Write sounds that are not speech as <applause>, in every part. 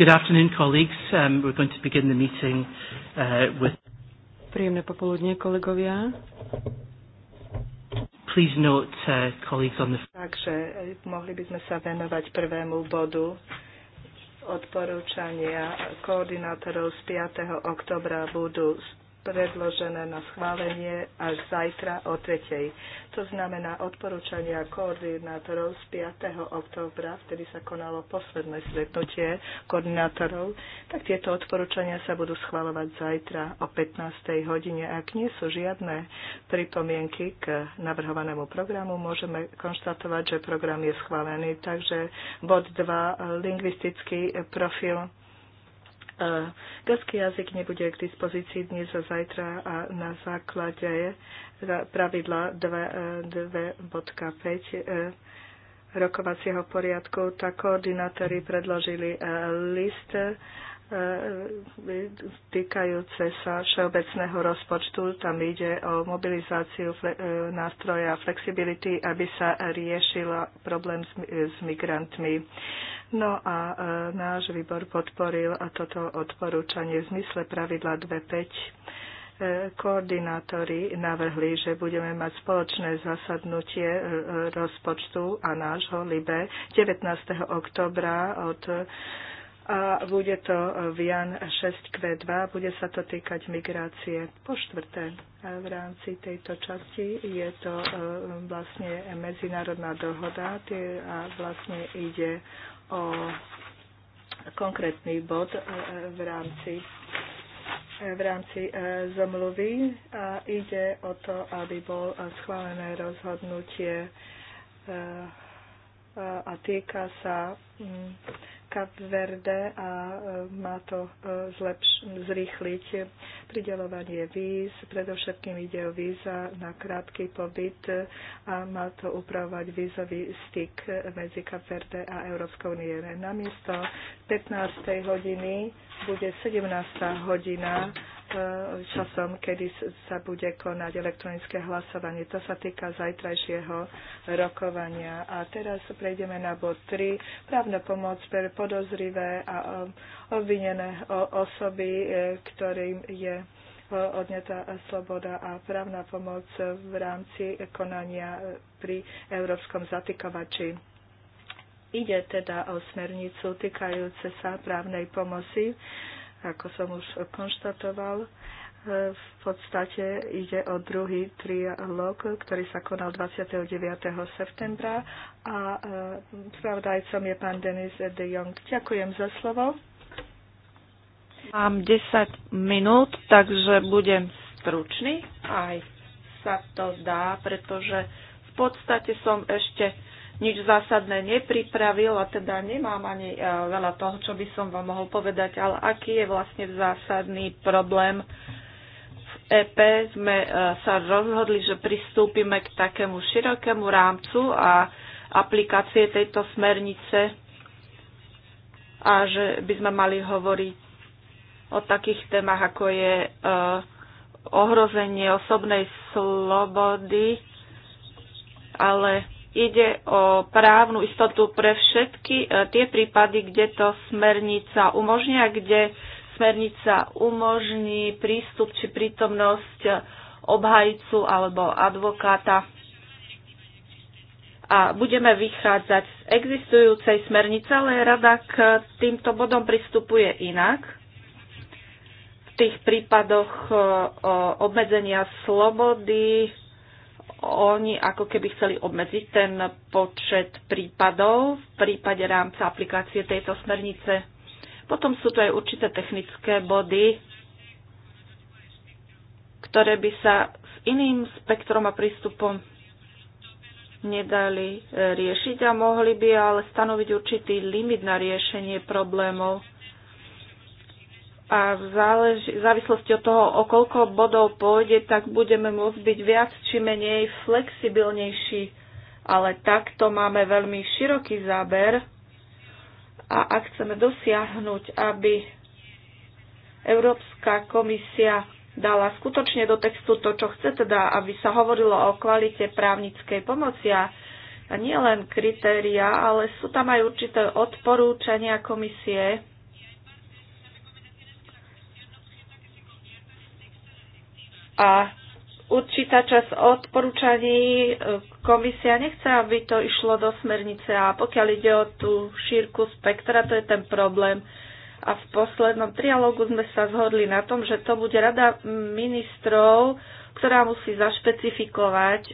Good afternoon, colleagues. Um, we're going to begin the meeting uh, with. Príjemné popoludne, kolegovia. Please note, uh, colleagues on the. Takže eh, mohli by sme sa venovať prvému bodu odporúčania koordinátorov z 5. oktobra budú predložené na schválenie až zajtra o tretej. To znamená odporúčania koordinátorov z 5. októbra, vtedy sa konalo posledné stretnutie koordinátorov, tak tieto odporúčania sa budú schvalovať zajtra o 15. hodine. Ak nie sú žiadne pripomienky k navrhovanému programu, môžeme konštatovať, že program je schválený. Takže bod 2, lingvistický profil Grecký jazyk nebude k dispozícii dnes a zajtra a na základe pravidla 2.5 e, e, rokovacieho poriadku, tak koordinátori predložili e, list E, týkajúce sa všeobecného rozpočtu. Tam ide o mobilizáciu e, nástroja flexibility, aby sa riešil problém s migrantmi. No a e, náš výbor podporil toto odporúčanie v zmysle pravidla 2.5 koordinátori navrhli, že budeme mať spoločné zasadnutie rozpočtu a nášho LIBE 19. oktobra od a bude to v Jan 6Q2, bude sa to týkať migrácie. Po štvrté, v rámci tejto časti je to e, vlastne medzinárodná dohoda a vlastne ide o konkrétny bod e, v rámci e, v rámci zomluvy a ide o to, aby bol schválené rozhodnutie a týka sa mm, kapverde Verde a e, má to e, zlepš- zrýchliť pridelovanie víz. Predovšetkým ide o víza na krátky pobyt a má to upravovať vízový styk medzi kapverde Verde a Európskou únie. Namiesto 15. hodiny bude 17. hodina časom, kedy sa bude konať elektronické hlasovanie. To sa týka zajtrajšieho rokovania. A teraz prejdeme na bod 3. Právna pomoc pre podozrivé a obvinené osoby, e, ktorým je e, odňatá sloboda a právna pomoc v rámci konania e, pri európskom zatykovači. Ide teda o smernicu týkajúce sa právnej pomoci ako som už konštatoval, e, v podstate ide o druhý trialog, ktorý sa konal 29. septembra a e, spravodajcom je pán Denis de Jong. Ďakujem za slovo. Mám 10 minút, takže budem stručný. Aj sa to dá, pretože v podstate som ešte nič zásadné nepripravil a teda nemám ani e, veľa toho, čo by som vám mohol povedať, ale aký je vlastne zásadný problém. V EP sme e, sa rozhodli, že pristúpime k takému širokému rámcu a aplikácie tejto smernice a že by sme mali hovoriť o takých témach, ako je e, ohrozenie osobnej slobody, ale Ide o právnu istotu pre všetky e, tie prípady, kde to smernica umožní a kde smernica umožní prístup či prítomnosť obhajcu alebo advokáta. A budeme vychádzať z existujúcej smernice, ale rada k týmto bodom pristupuje inak. V tých prípadoch e, obmedzenia slobody oni ako keby chceli obmedziť ten počet prípadov v prípade rámca aplikácie tejto smernice. Potom sú tu aj určité technické body, ktoré by sa s iným spektrom a prístupom nedali riešiť a mohli by ale stanoviť určitý limit na riešenie problémov a v, zálež- v závislosti od toho, o koľko bodov pôjde, tak budeme môcť byť viac či menej flexibilnejší. Ale takto máme veľmi široký záber a ak chceme dosiahnuť, aby Európska komisia dala skutočne do textu to, čo chce, teda aby sa hovorilo o kvalite právnickej pomoci a nielen kritéria, ale sú tam aj určité odporúčania komisie, A určitá časť odporúčaní e, komisia nechce, aby to išlo do smernice a pokiaľ ide o tú šírku spektra, to je ten problém. A v poslednom trialógu sme sa zhodli na tom, že to bude rada ministrov, ktorá musí zašpecifikovať,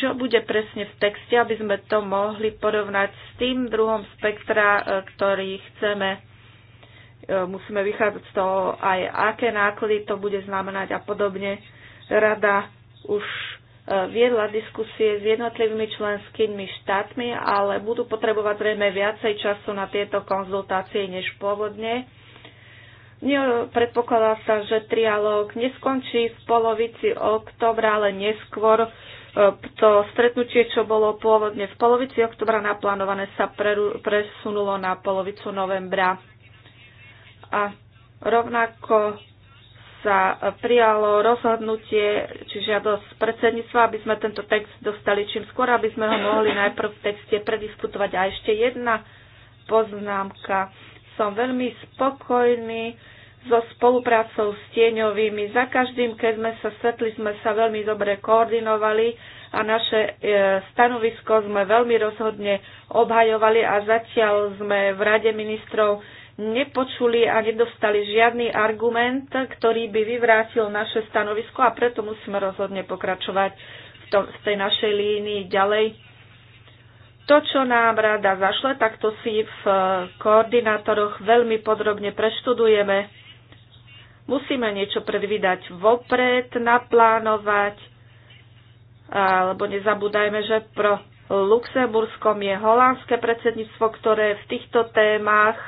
čo bude presne v texte, aby sme to mohli porovnať s tým druhom spektra, e, ktorý chceme E, musíme vychádzať z toho aj, aké náklady to bude znamenať a podobne. Rada už e, viedla diskusie s jednotlivými členskými štátmi, ale budú potrebovať zrejme viacej času na tieto konzultácie než pôvodne. Predpokladá sa, že trialóg neskončí v polovici oktobra, ale neskôr e, to stretnutie, čo bolo pôvodne v polovici oktobra naplánované, sa presunulo na polovicu novembra a rovnako sa prijalo rozhodnutie, či žiadosť predsedníctva, aby sme tento text dostali čím skôr, aby sme ho mohli najprv v texte prediskutovať. A ešte jedna poznámka. Som veľmi spokojný so spoluprácou s tieňovými. Za každým, keď sme sa svetli, sme sa veľmi dobre koordinovali a naše e, stanovisko sme veľmi rozhodne obhajovali a zatiaľ sme v Rade ministrov nepočuli a nedostali žiadny argument, ktorý by vyvrátil naše stanovisko a preto musíme rozhodne pokračovať v, tom, v tej našej línii ďalej. To, čo nám rada zašle, tak to si v koordinátoroch veľmi podrobne preštudujeme. Musíme niečo predvídať vopred, naplánovať, alebo nezabúdajme, že pro Luxemburskom je holandské predsedníctvo, ktoré v týchto témach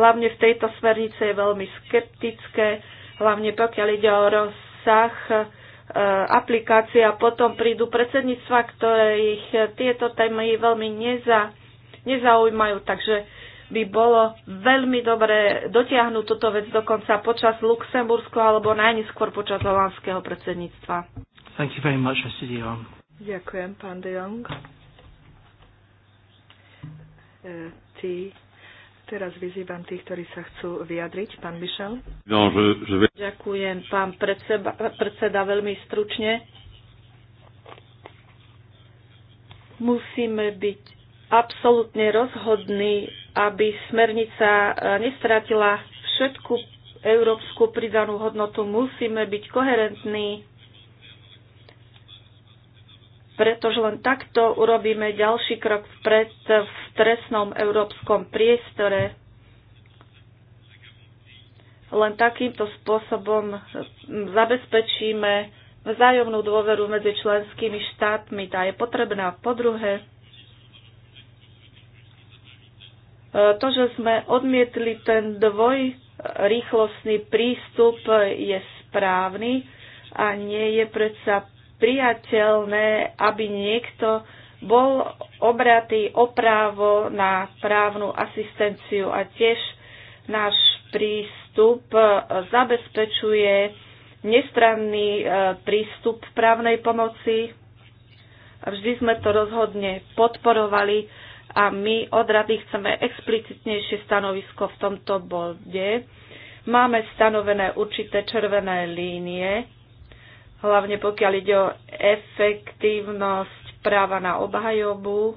hlavne v tejto smernice je veľmi skeptické, hlavne pokiaľ ide o rozsah e, aplikácie a potom prídu predsedníctva, ktoré ich e, tieto témy veľmi neza, nezaujímajú. Takže by bolo veľmi dobré dotiahnuť túto vec dokonca počas Luxembursko alebo najneskôr počas holandského predsedníctva. Thank you very much, Mr. De Jong. Ďakujem, pán De Jong. Uh, Teraz vyzývam tých, ktorí sa chcú vyjadriť. Pán Mišel. No, Ďakujem, pán predseba, predseda, veľmi stručne. Musíme byť absolútne rozhodní, aby smernica eh, nestratila všetku európsku pridanú hodnotu. Musíme byť koherentní pretože len takto urobíme ďalší krok vpred v trestnom európskom priestore. Len takýmto spôsobom zabezpečíme vzájomnú dôveru medzi členskými štátmi. Tá je potrebná. Po druhé, to, že sme odmietli ten dvoj rýchlostný prístup je správny a nie je predsa priateľné, aby niekto bol obratý o právo na právnu asistenciu a tiež náš prístup e, zabezpečuje nestranný e, prístup právnej pomoci. Vždy sme to rozhodne podporovali a my od rady chceme explicitnejšie stanovisko v tomto bode. Máme stanovené určité červené línie, hlavne pokiaľ ide o efektívnosť práva na obhajobu,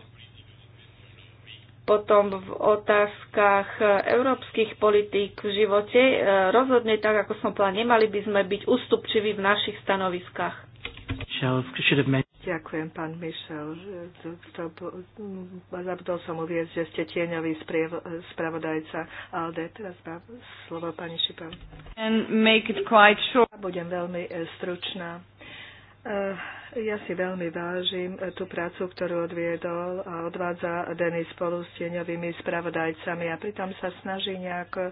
potom v otázkach európskych politík v živote. E, rozhodne tak, ako som povedala, nemali by sme byť ústupčiví v našich stanoviskách. Ďakujem, pán Mišel. Zabudol som uviezť, že ste tieňový spravodajca ALDE. Teraz slovo pani Šipov. Budem veľmi e, stručná Eh, ja si veľmi vážim eh, tú prácu, ktorú odviedol a odvádza Denis spolu s tieňovými spravodajcami a pritom sa snaží nejak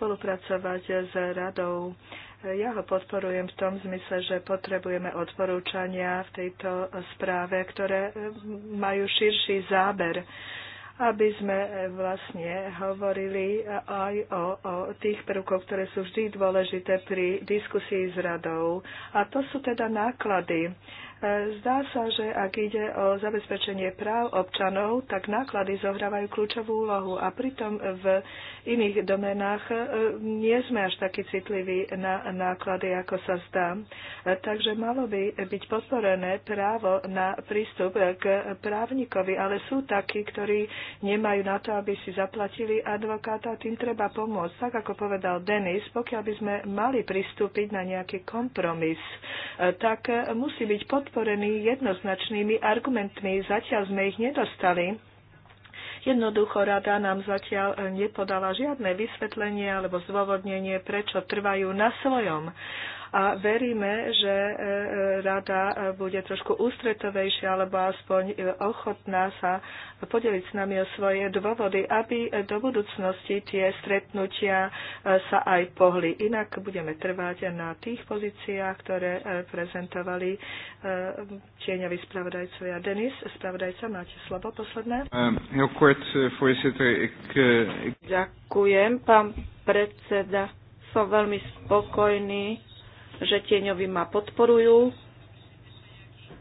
spolupracovať s radou. Eh, ja ho podporujem v tom zmysle, že potrebujeme odporúčania v tejto správe, ktoré majú širší záber aby sme e, vlastne hovorili e, aj o, o tých prvkoch, ktoré sú vždy dôležité pri diskusii s radou. A to sú teda náklady. E, zdá sa, že ak ide o zabezpečenie práv občanov, tak náklady zohrávajú kľúčovú úlohu a pritom v iných domenách e, nie sme až takí citliví na náklady, ako sa zdá. E, takže malo by byť podporené právo na prístup k právnikovi, ale sú takí, ktorí nemajú na to, aby si zaplatili advokáta, tým treba pomôcť. Tak ako povedal Denis, pokiaľ by sme mali pristúpiť na nejaký kompromis, tak musí byť podporené podporení jednoznačnými argumentmi. Zatiaľ sme ich nedostali. Jednoducho rada nám zatiaľ eh, nepodala žiadne vysvetlenie alebo zdôvodnenie, prečo trvajú na svojom a veríme, že e, e, rada bude trošku ústretovejšia alebo aspoň e, ochotná sa podeliť s nami o svoje dôvody, aby do budúcnosti tie stretnutia sa aj pohli. Inak budeme trvať na tých pozíciách, ktoré prezentovali tieňoví spravodajcovia. Denis, spravodajca, máte slovo posledné? No, Ďakujem, pán predseda. Som veľmi spokojný že tieňovi ma podporujú.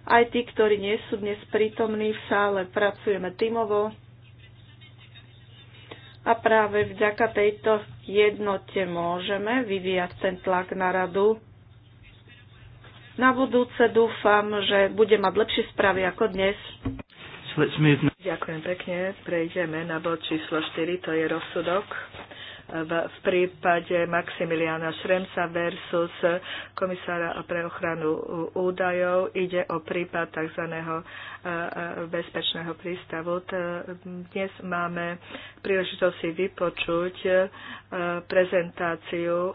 Aj tí, ktorí nie sú dnes prítomní v sále, pracujeme tímovo. A práve vďaka tejto jednote môžeme vyvíjať ten tlak na radu. Na budúce dúfam, že bude mať lepšie správy ako dnes. Ďakujem pekne. Prejdeme na bod číslo 4, to je rozsudok v prípade Maximiliana Šremsa versus komisára pre ochranu údajov. Ide o prípad tzv. E, e, bezpečného prístavu. Dnes máme príležitosť si vypočuť e, prezentáciu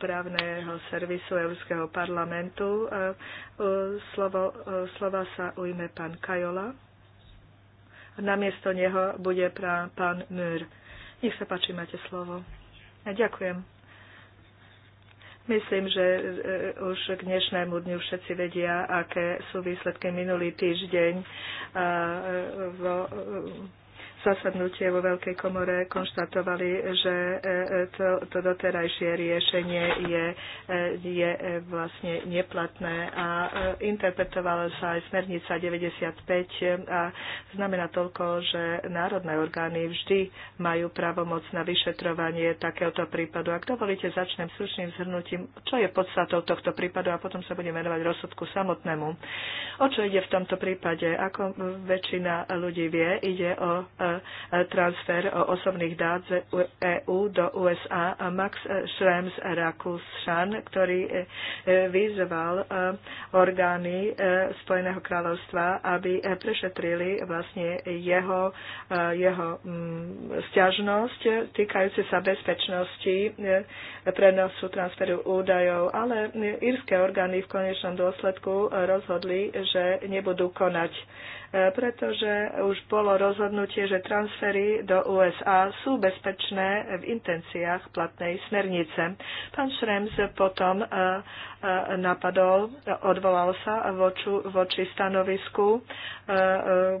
právneho servisu Európskeho parlamentu. Slovo, slova sa ujme pán Kajola. Namiesto neho bude pán Mür. Nech sa páči, máte slovo. Ja ďakujem. Myslím, že e, už k dnešnému dňu všetci vedia, aké sú výsledky minulý týždeň. E, v, zasadnutie vo Veľkej komore konštatovali, že e, e, to, to doterajšie riešenie je, e, je vlastne neplatné a interpretovala sa aj smernica 95 a znamená toľko, že národné orgány vždy majú právomoc na vyšetrovanie takéhoto prípadu. Ak dovolíte, začnem slušným zhrnutím, čo je podstatou tohto prípadu a potom sa budem venovať rozsudku samotnému. O čo ide v tomto prípade? Ako väčšina ľudí vie, ide o transfer osobných dát z EU e do USA Max Schrems Rakushan, ktorý e, e, vyzval orgány Spojeného kráľovstva, aby prešetrili vlastne jeho, jeho mm, stiažnosť týkajúce sa bezpečnosti prenosu transferu údajov, ale írske orgány v konečnom dôsledku rozhodli, že nebudú konať E, pretože už bolo rozhodnutie, že transfery do USA sú bezpečné v intenciách platnej smernice. Pán Šrems potom e, e, napadol, odvolal sa voči, voči stanovisku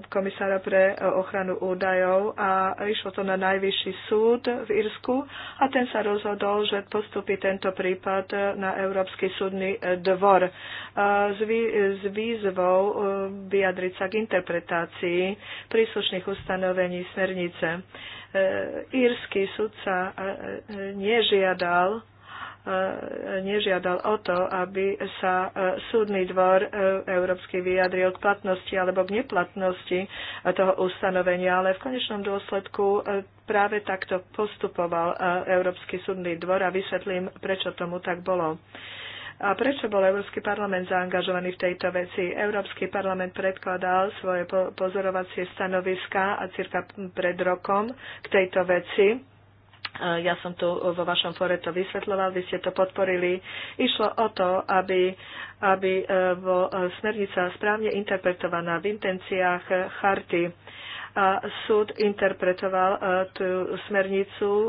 komisára pre ochranu údajov a išlo to na najvyšší súd v Irsku a ten sa rozhodol, že postupí tento prípad na Európsky súdny dvor s výzvou vyjadriť sa k interpretácii interpretácii príslušných ustanovení smernice. E, írsky sudca e, e, nežiadal nežiadal o to, aby sa súdny dvor európsky vyjadril k platnosti alebo k neplatnosti toho ustanovenia, ale v konečnom dôsledku práve takto postupoval Európsky súdny dvor a vysvetlím, prečo tomu tak bolo. A prečo bol Európsky parlament zaangažovaný v tejto veci? Európsky parlament predkladal svoje pozorovacie stanoviska a cirka pred rokom k tejto veci. Ja som tu vo vašom fore to vysvetloval, vy ste to podporili. Išlo o to, aby, aby e, bol e, smernica správne interpretovaná v intenciách charty a súd interpretoval e, tú smernicu e,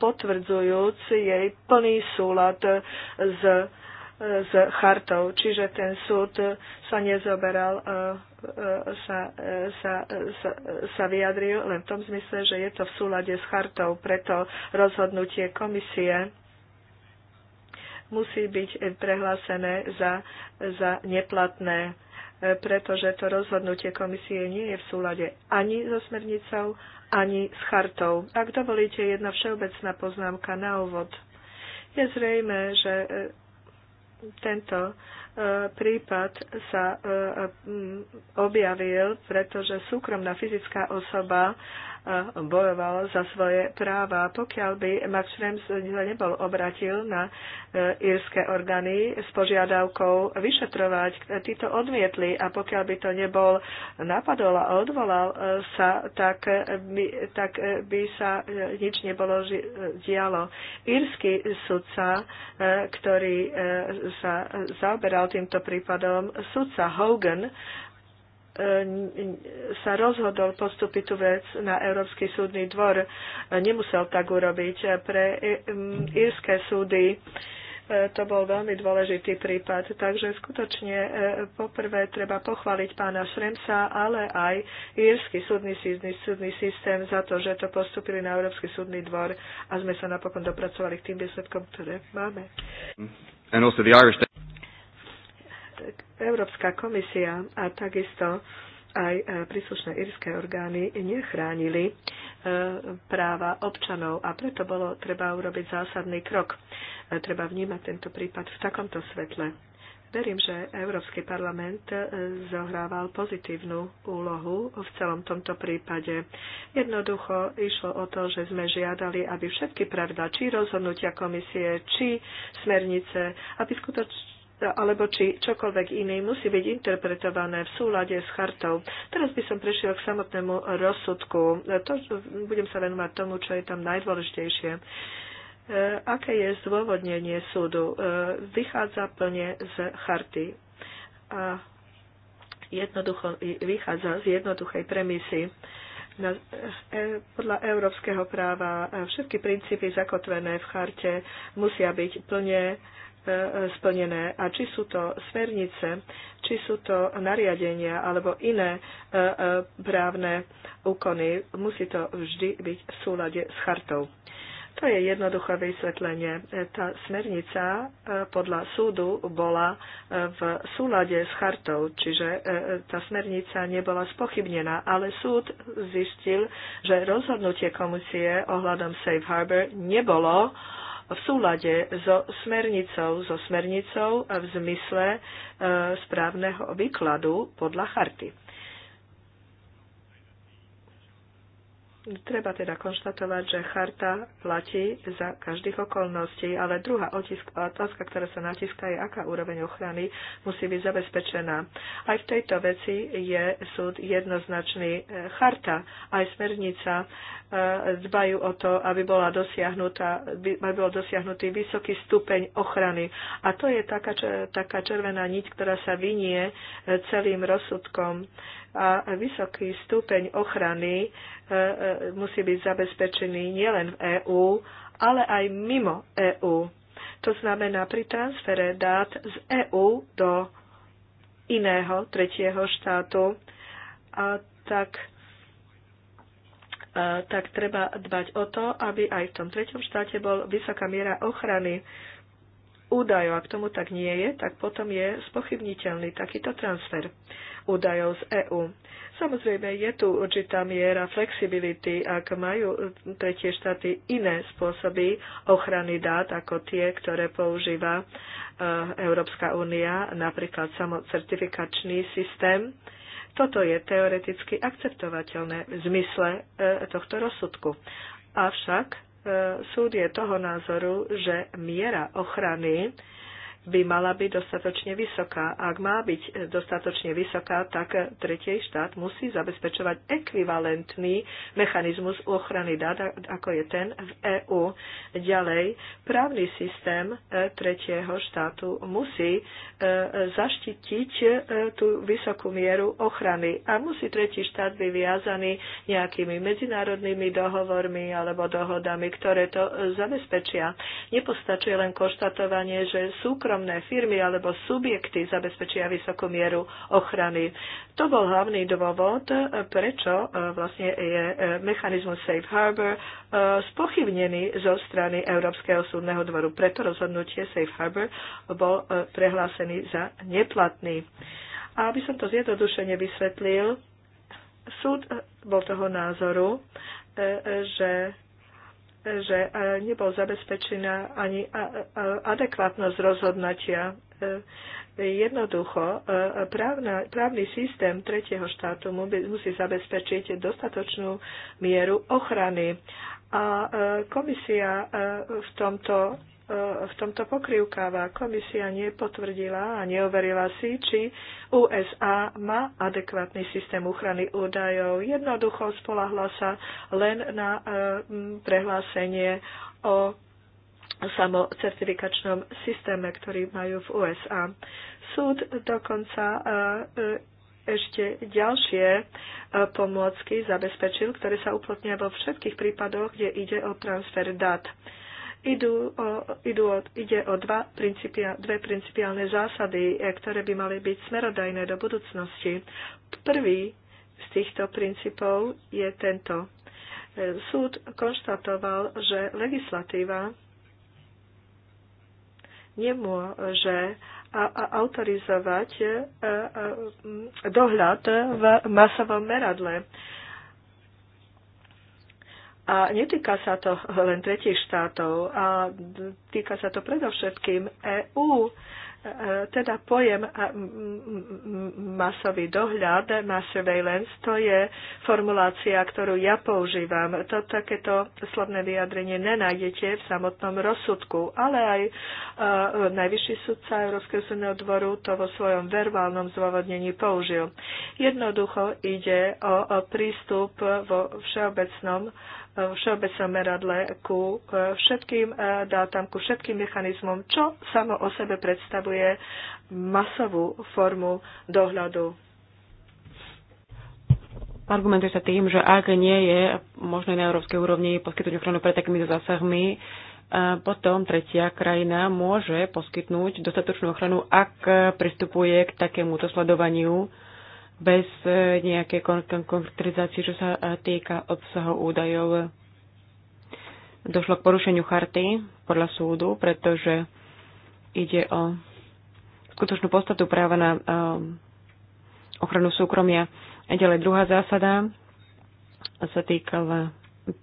potvrdzujúc jej plný súlad s, s chartou. Čiže ten súd sa nezoberal, e, sa, sa, sa, sa vyjadril len v tom zmysle, že je to v súlade s chartou. Preto rozhodnutie komisie musí byť prehlásené za, za neplatné pretože to rozhodnutie komisie nie je v súlade ani so smernicou, ani s chartou. Ak dovolíte, jedna všeobecná poznámka na úvod. Je zrejme, že e, tento e, prípad sa e, objavil, pretože súkromná fyzická osoba bojoval za svoje práva. Pokiaľ by Max Schrems nebol obratil na e, írske orgány s požiadavkou vyšetrovať, e, títo odmietli a pokiaľ by to nebol napadol a odvolal e, sa, tak by, tak by sa nič nebolo dialo. Írsky sudca, ktorý sa zaoberal týmto prípadom, sudca Hogan, sa rozhodol postupiť tú vec na Európsky súdny dvor. Nemusel tak urobiť. Pre írske súdy e, to bol veľmi dôležitý prípad. Takže skutočne e, poprvé treba pochváliť pána Šremca, ale aj írsky súdny, súdny, súdny systém za to, že to postupili na Európsky súdny dvor a sme sa napokon dopracovali k tým výsledkom, ktoré máme. And also the Irish... Európska komisia a takisto aj e, príslušné írske orgány nechránili e, práva občanov a preto bolo treba urobiť zásadný krok. E, treba vnímať tento prípad v takomto svetle. Verím, že Európsky parlament zohrával pozitívnu úlohu v celom tomto prípade. Jednoducho išlo o to, že sme žiadali, aby všetky pravidlá, či rozhodnutia komisie, či smernice, aby skutočne alebo či čokoľvek iný musí byť interpretované v súlade s chartou. Teraz by som prešiel k samotnému rozsudku. To, budem sa venovať tomu, čo je tam najdôležitejšie. E, aké je zdôvodnenie súdu? E, vychádza plne z charty. A jednoducho, vychádza z jednoduchej premisy na, e, podľa európskeho práva e, všetky princípy zakotvené v charte musia byť plne E, splnené. A či sú to smernice, či sú to nariadenia alebo iné e, e, právne úkony, musí to vždy byť v súlade s chartou. To je jednoduché vysvetlenie. Tá smernica podľa súdu bola v súlade s chartou, čiže tá smernica nebola spochybnená, ale súd zistil, že rozhodnutie komisie ohľadom Safe Harbor nebolo uh, v súlade so smernicou, so smernicou v zmysle e, správneho výkladu podľa charty. Treba teda konštatovať, že charta platí za každých okolností, ale druhá otázka, ktorá sa natiska, je, aká úroveň ochrany musí byť zabezpečená. Aj v tejto veci je súd jednoznačný. E, charta aj smernica e, dbajú o to, aby, bola dosiahnutá, aby bol dosiahnutý vysoký stupeň ochrany. A to je taká, taká červená niť, ktorá sa vynie e, celým rozsudkom a vysoký stupeň ochrany e, e, musí byť zabezpečený nielen v EÚ, ale aj mimo EÚ. To znamená pri transfere dát z EÚ do iného tretieho štátu. A tak e, tak treba dbať o to, aby aj v tom treťom štáte bol vysoká miera ochrany údajov. Ak tomu tak nie je, tak potom je spochybniteľný takýto transfer údajov z EÚ. Samozrejme, je tu určitá miera flexibility, ak majú tretie štáty iné spôsoby ochrany dát ako tie, ktoré používa e, Európska únia, napríklad samocertifikačný systém. Toto je teoreticky akceptovateľné v zmysle e, tohto rozsudku. Avšak súd je toho názoru, že miera ochrany by mala byť dostatočne vysoká. Ak má byť dostatočne vysoká, tak tretie štát musí zabezpečovať ekvivalentný mechanizmus ochrany dát, ako je ten v EÚ. Ďalej, právny systém e, tretieho štátu musí e, zaštitiť e, tú vysokú mieru ochrany a musí tretí štát byť viazaný nejakými medzinárodnými dohovormi alebo dohodami, ktoré to zabezpečia. Nepostačuje len konštatovanie, že súkromný súkromné firmy alebo subjekty zabezpečia vysokú mieru ochrany. To bol hlavný dôvod, prečo e, vlastne je e, mechanizmus Safe Harbor e, spochybnený zo strany Európskeho súdneho dvoru. Preto rozhodnutie Safe Harbor bol prehlásený za neplatný. A aby som to zjednodušene vysvetlil, súd bol toho názoru, že že e, nebol zabezpečená ani adekvátnosť rozhodnutia. E, jednoducho, e, právna, právny systém tretieho štátu musí zabezpečiť dostatočnú mieru ochrany. A komisia v tomto v tomto pokrývkáva. Komisia nepotvrdila a neoverila si, či USA má adekvátny systém ochrany údajov. Jednoducho spolahla sa len na e, prehlásenie o samocertifikačnom systéme, ktorý majú v USA. Súd dokonca e, e, ešte ďalšie pomôcky zabezpečil, ktoré sa uplotnia vo všetkých prípadoch, kde ide o transfer dát. Idú o, idú o, ide o dva principia, dve principiálne zásady, e, ktoré by mali byť smerodajné do budúcnosti. Prvý z týchto princípov je tento. E, súd konštatoval, že legislatíva nemôže autorizovať e, dohľad v masovom meradle. A netýka sa to len tretich štátov, a týka sa to predovšetkým EÚ. Teda pojem masový dohľad, mass surveillance, to je formulácia, ktorú ja používam. To takéto slovné vyjadrenie nenájdete v samotnom rozsudku, ale aj e, najvyšší sudca Európskeho súdneho dvoru to vo svojom verbálnom zvôvodnení použil. Jednoducho ide o prístup vo všeobecnom vo všeobecnom meradle ku všetkým e, dátam, ku všetkým mechanizmom, čo samo o sebe predstavuje masovú formu dohľadu. Argumentuje sa tým, že ak nie je možné na európskej úrovni poskytnúť ochranu pred takýmito zásahmi, e, potom tretia krajina môže poskytnúť dostatočnú ochranu, ak pristupuje k takémuto sledovaniu bez e, nejakej konkretizácie, čo sa e, týka obsahu údajov. Došlo k porušeniu charty podľa súdu, pretože ide o skutočnú podstatu práva na e, ochranu súkromia. A ďalej druhá zásada sa týkala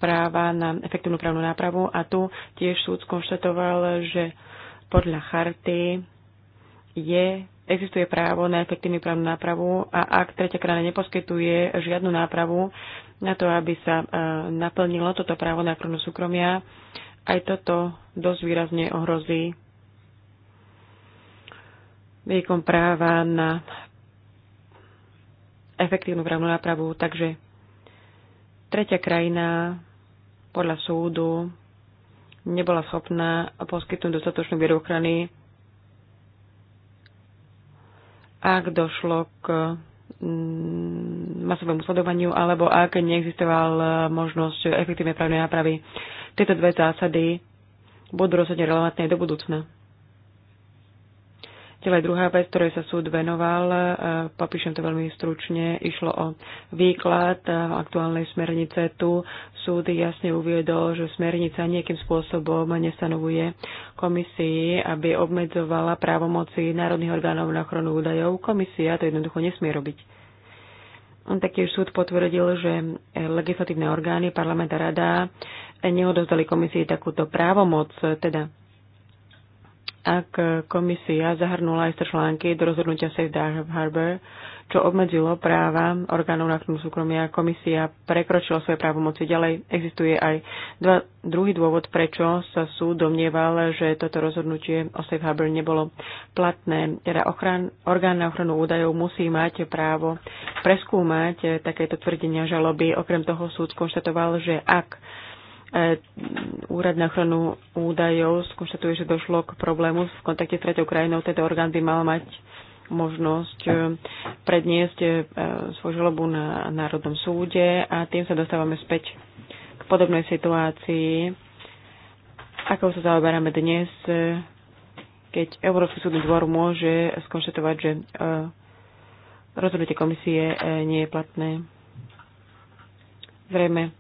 práva na efektívnu právnu nápravu a tu tiež súd skonštatoval, že podľa charty je existuje právo na efektívnu právnu nápravu a ak tretia krajina neposkytuje žiadnu nápravu na to, aby sa e, naplnilo toto právo na ochranu súkromia, aj toto dosť výrazne ohrozí výkon práva na efektívnu právnu nápravu. Takže tretia krajina podľa súdu nebola schopná poskytnúť dostatočnú vieru ochrany ak došlo k mm, masovému sledovaniu alebo ak neexistoval e, možnosť efektívnej právnej nápravy. Tieto dve zásady budú rozhodne relevantné do budúcna. Ďalej druhá vec, ktorej sa súd venoval, e, popíšem to veľmi stručne, išlo o výklad e, aktuálnej smernice. Tu súd jasne uviedol, že smernica nejakým spôsobom nestanovuje komisii, aby obmedzovala právomoci národných orgánov na ochranu údajov. Komisia to jednoducho nesmie robiť. On Taktiež súd potvrdil, že legislatívne orgány, parlament a rada neodozdali komisii takúto právomoc, teda ak komisia zahrnula aj články do rozhodnutia Safe Harbor, čo obmedzilo práva orgánov na ochranu súkromia, komisia prekročila svoje právomoci. Ďalej existuje aj dva, druhý dôvod, prečo sa súd domnieval, že toto rozhodnutie o Safe Harbor nebolo platné. Teda ochran, orgán na ochranu údajov musí mať právo preskúmať takéto tvrdenia žaloby. Okrem toho súd konštatoval, že ak E, úrad na ochranu údajov skonštatuje, že došlo k problému v kontakte s tretou krajinou. Teda orgán by mal mať možnosť e, predniesť e, svoju žalobu na Národnom súde a tým sa dostávame späť k podobnej situácii, ako sa zaoberáme dnes, keď Európsky súdny dvor môže skonštatovať, že rozhodnutie komisie nie je platné. Zrejme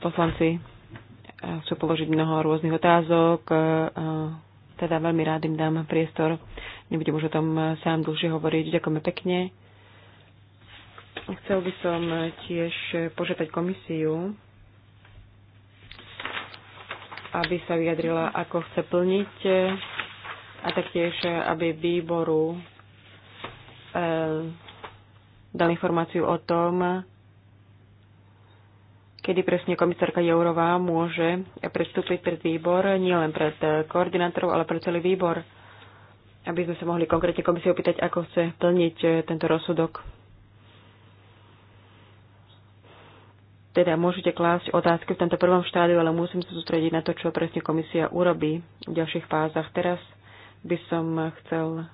Poslanci e, chcú položiť mnoho rôznych otázok, e, e, teda veľmi rád im dám priestor. Nebudem už o tom sám dlhšie hovoriť. Ďakujeme pekne. Chcel by som tiež požiadať komisiu, aby sa vyjadrila, ako chce plniť a taktiež, aby výboru dal informáciu o tom, kedy presne komisárka Jourová môže predstúpiť pred výbor, nielen pred eh, koordinátorov, ale pred celý výbor, aby sme sa mohli konkrétne komisie opýtať, ako chce plniť eh, tento rozsudok. Teda môžete klásť otázky v tomto prvom štádiu, ale musím sa sústrediť na to, čo presne komisia urobí v ďalších fázach. Teraz by som chcel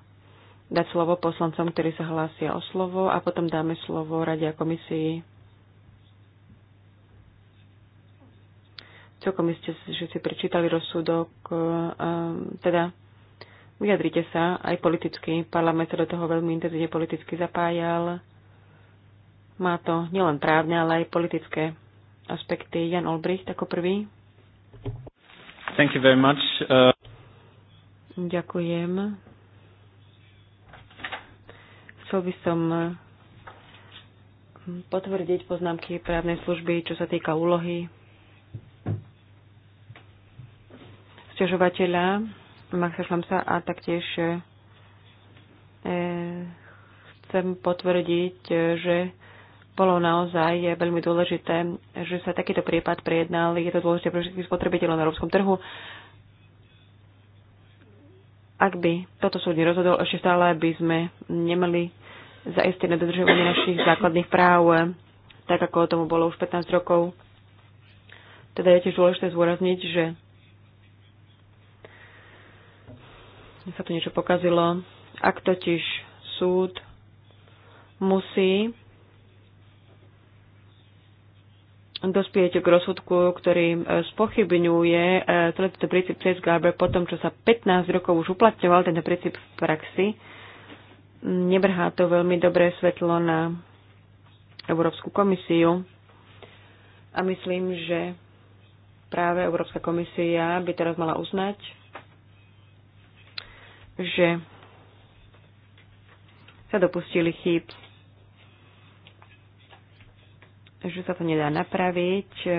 dať slovo poslancom, ktorí sa hlásia o slovo a potom dáme slovo Rade komisii Celkom iste si prečítali rozsudok, ehm, teda vyjadrite sa aj politicky. Parlament sa do toho veľmi intenzívne politicky zapájal. Má to nielen právne, ale aj politické aspekty. Jan Olbricht ako prvý. Thank you very much. Uh... Ďakujem. Chcel by som ehm, potvrdiť poznámky právnej služby, čo sa týka úlohy stiažovateľa Maxa Šlamsa a taktiež e, chcem potvrdiť, e, že bolo naozaj je veľmi dôležité, že sa takýto prípad prejednal. Je to dôležité pre všetkých spotrebiteľov na európskom trhu. Ak by toto súd nerozhodol, ešte stále by sme nemali zaistené dodržovanie našich základných práv, e, tak ako tomu bolo už 15 rokov. Teda je tiež dôležité zúrazniť, že Vlastne sa tu niečo pokazilo. Ak totiž súd musí dospieť k rozsudku, ktorý e, spochybňuje e, celý tento princíp cez Garber po tom, čo sa 15 rokov už uplatňoval tento princíp v praxi, nebrhá to veľmi dobré svetlo na Európsku komisiu. A myslím, že práve Európska komisia by teraz mala uznať, že sa dopustili chyb, že sa to nedá napraviť e,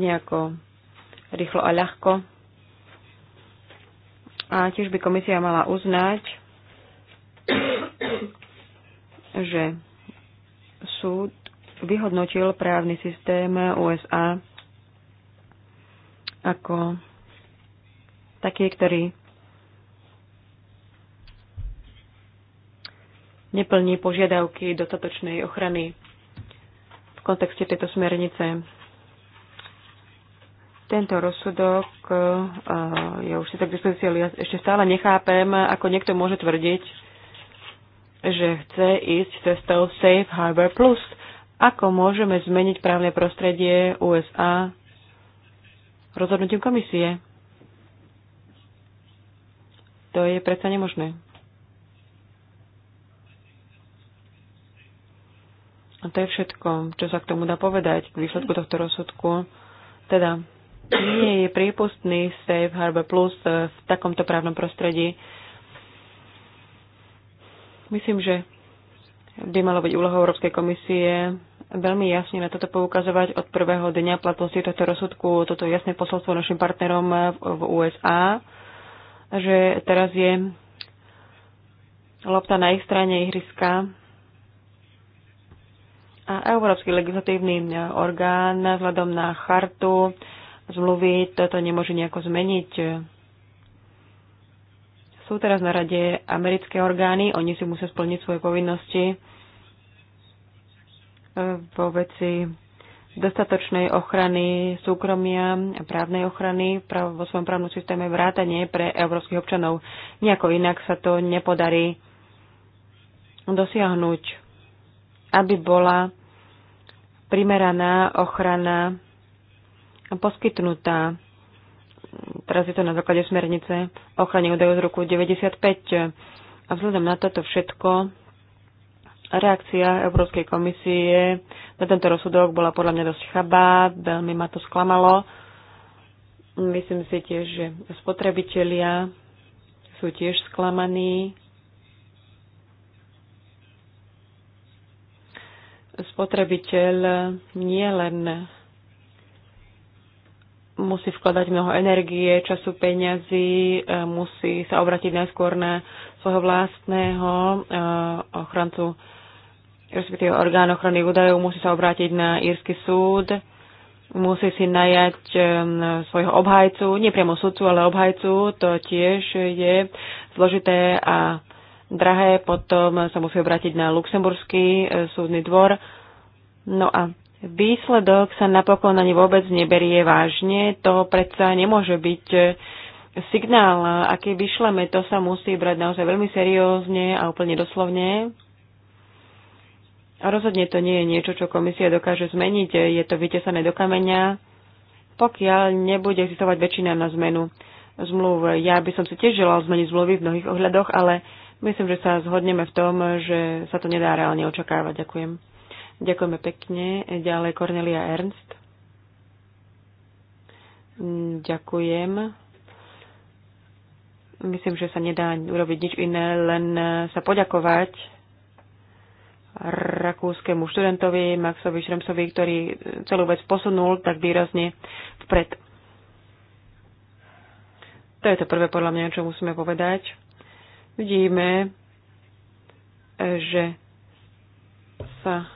nejako rýchlo a ľahko. A tiež by komisia mala uznať, <coughs> že súd vyhodnotil právny systém USA ako taký, ktorý neplní požiadavky dostatočnej ochrany v kontexte tejto smernice. Tento rozsudok je e, už si tak dispozícii, ale ja ešte stále nechápem, ako niekto môže tvrdiť, že chce ísť cestou Safe Harbor Plus. Ako môžeme zmeniť právne prostredie USA rozhodnutím komisie? To je predsa nemožné. A to je všetko, čo sa k tomu dá povedať k výsledku tohto rozsudku. Teda nie je prípustný Safe Harbor Plus eh, v takomto právnom prostredí. Myslím, že by malo byť úlohou Európskej komisie veľmi jasne na toto poukazovať od prvého dňa platnosti tohto rozsudku, toto jasné posolstvo našim partnerom v USA, že teraz je lopta na ich strane ihriska a Európsky legislatívny e, orgán vzhľadom na chartu zmluvy toto nemôže nejako zmeniť. Sú teraz na rade americké orgány, oni si musia splniť svoje povinnosti e, vo veci dostatočnej ochrany súkromia a právnej ochrany vo svojom právnom systéme vrátanie pre európskych občanov. Nejako inak sa to nepodarí dosiahnuť aby bola primeraná ochrana poskytnutá. Teraz je to na základe smernice ochrany údajov z roku 95. A vzhľadom na toto všetko reakcia Európskej komisie na tento rozsudok bola podľa mňa dosť chabá, veľmi ma to sklamalo. Myslím si tiež, že spotrebitelia sú tiež sklamaní spotrebiteľ nie len musí vkladať mnoho energie, času, peňazí, e, musí sa obratiť najskôr na svojho vlastného e, ochrancu, respektíve orgán ochrany údajov, musí sa obrátiť na írsky súd, musí si najať e, svojho obhajcu, nie priamo sudcu, ale obhajcu, to tiež je zložité a drahé, potom sa musí obrátiť na Luxemburský e, súdny dvor. No a výsledok sa napokon ani vôbec neberie vážne. To predsa nemôže byť e, signál, aký vyšleme, to sa musí brať naozaj veľmi seriózne a úplne doslovne. A rozhodne to nie je niečo, čo komisia dokáže zmeniť. Je to vytesané do kameňa, pokiaľ nebude existovať väčšina na zmenu zmluv. Ja by som si tiež želal zmeniť zmluvy v mnohých ohľadoch, ale Myslím, že sa zhodneme v tom, že sa to nedá reálne očakávať. Ďakujem. Ďakujeme pekne. Ďalej Cornelia Ernst. Ďakujem. Myslím, že sa nedá urobiť nič iné, len sa poďakovať rakúskému študentovi Maxovi Šremsovi, ktorý celú vec posunul tak výrazne vpred. To je to prvé podľa mňa, čo musíme povedať Vidíme, že sa e,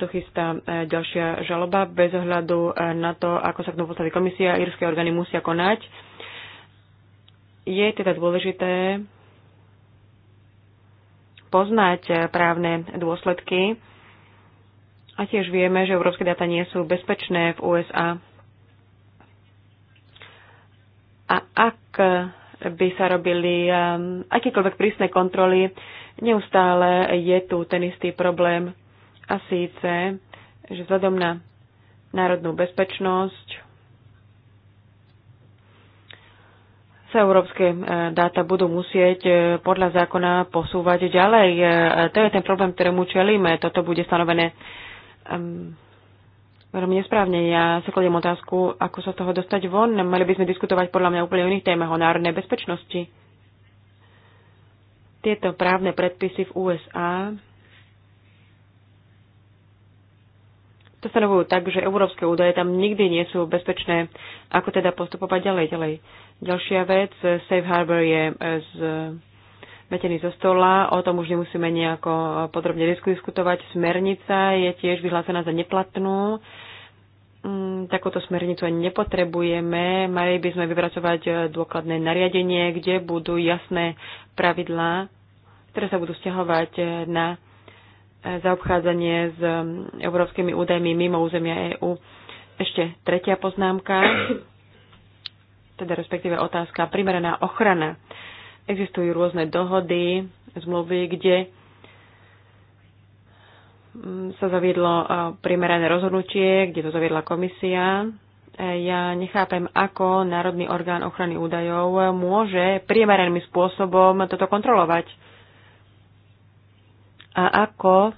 to chystá e, ďalšia žaloba bez ohľadu e, na to, ako sa k tomu postaví komisia. Írske orgány musia konať. Je teda dôležité poznať právne dôsledky a tiež vieme, že európske dáta nie sú bezpečné v USA. A ak by sa robili um, akékoľvek prísne kontroly, neustále je tu ten istý problém. A síce, že vzhľadom na národnú bezpečnosť sa európske eh, dáta budú musieť eh, podľa zákona posúvať ďalej. Eh, to je ten problém, ktorému čelíme. Toto bude stanovené Verom nesprávne, ja sa kladiem otázku, ako sa z toho dostať von. Mali by sme diskutovať podľa mňa úplne o iných témach, o národnej bezpečnosti. Tieto právne predpisy v USA to stanovujú tak, že európske údaje tam nikdy nie sú bezpečné. Ako teda postupovať ďalej, ďalej? Ďalšia vec, Safe Harbor je eh, z metený zo stola, o tom už nemusíme nejako eh, podrobne diskutovať. Smernica je tiež vyhlásená za neplatnú. Mm, takúto smernicu ani nepotrebujeme. Mali by sme vypracovať eh, dôkladné nariadenie, kde budú jasné pravidlá, ktoré sa budú stiahovať eh, na zaobchádzanie s mm, európskymi údajmi mimo územia EÚ. Ešte tretia poznámka, <coughs> teda respektíve otázka primeraná ochrana Existujú rôzne dohody, zmluvy, kde mm, sa zaviedlo primerané rozhodnutie, kde to zaviedla komisia. E, ja nechápem, ako Národný orgán ochrany údajov môže primeraným spôsobom toto kontrolovať. A ako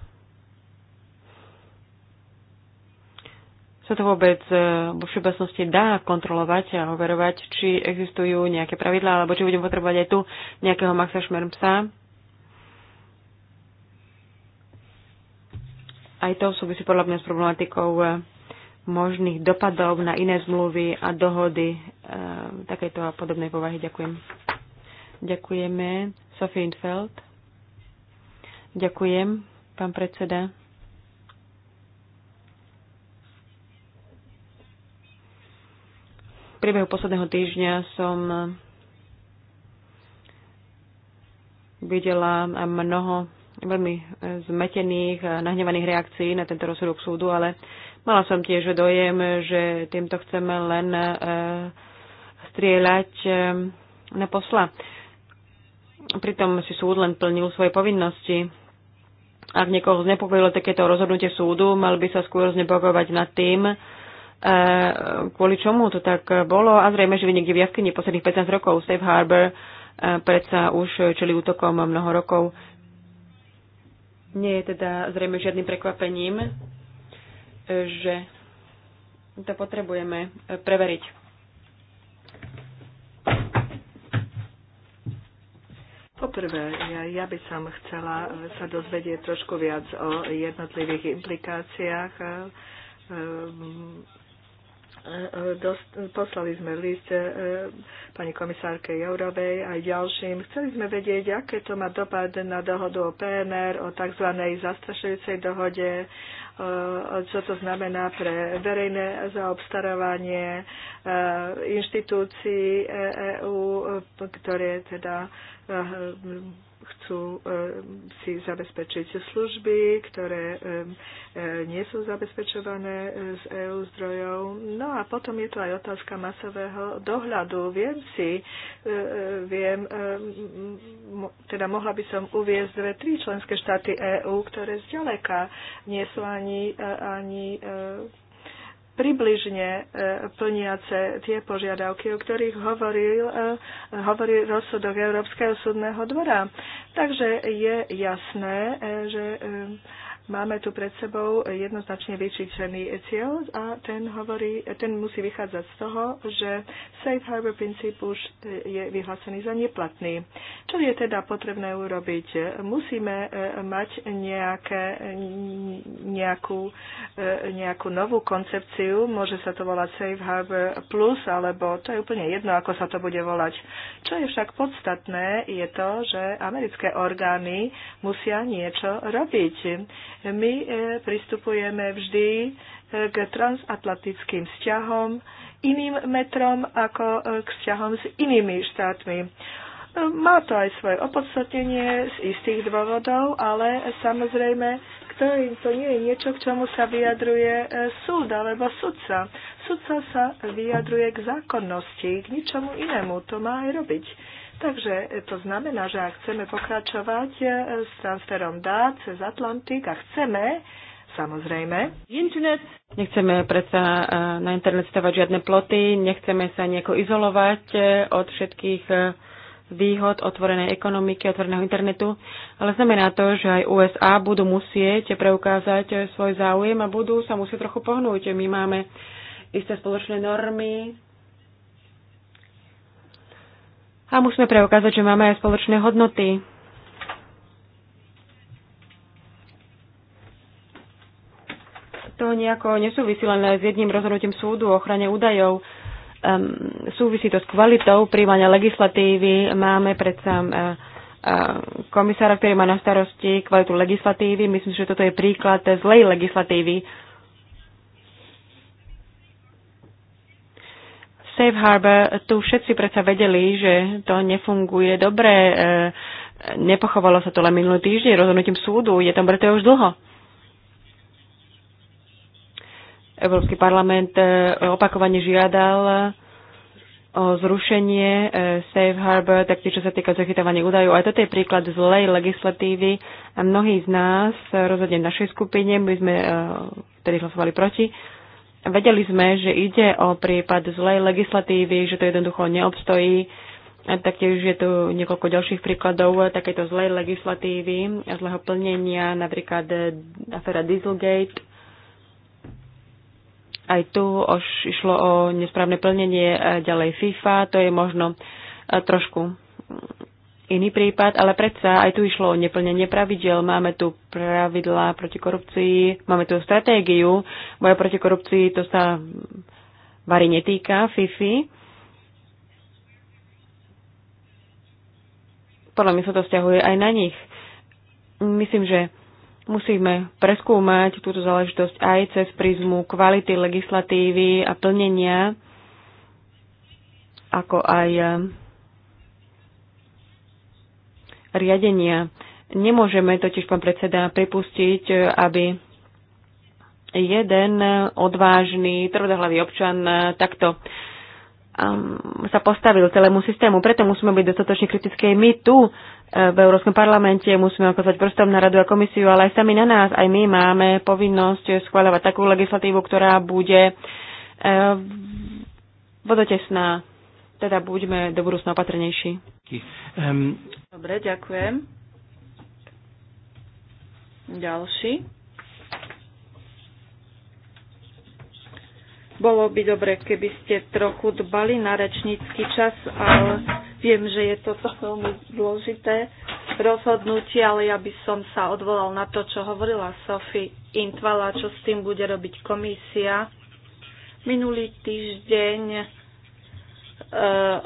sa to vôbec e, vo všeobecnosti dá kontrolovať a overovať, či existujú nejaké pravidlá, alebo či budem potrebovať aj tu nejakého Maxa Šmermsa. Aj to súvisí podľa mňa s problematikou e, možných dopadov na iné zmluvy a dohody e, takéto a podobnej povahy. Ďakujem. Ďakujeme. Sophie Infeld. Ďakujem, pán predseda. V priebehu posledného týždňa som videla mnoho veľmi zmetených, a nahnevaných reakcií na tento rozsudok súdu, ale mala som tiež dojem, že týmto chceme len e, strieľať e, na posla. Pritom si súd len plnil svoje povinnosti. Ak niekoho znepokojilo takéto rozhodnutie súdu, mal by sa skôr znepokojovať nad tým, E, kvôli čomu to tak bolo a zrejme, že vy niekde v jaskyni posledných 15 rokov Safe Harbor e, predsa už čeli útokom mnoho rokov. Nie je teda zrejme žiadnym prekvapením, e, že to potrebujeme preveriť. Poprvé, ja, ja by som chcela sa dozvedieť trošku viac o jednotlivých implikáciách poslali sme list e, pani komisárke Jourovej aj ďalším. Chceli sme vedieť, aké to má dopad na dohodu o PNR, o tzv. zastrašujúcej dohode, e, čo to znamená pre verejné zaobstarávanie e, inštitúcií EÚ, ktoré teda chcú e, si zabezpečiť služby, ktoré e, e, nie sú zabezpečované z EU zdrojov. No a potom je tu aj otázka masového dohľadu. Viem si, viem, teda mohla by som uviezť dve, tri členské štáty EÚ, ktoré zďaleka nie sú ani, ani približne e, plniace tie požiadavky, o ktorých hovoril, e, hovorí rozsudok Európskeho súdneho dvora. Takže je jasné, e, že Máme tu pred sebou jednoznačne vyčíslený cieľ a ten, hovorí, ten musí vychádzať z toho, že Safe Harbor princíp už e, je vyhlásený za neplatný. Čo je teda potrebné urobiť? Musíme e, mať nejaké, nejakú, e, nejakú novú koncepciu, môže sa to volať Safe Harbor Plus, alebo to je úplne jedno, ako sa to bude volať. Čo je však podstatné, je to, že americké orgány musia niečo robiť my e, pristupujeme vždy e, k transatlantickým vzťahom iným metrom ako e, k vzťahom s inými štátmi. Má to aj svoje opodstatnenie z istých dôvodov, ale samozrejme, ktorým to nie je niečo, k čomu sa vyjadruje súd alebo sudca. Sudca sa vyjadruje k zákonnosti, k ničomu inému. To má aj robiť Takže to znamená, že ak chceme pokračovať e, s transferom dát cez Atlantik a chceme, samozrejme, internet. Nechceme predsa e, na internet stavať žiadne ploty, nechceme sa nejako izolovať e, od všetkých výhod otvorenej ekonomiky, otvoreného internetu, ale znamená to, že aj USA budú musieť preukázať svoj záujem a budú sa musieť trochu pohnúť. My máme isté spoločné normy, a musíme preukázať, že máme aj spoločné hodnoty. To nejako nesúvisí len s jedným rozhodnutím súdu o ochrane údajov. Um, súvisí to s kvalitou príjmania legislatívy. Máme predsa uh, komisára, ktorý má na starosti kvalitu legislatívy. Myslím, že toto je príklad zlej legislatívy. Safe Harbor, tu všetci predsa vedeli, že to nefunguje dobre. E, nepochovalo sa to len minulý týždeň rozhodnutím súdu. Je tam preto už dlho. Európsky parlament e, opakovane žiadal e, o zrušenie Safe Harbor, taktiež čo sa týka zachytávania údajov. Aj toto je príklad zlej legislatívy a mnohí z nás, rozhodne v našej skupine, my sme vtedy hlasovali proti, Vedeli sme, že ide o prípad zlej legislatívy, že to jednoducho neobstojí. A taktiež je tu niekoľko ďalších príkladov takéto zlej legislatívy a zlého plnenia, napríklad afera Dieselgate. Aj tu už išlo o nesprávne plnenie e, ďalej FIFA, to je možno e, trošku iný prípad, ale predsa aj tu išlo o neplnenie pravidel. Máme tu pravidlá proti korupcii, máme tu stratégiu boja proti korupcii, to sa varí netýka FIFI. Podľa mňa sa to vzťahuje aj na nich. Myslím, že musíme preskúmať túto záležitosť aj cez prízmu kvality legislatívy a plnenia, ako aj riadenia. Nemôžeme totiž, pán predseda, pripustiť, e, aby jeden odvážny, tvrdohlavý občan e, takto sa postavil celému systému. Preto musíme byť dostatočne kritické my tu e, v Európskom parlamente, musíme okazať prstom na radu a komisiu, ale aj sami na nás, aj my máme povinnosť schváľovať takú legislatívu, ktorá bude vodotesná teda buďme do budúcna opatrnejší. Um... Dobre, ďakujem. Ďalší. Bolo by dobre, keby ste trochu dbali na rečnícky čas, ale viem, že je toto <laughs> veľmi zložité rozhodnutie, ale ja by som sa odvolal na to, čo hovorila Sophie Intvala, čo s tým bude robiť komisia. Minulý týždeň Eh,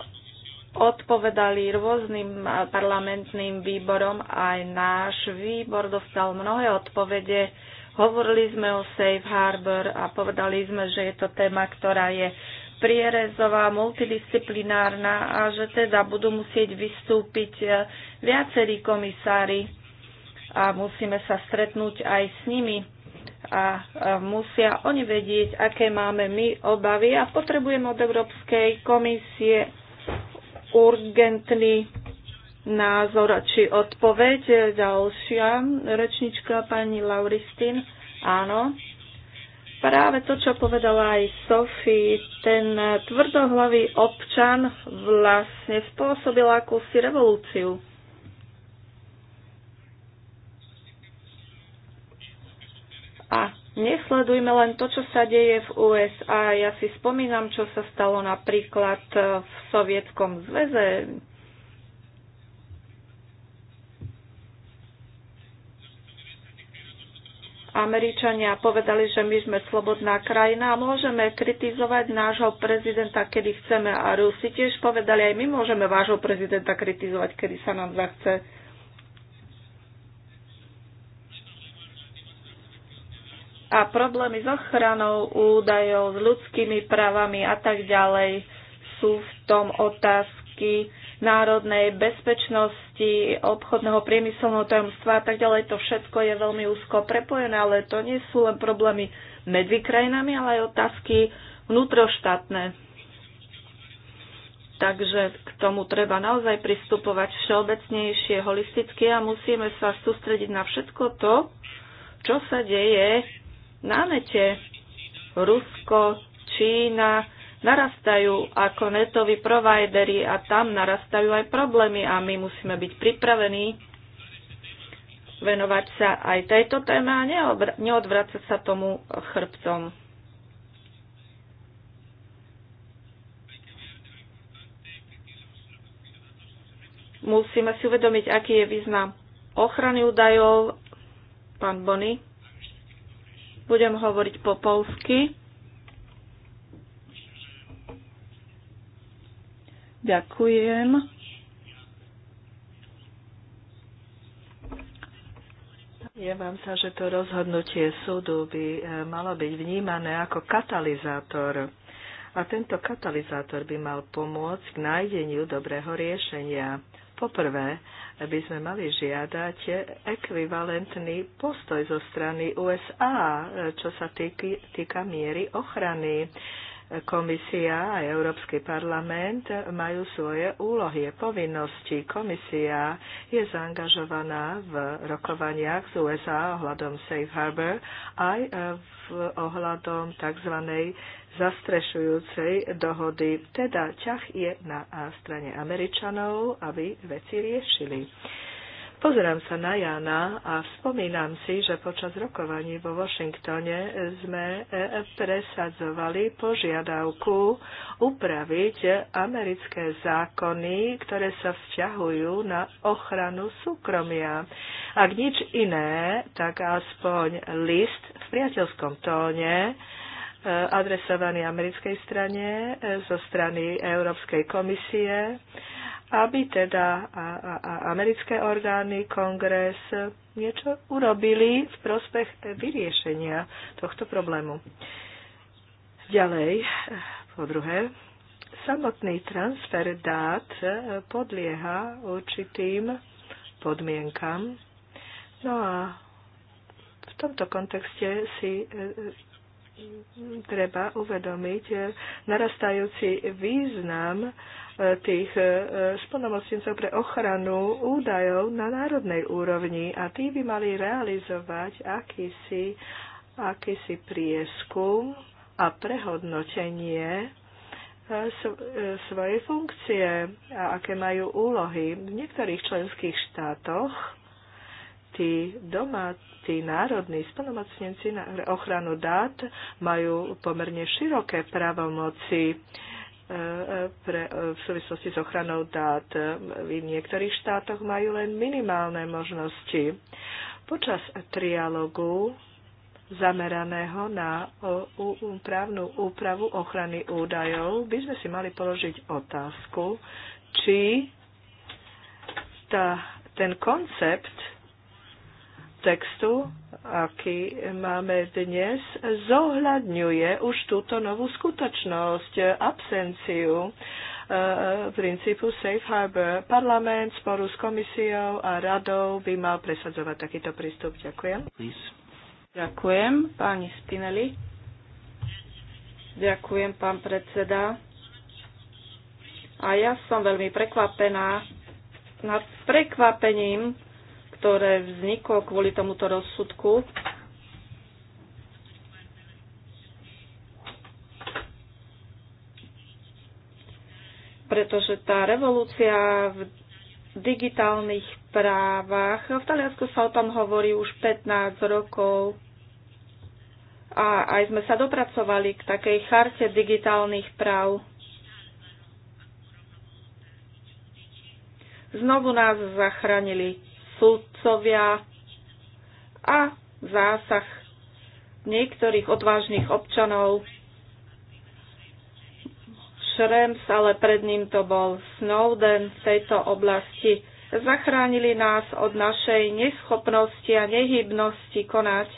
odpovedali rôznym parlamentným výborom. Aj náš výbor dostal mnohé odpovede. Hovorili sme o Safe Harbor a povedali sme, že je to téma, ktorá je prierezová, multidisciplinárna a že teda budú musieť vystúpiť eh, viacerí komisári a musíme sa stretnúť aj s nimi a musia oni vedieť, aké máme my obavy a potrebujeme od Európskej komisie urgentný názor či odpoveď. Ďalšia rečnička pani Lauristin. Áno. Práve to, čo povedala aj Sofie, ten tvrdohlavý občan vlastne spôsobil akúsi revolúciu. A nesledujme len to, čo sa deje v USA. Ja si spomínam, čo sa stalo napríklad v Sovietskom zväze. Američania povedali, že my sme slobodná krajina a môžeme kritizovať nášho prezidenta, kedy chceme. A Rusi tiež povedali, aj my môžeme vášho prezidenta kritizovať, kedy sa nám zachce. a problémy s ochranou údajov, s ľudskými právami a tak ďalej sú v tom otázky národnej bezpečnosti, obchodného priemyselného tajomstva a tak ďalej. To všetko je veľmi úzko prepojené, ale to nie sú len problémy medzi krajinami, ale aj otázky vnútroštátne. Takže k tomu treba naozaj pristupovať všeobecnejšie, holisticky a musíme sa sústrediť na všetko to, čo sa deje nánete. Rusko, Čína narastajú ako netoví providery a tam narastajú aj problémy a my musíme byť pripravení venovať sa aj tejto téme a neodvracať sa tomu chrbcom. musíme si uvedomiť, aký je význam ochrany údajov. Pán Bony. Budem hovoriť po polsky. Ďakujem. Domnievam sa, že to rozhodnutie súdu by e, malo byť vnímané ako katalizátor. A tento katalizátor by mal pomôcť k nájdeniu dobrého riešenia. Poprvé, by sme mali žiadať ekvivalentný postoj zo strany USA, čo sa týky, týka miery ochrany komisia a Európsky parlament majú svoje úlohy, povinnosti. Komisia je zaangažovaná v rokovaniach z USA ohľadom Safe Harbor aj v ohľadom tzv. zastrešujúcej dohody. Teda ťah je na strane Američanov, aby veci riešili. Pozerám sa na Jana a spomínam si, že počas rokovaní vo Washingtone sme e, presadzovali požiadavku upraviť americké zákony, ktoré sa vzťahujú na ochranu súkromia. Ak nič iné, tak aspoň list v priateľskom tóne e, adresovaný americkej strane e, zo strany Európskej komisie aby teda a, a, a americké orgány, kongres niečo urobili v prospech vyriešenia tohto problému. Ďalej, po druhé, samotný transfer dát podlieha určitým podmienkam. No a v tomto kontexte si treba uvedomiť e, narastajúci význam e, tých e, splnomocnencov pre ochranu údajov na národnej úrovni a tí by mali realizovať akýsi, akýsi prieskum a prehodnotenie svojej funkcie a aké majú úlohy. V niektorých členských štátoch tí domáci národní splnomocnenci na ochranu dát majú pomerne široké právomoci e, e, pre, e, v súvislosti s ochranou dát. V niektorých štátoch majú len minimálne možnosti. Počas trialogu zameraného na právnu úpravu ochrany údajov by sme si mali položiť otázku, či tá, ten koncept textu, aký máme dnes, zohľadňuje už túto novú skutočnosť, absenciu e, princípu Safe Harbor. Parlament sporu s komisiou a radou by mal presadzovať takýto prístup. Ďakujem. Please. Ďakujem, pani Spinelli. Ďakujem, pán predseda. A ja som veľmi prekvapená nad prekvapením ktoré vzniklo kvôli tomuto rozsudku. Pretože tá revolúcia v digitálnych právach, v Taliansku sa o tom hovorí už 15 rokov, a aj sme sa dopracovali k takej charte digitálnych práv. Znovu nás zachránili sudcovia a zásah niektorých odvážnych občanov. Šrems, ale pred ním to bol Snowden v tejto oblasti. Zachránili nás od našej neschopnosti a nehybnosti konať.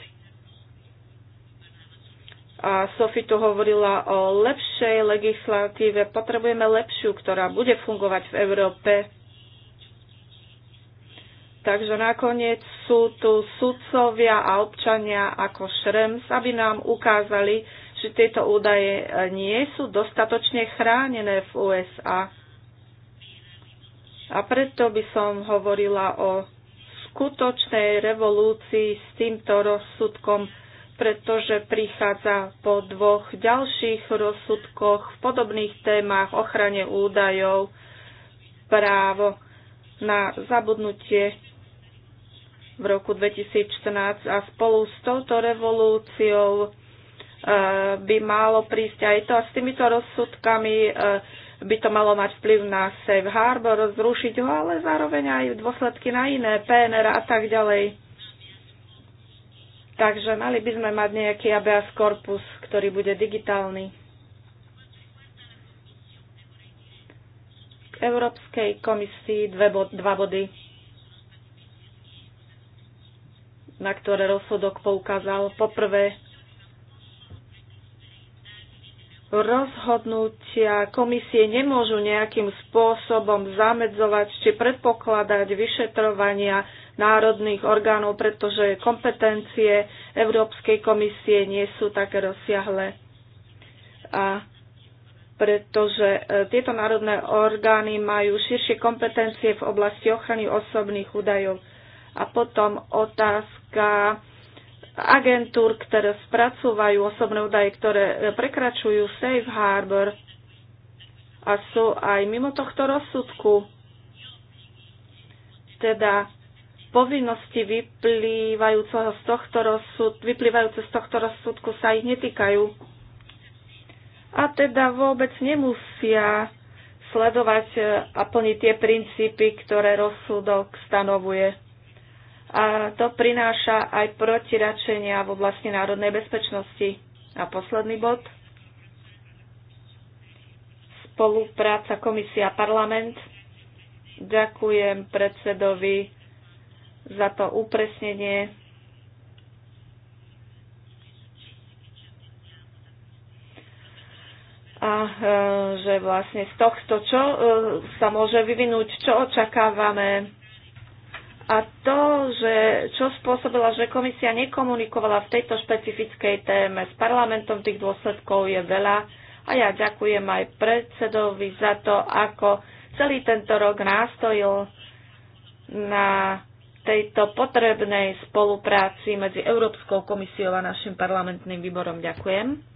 A Sophie tu hovorila o lepšej legislatíve. Potrebujeme lepšiu, ktorá bude fungovať v Európe Takže nakoniec sú tu sudcovia a občania ako Šrems, aby nám ukázali, že tieto údaje e, nie sú dostatočne chránené v USA. A preto by som hovorila o skutočnej revolúcii s týmto rozsudkom, pretože prichádza po dvoch ďalších rozsudkoch v podobných témach ochrane údajov, právo na zabudnutie v roku 2014 a spolu s touto revolúciou e, by malo prísť aj to a s týmito rozsudkami e, by to malo mať vplyv na Safe Harbor, zrušiť ho, ale zároveň aj dôsledky na iné, PNR a tak ďalej. Takže mali by sme mať nejaký ABS korpus, ktorý bude digitálny. K Európskej komisii dve dva body na ktoré rozsudok poukázal. Poprvé, rozhodnutia komisie nemôžu nejakým spôsobom zamedzovať či predpokladať vyšetrovania národných orgánov, pretože kompetencie Európskej komisie nie sú také rozsiahle. A pretože e, tieto národné orgány majú širšie kompetencie v oblasti ochrany osobných údajov. A potom otázka agentúr, ktoré spracúvajú osobné údaje, ktoré prekračujú Safe Harbor a sú aj mimo tohto rozsudku. Teda povinnosti z tohto rozsud, vyplývajúce z tohto rozsudku sa ich netýkajú. A teda vôbec nemusia sledovať a plniť tie princípy, ktoré rozsudok stanovuje a to prináša aj protiračenia v oblasti národnej bezpečnosti. A posledný bod. Spolupráca komisia parlament. Ďakujem predsedovi za to upresnenie. A e, že vlastne z tohto, čo e, sa môže vyvinúť, čo očakávame a to, že čo spôsobila, že komisia nekomunikovala v tejto špecifickej téme s parlamentom, tých dôsledkov je veľa. A ja ďakujem aj predsedovi za to, ako celý tento rok nástojil na tejto potrebnej spolupráci medzi Európskou komisiou a našim parlamentným výborom. Ďakujem.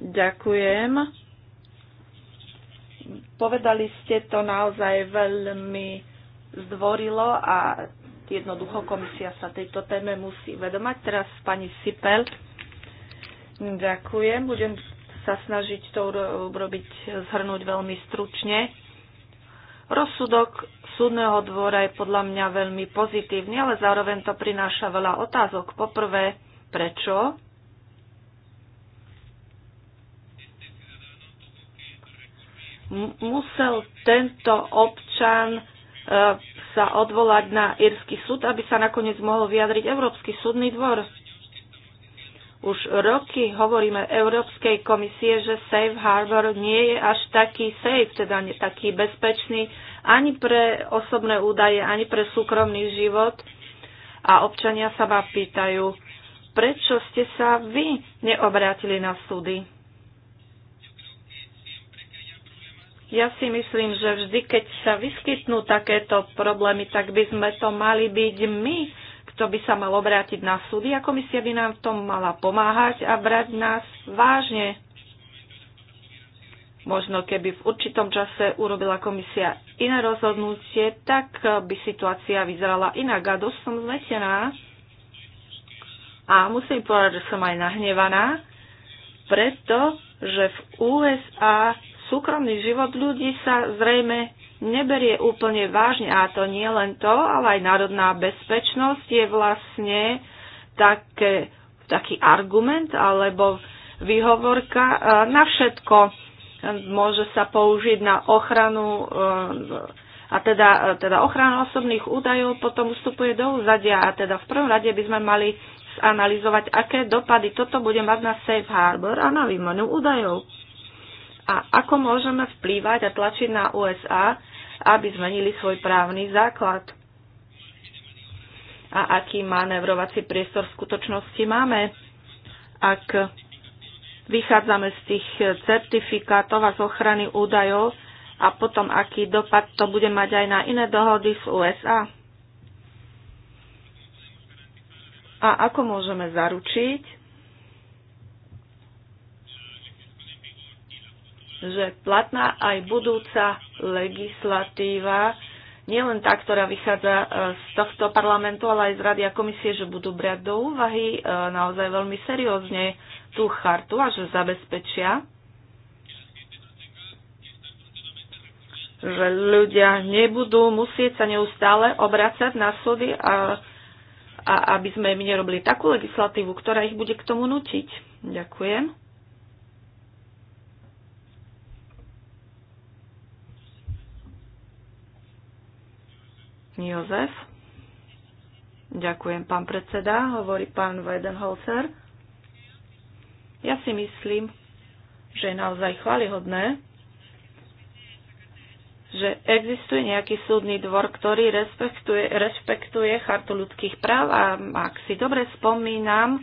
Ďakujem. Povedali ste to naozaj veľmi zdvorilo a jednoducho komisia sa tejto téme musí vedomať. Teraz pani Sipel. Ďakujem. Budem sa snažiť to urobiť, zhrnúť veľmi stručne. Rozsudok súdneho dvora je podľa mňa veľmi pozitívny, ale zároveň to prináša veľa otázok. Poprvé, prečo musel tento občan e, sa odvolať na írsky súd, aby sa nakoniec mohol vyjadriť Európsky súdny dvor. Už roky hovoríme Európskej komisie, že Safe Harbor nie je až taký safe, teda nie taký bezpečný ani pre osobné údaje, ani pre súkromný život. A občania sa vám pýtajú, prečo ste sa vy neobrátili na súdy? Ja si myslím, že vždy, keď sa vyskytnú takéto problémy, tak by sme to mali byť my, kto by sa mal obrátiť na súdy a komisia by nám v tom mala pomáhať a brať nás vážne. Možno keby v určitom čase urobila komisia iné rozhodnutie, tak by situácia vyzerala inak a dosť som zmetená. A musím povedať, že som aj nahnevaná, pretože v USA súkromný život ľudí sa zrejme neberie úplne vážne a to nie len to, ale aj národná bezpečnosť je vlastne také, taký argument alebo výhovorka e, na všetko. Môže sa použiť na ochranu e, a teda, e, teda ochrana osobných údajov potom vstupuje do úzadia a teda v prvom rade by sme mali zanalizovať, aké dopady toto bude mať na Safe Harbor a na výmenu údajov a ako môžeme vplývať a tlačiť na USA, aby zmenili svoj právny základ. A aký manevrovací priestor v skutočnosti máme, ak vychádzame z tých certifikátov a z ochrany údajov a potom aký dopad to bude mať aj na iné dohody z USA. A ako môžeme zaručiť, že platná aj budúca legislatíva, nielen tá, ktorá vychádza e, z tohto parlamentu, ale aj z Rady a komisie, že budú brať do úvahy e, naozaj veľmi seriózne tú chartu a že zabezpečia, že ľudia nebudú musieť sa neustále obracať na súdy a, a aby sme im nerobili takú legislatívu, ktorá ich bude k tomu nutiť. Ďakujem. Jozef. Ďakujem, pán predseda, hovorí pán Weidenholzer. Ja si myslím, že je naozaj chvalihodné, že existuje nejaký súdny dvor, ktorý respektuje, respektuje chartu ľudských práv a ak si dobre spomínam, e,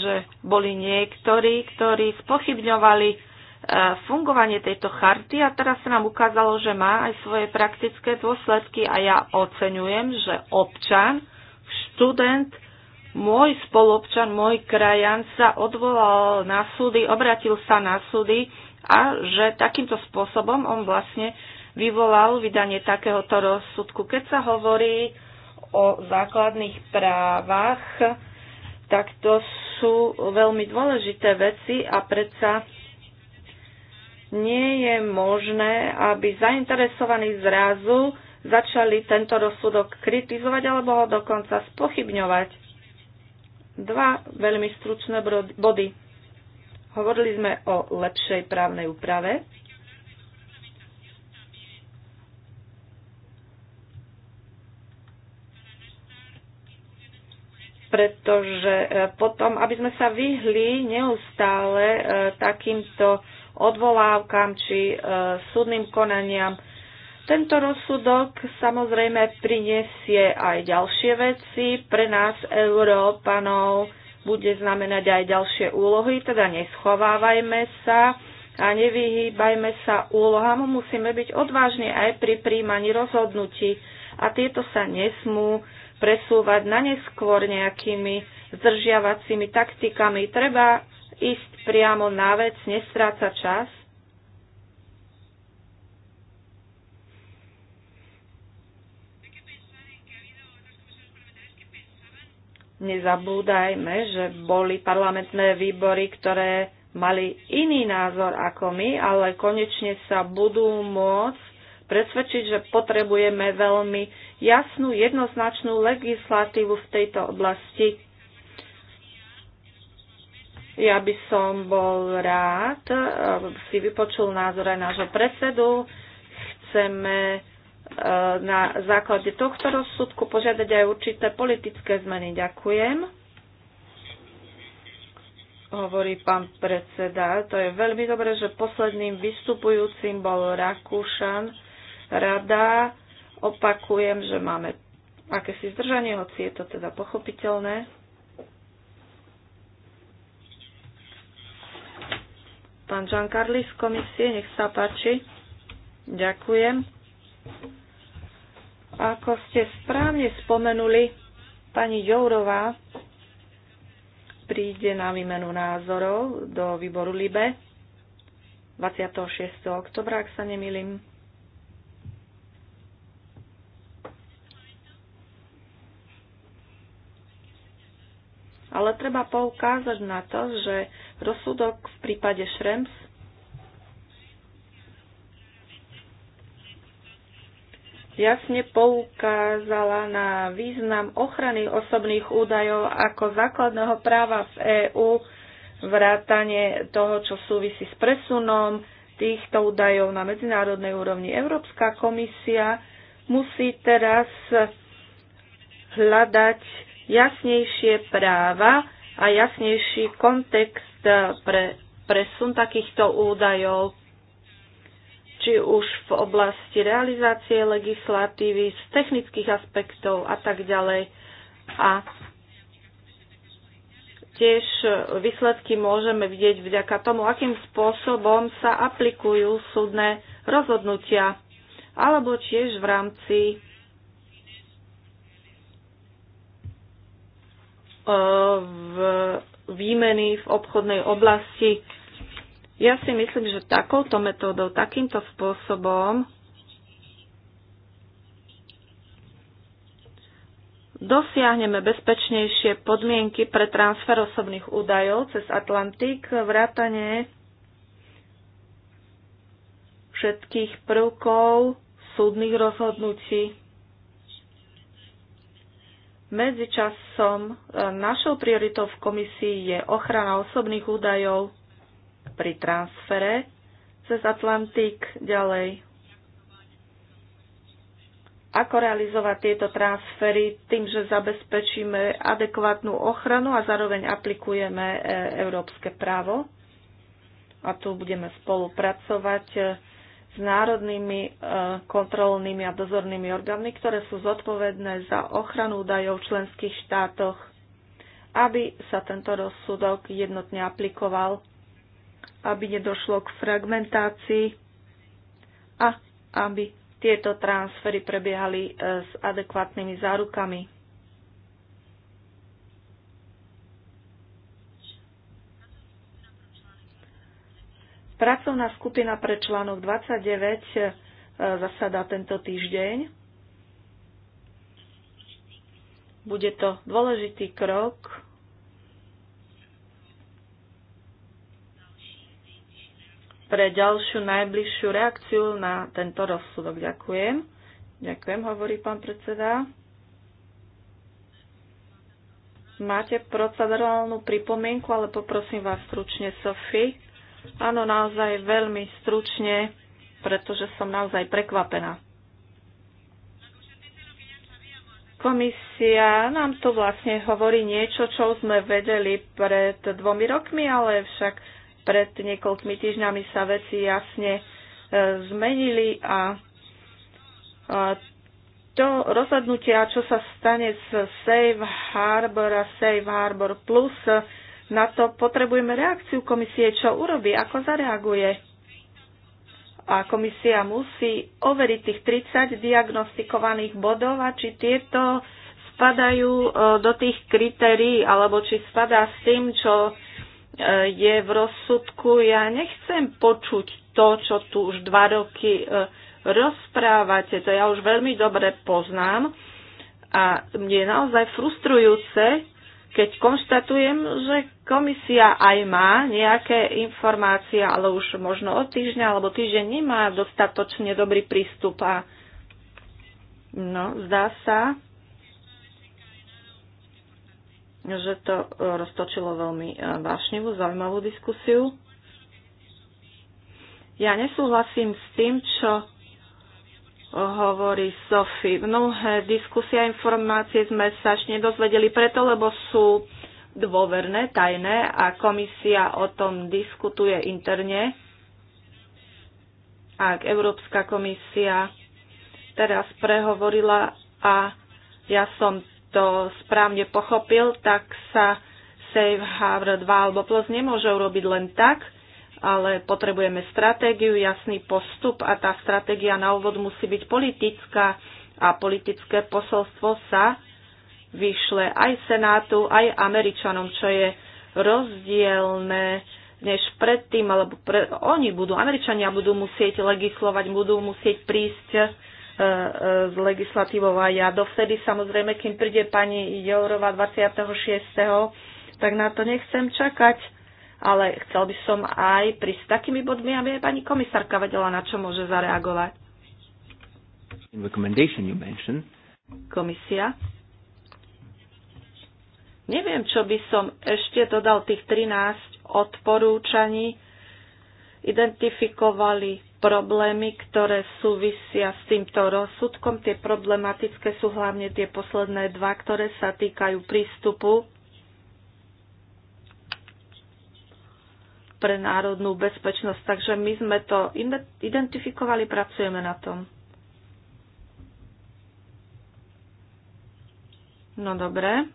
že boli niektorí, ktorí spochybňovali fungovanie tejto charty a teraz sa nám ukázalo, že má aj svoje praktické dôsledky a ja oceňujem, že občan, študent, môj spolobčan, môj krajan sa odvolal na súdy, obratil sa na súdy a že takýmto spôsobom on vlastne vyvolal vydanie takéhoto rozsudku. Keď sa hovorí o základných právach, tak to sú veľmi dôležité veci a predsa nie je možné, aby zainteresovaní zrazu začali tento rozsudok kritizovať alebo ho dokonca spochybňovať. Dva veľmi stručné body. Hovorili sme o lepšej právnej úprave. pretože e, potom, aby sme sa vyhli neustále e, takýmto odvolávkam či e, súdnym konaniam. Tento rozsudok samozrejme prinesie aj ďalšie veci. Pre nás, Európanov, bude znamenať aj ďalšie úlohy, teda neschovávajme sa a nevyhýbajme sa úlohám. Musíme byť odvážni aj pri príjmaní rozhodnutí a tieto sa nesmú presúvať na neskôr nejakými zdržiavacími taktikami. Treba ísť priamo na vec, nestráca čas. Nezabúdajme, že boli parlamentné výbory, ktoré mali iný názor ako my, ale konečne sa budú môcť presvedčiť, že potrebujeme veľmi jasnú, jednoznačnú legislatívu v tejto oblasti ja by som bol rád, e, si vypočul názor aj nášho predsedu. Chceme e, na základe tohto rozsudku požiadať aj určité politické zmeny. Ďakujem. Hovorí pán predseda. To je veľmi dobré, že posledným vystupujúcim bol Rakúšan. Rada opakujem, že máme akési zdržanie, hoci je to teda pochopiteľné. Pán Carly z komisie, nech sa páči. Ďakujem. Ako ste správne spomenuli, pani Jourová príde na výmenu názorov do výboru LIBE 26. oktobra, ak sa nemýlim. Ale treba poukázať na to, že rozsudok v prípade Šrems jasne poukázala na význam ochrany osobných údajov ako základného práva v EÚ, vrátanie toho, čo súvisí s presunom týchto údajov na medzinárodnej úrovni. Európska komisia musí teraz hľadať jasnejšie práva a jasnejší kontext pre presun takýchto údajov, či už v oblasti realizácie legislatívy, z technických aspektov a tak ďalej. A tiež výsledky môžeme vidieť vďaka tomu, akým spôsobom sa aplikujú súdne rozhodnutia, alebo tiež v rámci E, v výmeny v obchodnej oblasti. Ja si myslím, že takouto metódou, takýmto spôsobom dosiahneme bezpečnejšie podmienky pre transfer osobných údajov cez Atlantik, vrátane všetkých prvkov súdnych rozhodnutí. Medzičasom e, našou prioritou v komisii je ochrana osobných údajov pri transfere cez Atlantik ďalej. Ako realizovať tieto transfery tým, že zabezpečíme adekvátnu ochranu a zároveň aplikujeme e, európske právo. A tu budeme spolupracovať e, s národnými e, kontrolnými a dozornými orgánmi, ktoré sú zodpovedné za ochranu údajov v členských štátoch, aby sa tento rozsudok jednotne aplikoval, aby nedošlo k fragmentácii a aby tieto transfery prebiehali e, s adekvátnymi zárukami. Pracovná skupina pre článok 29 e, zasada tento týždeň. Bude to dôležitý krok pre ďalšiu najbližšiu reakciu na tento rozsudok. Ďakujem. Ďakujem, hovorí pán predseda. Máte procedurálnu pripomienku, ale poprosím vás stručne, Sofie. Áno, naozaj veľmi stručne, pretože som naozaj prekvapená. Komisia nám tu vlastne hovorí niečo, čo sme vedeli pred dvomi rokmi, ale však pred niekoľkými týždňami sa veci jasne e, zmenili a to rozhodnutia, čo sa stane s Safe Harbor a Safe Harbor Plus, na to potrebujeme reakciu komisie, čo urobí, ako zareaguje. A komisia musí overiť tých 30 diagnostikovaných bodov a či tieto spadajú e, do tých kritérií, alebo či spadá s tým, čo e, je v rozsudku. Ja nechcem počuť to, čo tu už dva roky e, rozprávate. To ja už veľmi dobre poznám. A je naozaj frustrujúce, keď konštatujem, že komisia aj má nejaké informácie, ale už možno od týždňa alebo týždeň nemá dostatočne dobrý prístup a no, zdá sa, že to roztočilo veľmi e, vášnivú, zaujímavú diskusiu. Ja nesúhlasím s tým, čo hovorí Sofi. Mnohé diskusie a informácie sme sa až nedozvedeli preto, lebo sú dôverné, tajné a komisia o tom diskutuje interne. Ak Európska komisia teraz prehovorila a ja som to správne pochopil, tak sa Safe Harbor 2 alebo Plus nemôže urobiť len tak, ale potrebujeme stratégiu, jasný postup a tá stratégia na úvod musí byť politická a politické posolstvo sa vyšle aj Senátu, aj Američanom, čo je rozdielne než predtým, alebo pre, oni budú, Američania budú musieť legislovať, budú musieť prísť e, e, z legislatívou a ja dovtedy samozrejme, kým príde pani Jourova 26., tak na to nechcem čakať ale chcel by som aj prísť s takými bodmi, aby aj pani komisárka vedela, na čo môže zareagovať. Komisia. Neviem, čo by som ešte dodal tých 13 odporúčaní. Identifikovali problémy, ktoré súvisia s týmto rozsudkom. Tie problematické sú hlavne tie posledné dva, ktoré sa týkajú prístupu pre národnú bezpečnosť. Takže my sme to identifikovali, pracujeme na tom. No dobre.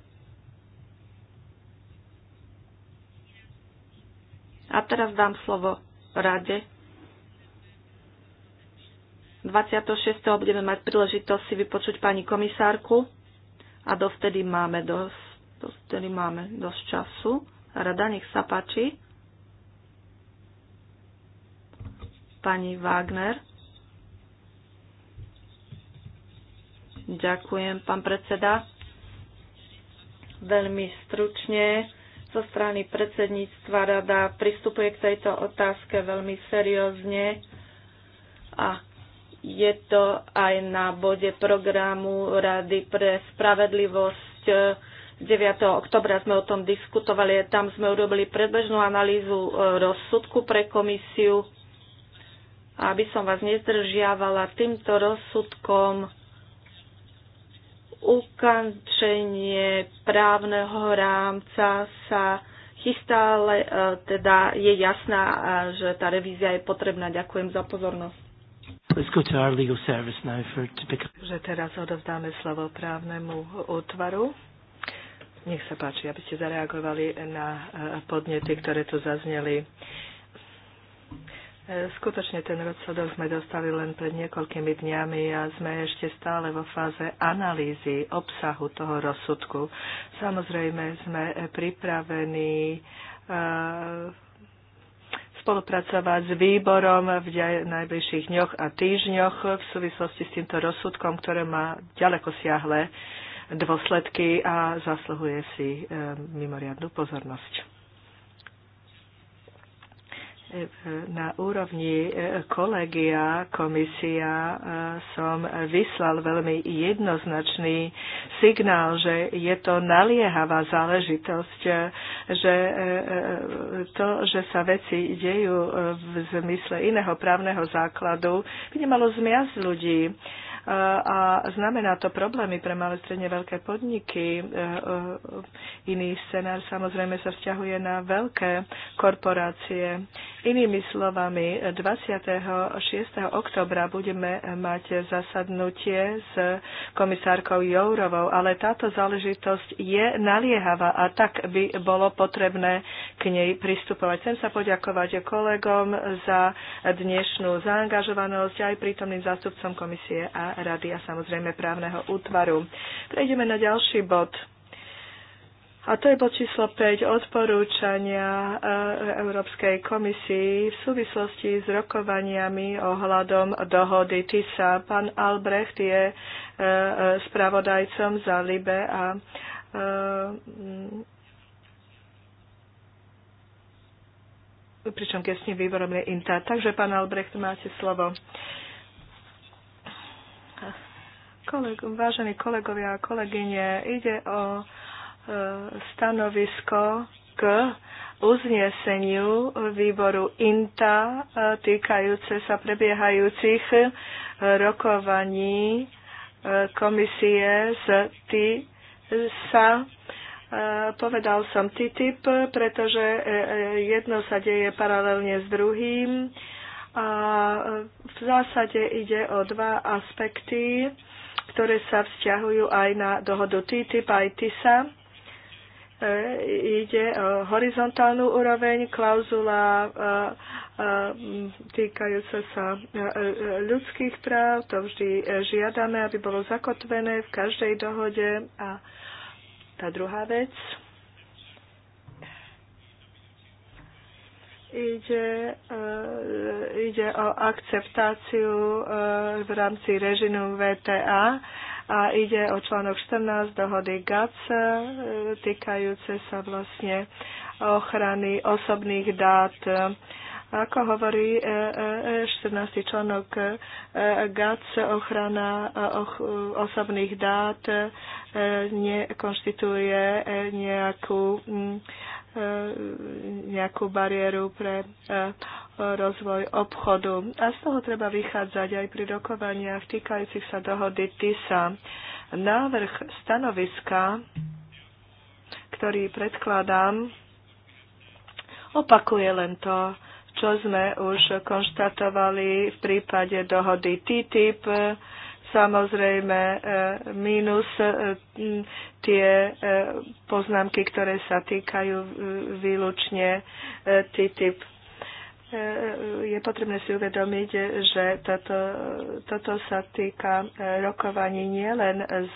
A teraz dám slovo rade. 26. budeme mať príležitosť si vypočuť pani komisárku a dovtedy máme dosť, dovtedy máme dosť času. Rada, nech sa páči. pani Wagner. Ďakujem, pán predseda. Veľmi stručne zo strany predsedníctva rada pristupuje k tejto otázke veľmi seriózne a je to aj na bode programu Rady pre spravedlivosť. 9. oktobra sme o tom diskutovali, tam sme urobili predbežnú analýzu e, rozsudku pre komisiu aby som vás nezdržiavala týmto rozsudkom ukončenie právneho rámca sa chystá, ale e, teda je jasná, e, že tá revízia je potrebná. Ďakujem za pozornosť. Let's go to our legal service now for to pick up. Že teraz odovzdáme slovo právnemu útvaru. Nech sa páči, aby ste zareagovali na e, podnety, ktoré tu zazneli. Skutočne ten rozsudok sme dostali len pred niekoľkými dňami a sme ešte stále vo fáze analýzy obsahu toho rozsudku. Samozrejme sme pripravení eh, spolupracovať s výborom v najbližších dňoch a týždňoch v súvislosti s týmto rozsudkom, ktoré má ďaleko siahle dôsledky a zasluhuje si eh, mimoriadnú pozornosť na úrovni e, kolegia, komisia e, som vyslal veľmi jednoznačný signál, že je to naliehavá záležitosť, e, že to, že sa veci dejú v zmysle iného právneho základu, by nemalo zmiasť ľudí a znamená to problémy pre malé stredne veľké podniky. E, e, iný scenár samozrejme sa vzťahuje na veľké korporácie. Inými slovami, 26. oktobra budeme mať zasadnutie s komisárkou Jourovou, ale táto záležitosť je naliehavá a tak by bolo potrebné k nej pristupovať. Chcem sa poďakovať kolegom za dnešnú zaangažovanosť aj prítomným zástupcom komisie a rady a samozrejme právneho útvaru. Prejdeme na ďalší bod. A to je bod číslo 5 odporúčania e, Európskej komisii v súvislosti s rokovaniami ohľadom dohody TISA. Pán Albrecht je e, spravodajcom za Libe a e, pričom gesným výborom je INTA. Takže, pán Albrecht, máte slovo. Uh, Koleg, vážení kolegovia a kolegyne, ide o e, stanovisko k uzneseniu výboru INTA e, týkajúce sa prebiehajúcich e, rokovaní e, komisie z TISA. Povedal som TTIP, pretože jedno sa deje paralelne s druhým. A v zásade ide o dva aspekty ktoré sa vzťahujú aj na dohodu TTIP aj TISA. E, ide o horizontálnu úroveň, klauzula e, e, týkajúca sa ľudských práv. To vždy žiadame, aby bolo zakotvené v každej dohode. A tá druhá vec, ide, eh, ide o akceptáciu eh, v rámci režimu VTA a ide o článok 14 dohody GATS eh, týkajúce sa vlastne ochrany osobných dát. Ako hovorí 14. článok GATS, ochrana osobných dát nekonštituje nejakú mm, E, nejakú bariéru pre e, rozvoj obchodu. A z toho treba vychádzať aj pri rokovaniach týkajúcich sa dohody TISA. Návrh stanoviska, ktorý predkladám, opakuje len to, čo sme už konštatovali v prípade dohody TTIP, samozrejme e, minus tie e, poznámky, ktoré sa týkajú e, výlučne e, TTIP. E, e, je potrebné si uvedomiť, že toto, toto sa týka e, rokovaní nielen z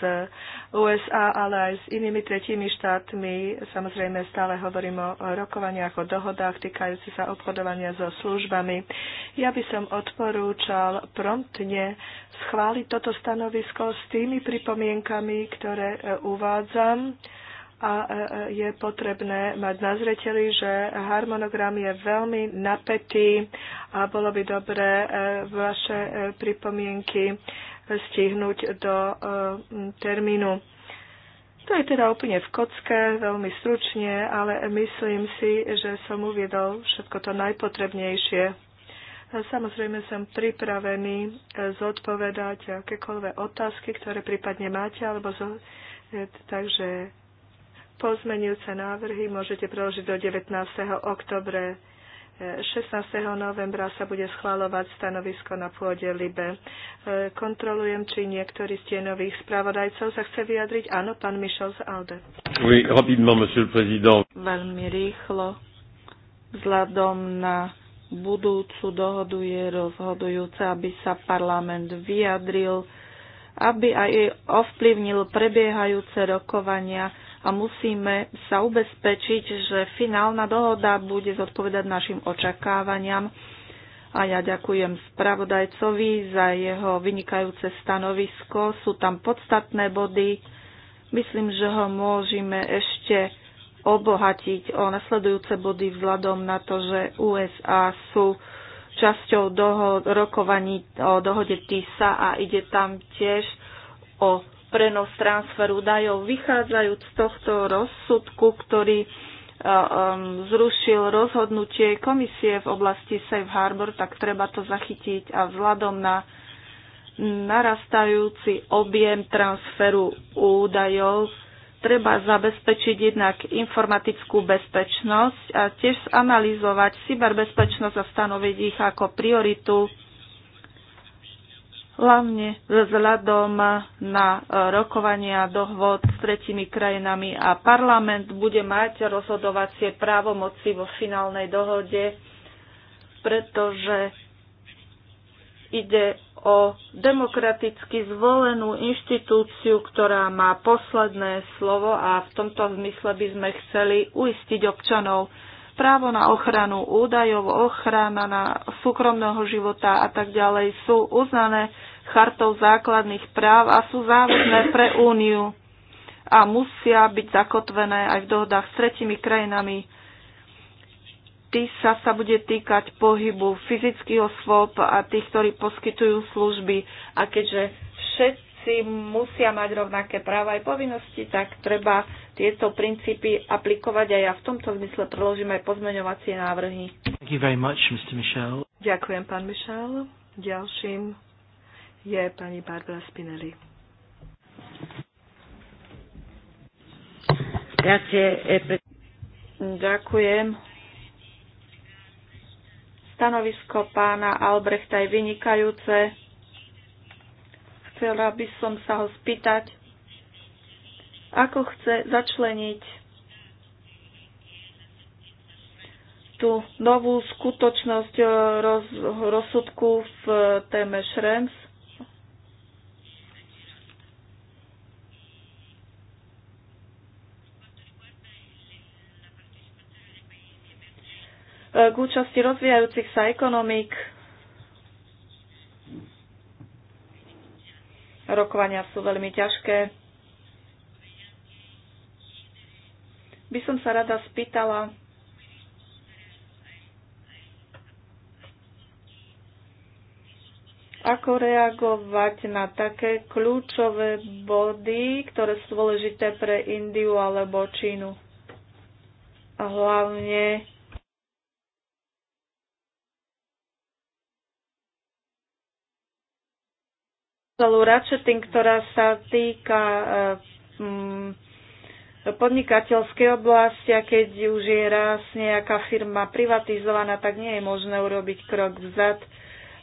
USA, ale aj s inými tretími štátmi. Samozrejme, stále hovorím o rokovaniach, o dohodách týkajúci sa obchodovania so službami. Ja by som odporúčal promptne schváliť toto stanovisko s tými pripomienkami, ktoré uvádzam a je potrebné mať na zreteli, že harmonogram je veľmi napätý a bolo by dobré e, vaše e, pripomienky stihnúť do e, termínu. To je teda úplne v kocke, veľmi stručne, ale myslím si, že som uviedol všetko to najpotrebnejšie. Samozrejme som pripravený zodpovedať akékoľvek otázky, ktoré prípadne máte, alebo zo, takže Pozmenujúce návrhy môžete preložiť do 19. oktobre. 16. novembra sa bude schvalovať stanovisko na pôde Libe. E, kontrolujem, či niektorý z nových spravodajcov sa chce vyjadriť. Áno, pán Mišel z Alde. Oui, rapidement, monsieur le président. Veľmi rýchlo. Vzhľadom na budúcu dohodu je rozhodujúce, aby sa parlament vyjadril, aby aj ovplyvnil prebiehajúce rokovania a musíme sa ubezpečiť, že finálna dohoda bude zodpovedať našim očakávaniam. A ja ďakujem spravodajcovi za jeho vynikajúce stanovisko. Sú tam podstatné body. Myslím, že ho môžeme ešte obohatiť o nasledujúce body vzhľadom na to, že USA sú časťou doho- rokovaní o dohode TISA a ide tam tiež o prenos transferu údajov vychádzajúc z tohto rozsudku, ktorý e, zrušil rozhodnutie komisie v oblasti Safe Harbor, tak treba to zachytiť a vzhľadom na narastajúci objem transferu údajov treba zabezpečiť jednak informatickú bezpečnosť a tiež zanalizovať cyberbezpečnosť a stanoviť ich ako prioritu hlavne vzhľadom na e, rokovania dohôd s tretimi krajinami a parlament bude mať rozhodovacie právomoci vo finálnej dohode, pretože ide o demokraticky zvolenú inštitúciu, ktorá má posledné slovo a v tomto zmysle by sme chceli uistiť občanov právo na ochranu údajov, ochrana na súkromného života a tak ďalej sú uznané chartou základných práv a sú záväzné pre Úniu a musia byť zakotvené aj v dohodách s tretimi krajinami. TISA sa bude týkať pohybu fyzických osôb a tých, ktorí poskytujú služby. A keďže všetci musia mať rovnaké práva aj povinnosti, tak treba tieto princípy aplikovať a ja v tomto zmysle preložím aj pozmeňovacie návrhy. Much, Ďakujem, pán Michel. Ďalším je pani Barbara Spinelli. Eh, Ďakujem. Stanovisko pána Albrechta je vynikajúce. Chcela by som sa ho spýtať, ako chce začleniť tú novú skutočnosť eh, roz, rozsudku v téme Šrems k účasti rozvíjajúcich sa ekonomík. Rokovania sú veľmi ťažké. By som sa rada spýtala, ako reagovať na také kľúčové body, ktoré sú dôležité pre Indiu alebo Čínu. A hlavne kapitolu Ratcheting, ktorá sa týka eh, mm, podnikateľskej oblasti a keď už je raz nejaká firma privatizovaná, tak nie je možné urobiť krok vzad.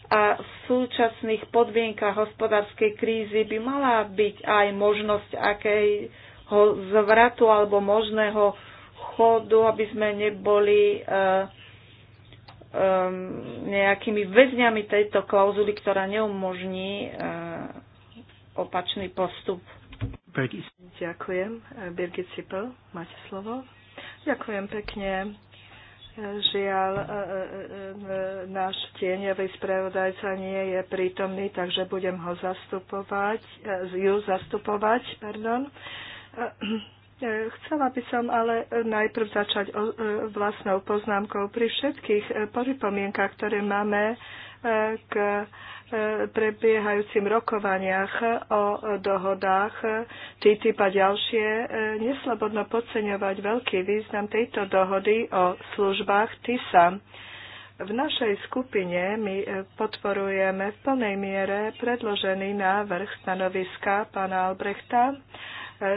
A v súčasných podmienkach hospodárskej krízy by mala byť aj možnosť akého zvratu alebo možného chodu, aby sme neboli uh, Um, nejakými väzňami tejto klauzuly, ktorá neumožní uh, opačný postup. Birgit. Ďakujem. Birgit Cipel, máte slovo. Ďakujem pekne. Žiaľ, e, e, e, náš tieňový spravodajca nie je prítomný, takže budem ho zastupovať, ju zastupovať, pardon. E, chcela by som ale najprv začať e, vlastnou poznámkou. Pri všetkých e, pripomienkach, ktoré máme k prebiehajúcim rokovaniach o dohodách TTIP a ďalšie, neslobodno podceňovať veľký význam tejto dohody o službách TISA. V našej skupine my podporujeme v plnej miere predložený návrh stanoviska pána Albrechta E, e,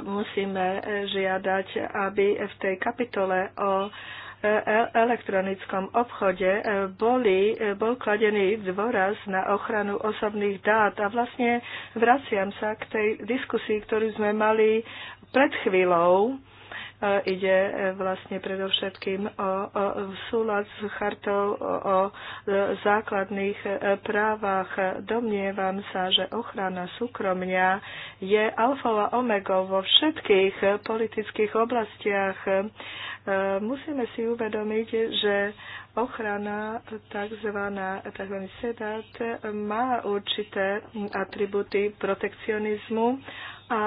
musíme žiadať, aby v tej kapitole o e, elektronickom obchode boli, bol kladený dôraz na ochranu osobných dát. A vlastne vraciam sa k tej diskusii, ktorú sme mali pred chvíľou, ide e, vlastne predovšetkým o, o súlad s chartou o základných e, právach. Domnievam sa, že ochrana súkromňa je alfa a omega vo všetkých politických oblastiach. E, musíme si uvedomiť, že ochrana tzv. tzv. sedat má určité atributy protekcionizmu a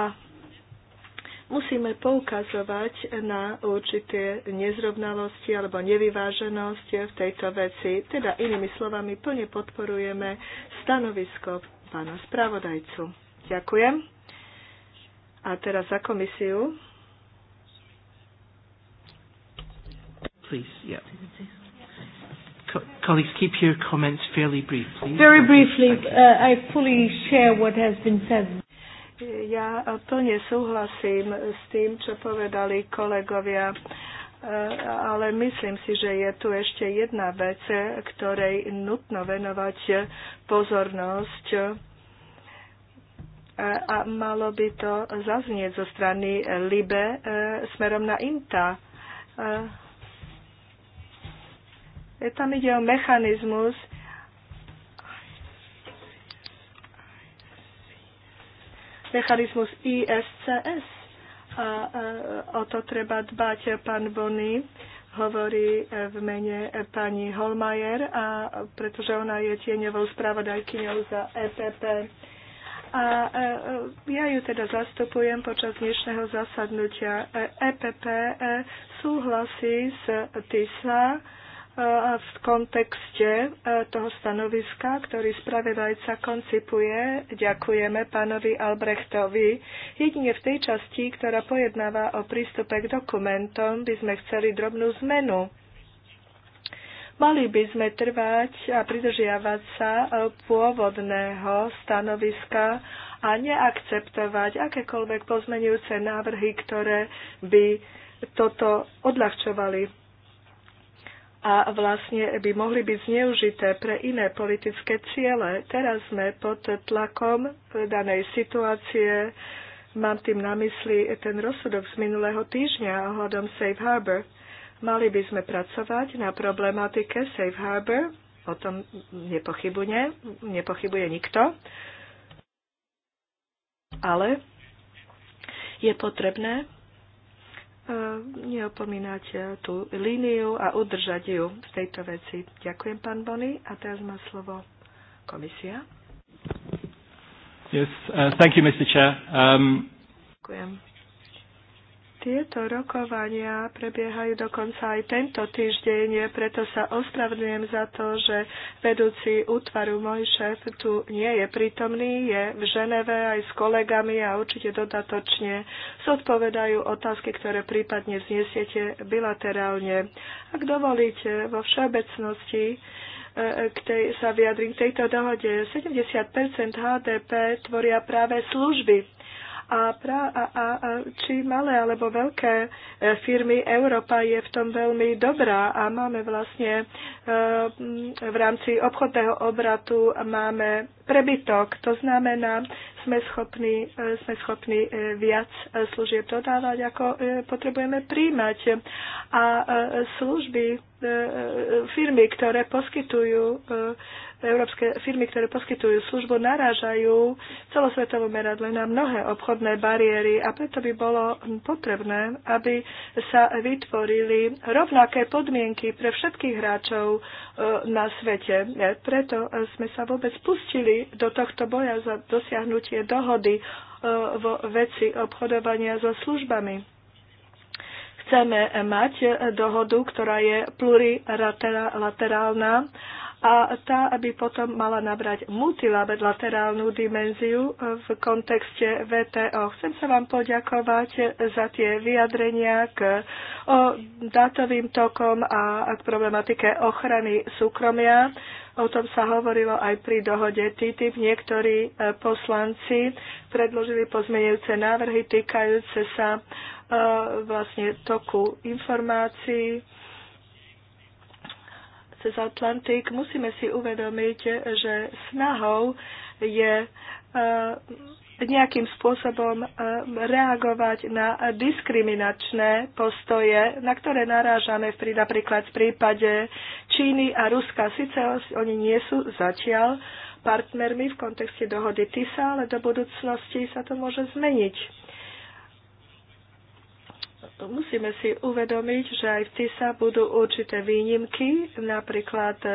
musíme poukazovať na určité nezrovnalosti alebo nevyváženosť v tejto veci. Teda inými slovami, plne podporujeme stanovisko pána spravodajcu. Ďakujem. A teraz za komisiu. Please, yeah. colleagues, keep your comments fairly brief, please. Very briefly, uh, I fully share what has been said ja plne súhlasím s tým, čo povedali kolegovia, e, ale myslím si, že je tu ešte jedna vec, ktorej nutno venovať pozornosť e, a malo by to zaznieť zo strany Libe e, smerom na INTA. Tam ide o mechanizmus, mechanizmus ISCS. A e, o to treba dbať. Pán Bonny hovorí e, v mene e, pani Holmajer, a pretože ona je tieňovou spravodajkyňou za EPP. A ja ju teda zastupujem počas dnešného zasadnutia. EPP súhlasí s TISA, v kontexte e, toho stanoviska, ktorý spravedajca koncipuje. Ďakujeme pánovi Albrechtovi. Jedine v tej časti, ktorá pojednáva o prístupe k dokumentom, by sme chceli drobnú zmenu. Mali by sme trvať a pridržiavať sa e, pôvodného stanoviska a neakceptovať akékoľvek pozmenujúce návrhy, ktoré by toto odľahčovali a vlastne by mohli byť zneužité pre iné politické ciele. Teraz sme pod tlakom danej situácie. Mám tým na mysli ten rozsudok z minulého týždňa ohľadom Safe Harbor. Mali by sme pracovať na problematike Safe Harbor. O tom nepochybuje, nepochybuje nikto. Ale je potrebné neopomínať e, tú líniu a udržať ju v tejto veci. Ďakujem, pán Bony. A teraz má slovo komisia. Yes, uh, thank you, Mr. Chair. Um... Ďakujem tieto rokovania prebiehajú dokonca aj tento týždeň, preto sa ospravedlňujem za to, že vedúci útvaru môj šéf tu nie je prítomný, je v Ženeve aj s kolegami a určite dodatočne zodpovedajú otázky, ktoré prípadne vznesiete bilaterálne. Ak dovolíte, vo všeobecnosti e, k tej, sa vyjadrím k tejto dohode. 70 HDP tvoria práve služby a, pra, a, a, a či malé alebo veľké e, firmy, Európa je v tom veľmi dobrá a máme vlastne e, v rámci obchodného obratu máme prebytok. To znamená, sme schopní, e, sme schopní viac služieb dodávať, ako potrebujeme príjmať. A služby, firmy, ktoré poskytujú Európske firmy, ktoré poskytujú službu, narážajú celosvetovo meradle na mnohé obchodné bariéry a preto by bolo potrebné, aby sa vytvorili rovnaké podmienky pre všetkých hráčov e, na svete. E, preto e, sme sa vôbec pustili do tohto boja za dosiahnutie dohody vo veci obchodovania so službami chceme mať dohodu, ktorá je plurilaterálna a tá, aby potom mala nabrať multilaterálnu dimenziu v kontexte VTO. Chcem sa vám poďakovať za tie vyjadrenia k o dátovým tokom a k problematike ochrany súkromia. O tom sa hovorilo aj pri dohode TTIP. Niektorí e, poslanci predložili pozmenujúce návrhy týkajúce sa e, vlastne toku informácií cez Atlantik, musíme si uvedomiť, že snahou je e, nejakým spôsobom e, reagovať na diskriminačné postoje, na ktoré narážame v, napríklad v prípade Číny a Ruska. Sice oni nie sú zatiaľ partnermi v kontexte dohody TISA, ale do budúcnosti sa to môže zmeniť musíme si uvedomiť, že aj v TISA budú určité výnimky, napríklad, e,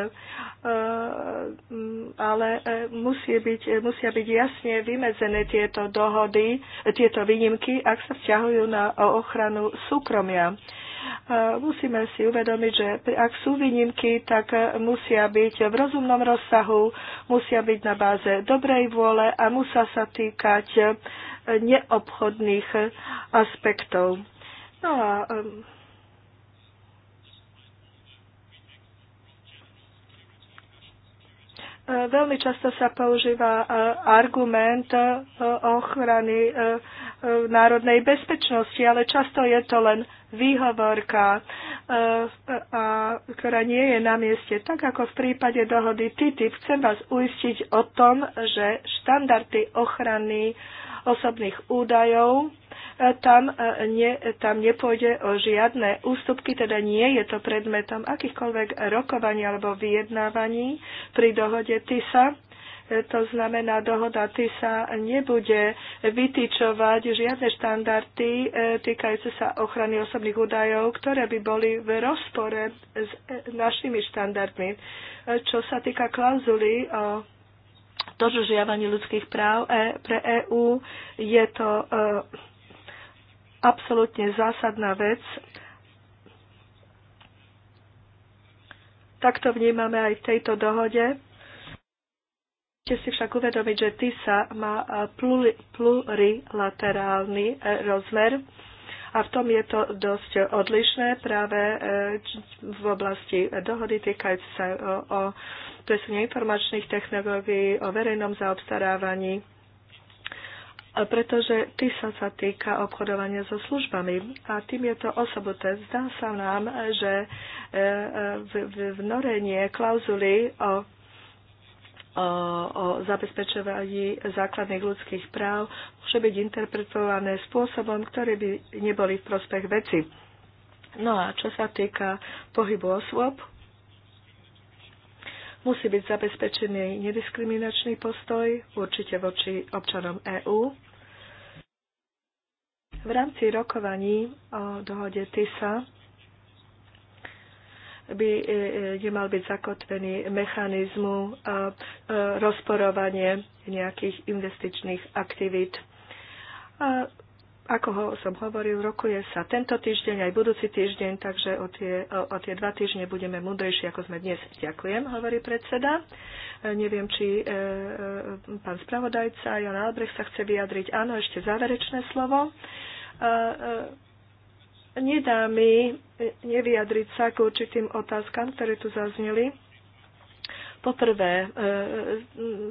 ale e, musí byť, musia byť jasne vymedzené tieto dohody, tieto výnimky, ak sa vzťahujú na ochranu súkromia e, musíme si uvedomiť, že ak sú výnimky, tak musia byť v rozumnom rozsahu, musia byť na báze dobrej vôle a musia sa týkať neobchodných aspektov. No a um, Veľmi často sa používa eh, argument eh, ochrany eh, národnej bezpečnosti, ale často je to len výhovorka, ktorá nie je na mieste. Tak ako v prípade dohody TTIP, chcem vás uistiť o tom, že štandardy ochrany osobných údajov, e, tam, e, ne, tam nepôjde o žiadne ústupky, teda nie je to predmetom akýchkoľvek rokovaní alebo vyjednávaní pri dohode TISA. E, to znamená, dohoda TISA nebude vytýčovať žiadne štandardy týkajúce sa ochrany osobných údajov, ktoré by boli v rozpore s našimi štandardmi. Čo sa týka klauzuly o dodržiavanie ľudských práv e, pre EÚ. Je to e, absolútne zásadná vec. Tak to vnímame aj v tejto dohode. Musíte si však uvedomiť, že TISA má plurilaterálny e, rozmer a v tom je to dosť odlišné práve e, v oblasti dohody týkajúce sa e, o presune informačných technológií, o verejnom zaobstarávaní pretože TISA sa týka obchodovania so službami a tým je to osobité. Zdá sa nám, že e, vnorenie klauzuly o o zabezpečovaní základných ľudských práv môže byť interpretované spôsobom, ktorý by neboli v prospech veci. No a čo sa týka pohybu osôb, musí byť zabezpečený nediskriminačný postoj, určite voči občanom EÚ. V rámci rokovaní o dohode TISA by e, e, mal byť zakotvený mechanizmu e, rozporovanie nejakých investičných aktivít. A ako ho som hovoril, rokuje sa tento týždeň, aj budúci týždeň, takže o tie, o, o tie dva týždne budeme múdrejší, ako sme dnes. Ďakujem, hovorí predseda. Neviem, či e, e, pán spravodajca Jan Albrecht sa chce vyjadriť. Áno, ešte záverečné slovo. E, e, nedá mi nevyjadriť sa k určitým otázkam, ktoré tu zazneli. Poprvé, e,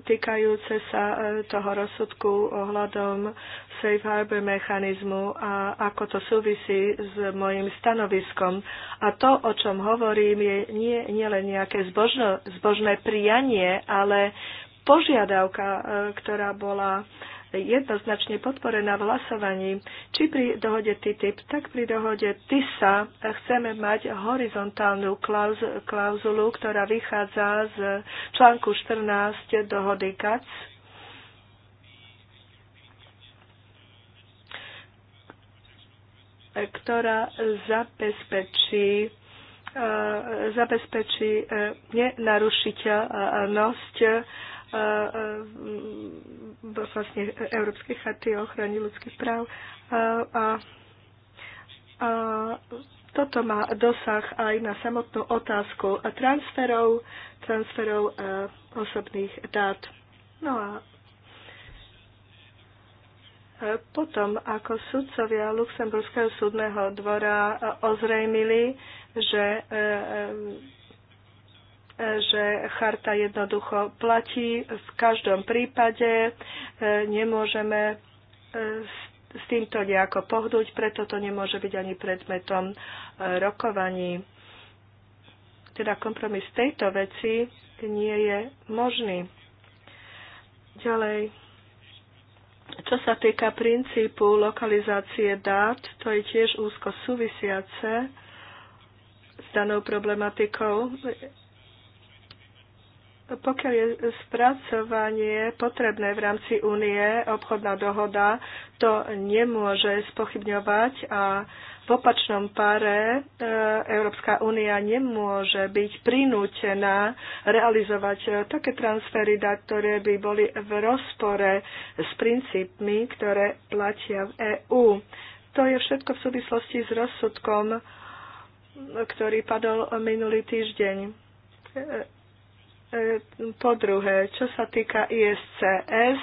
týkajúce sa e, toho rozsudku ohľadom safe harbor mechanizmu a ako to súvisí s mojim stanoviskom. A to, o čom hovorím, je nie, nie len nejaké zbožno, zbožné prijanie, ale požiadavka, e, ktorá bola jednoznačne podporená v hlasovaní, či pri dohode TTIP, tak pri dohode TISA chceme mať horizontálnu klauz, klauzulu, ktorá vychádza z článku 14 dohody GATS ktorá zabezpečí e, zabezpečí e, nenarušiteľnosť e, vlastne Európskej chaty o ochrane ľudských práv. A, a, a toto má dosah aj na samotnú otázku transferov, transferov e, osobných dát. No a e, potom, ako sudcovia Luxemburského súdneho dvora e, ozrejmili, že že charta jednoducho platí. V každom prípade e, nemôžeme e, s týmto nejako pohnúť, preto to nemôže byť ani predmetom e, rokovaní. Teda kompromis tejto veci nie je možný. Ďalej, čo sa týka princípu lokalizácie dát, to je tiež úzko súvisiace s danou problematikou pokiaľ je spracovanie potrebné v rámci únie, obchodná dohoda to nemôže spochybňovať a v opačnom pare e, Európska únia nemôže byť prinútená realizovať e, také transfery, ktoré by boli v rozpore s princípmi, ktoré platia v EÚ. To je všetko v súvislosti s rozsudkom, ktorý padol minulý týždeň e, E, po druhé, čo sa týka ISCS,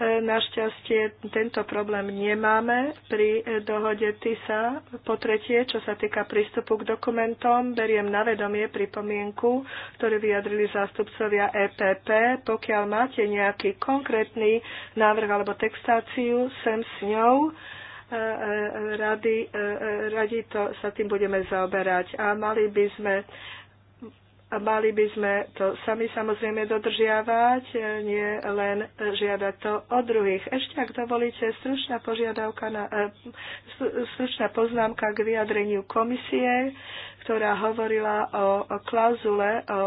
e, našťastie tento problém nemáme pri e, dohode TISA. Po tretie, čo sa týka prístupu k dokumentom, beriem na vedomie pripomienku, ktorú vyjadrili zástupcovia EPP. Pokiaľ máte nejaký konkrétny návrh alebo textáciu, sem s ňou rady, radi to, sa tým budeme zaoberať. A mali by sme mali by sme to sami samozrejme dodržiavať, e, nie len žiadať to od druhých. Ešte, ak dovolíte, stručná, požiadavka na, e, stručná poznámka k vyjadreniu komisie, ktorá hovorila o, o klauzule, o, o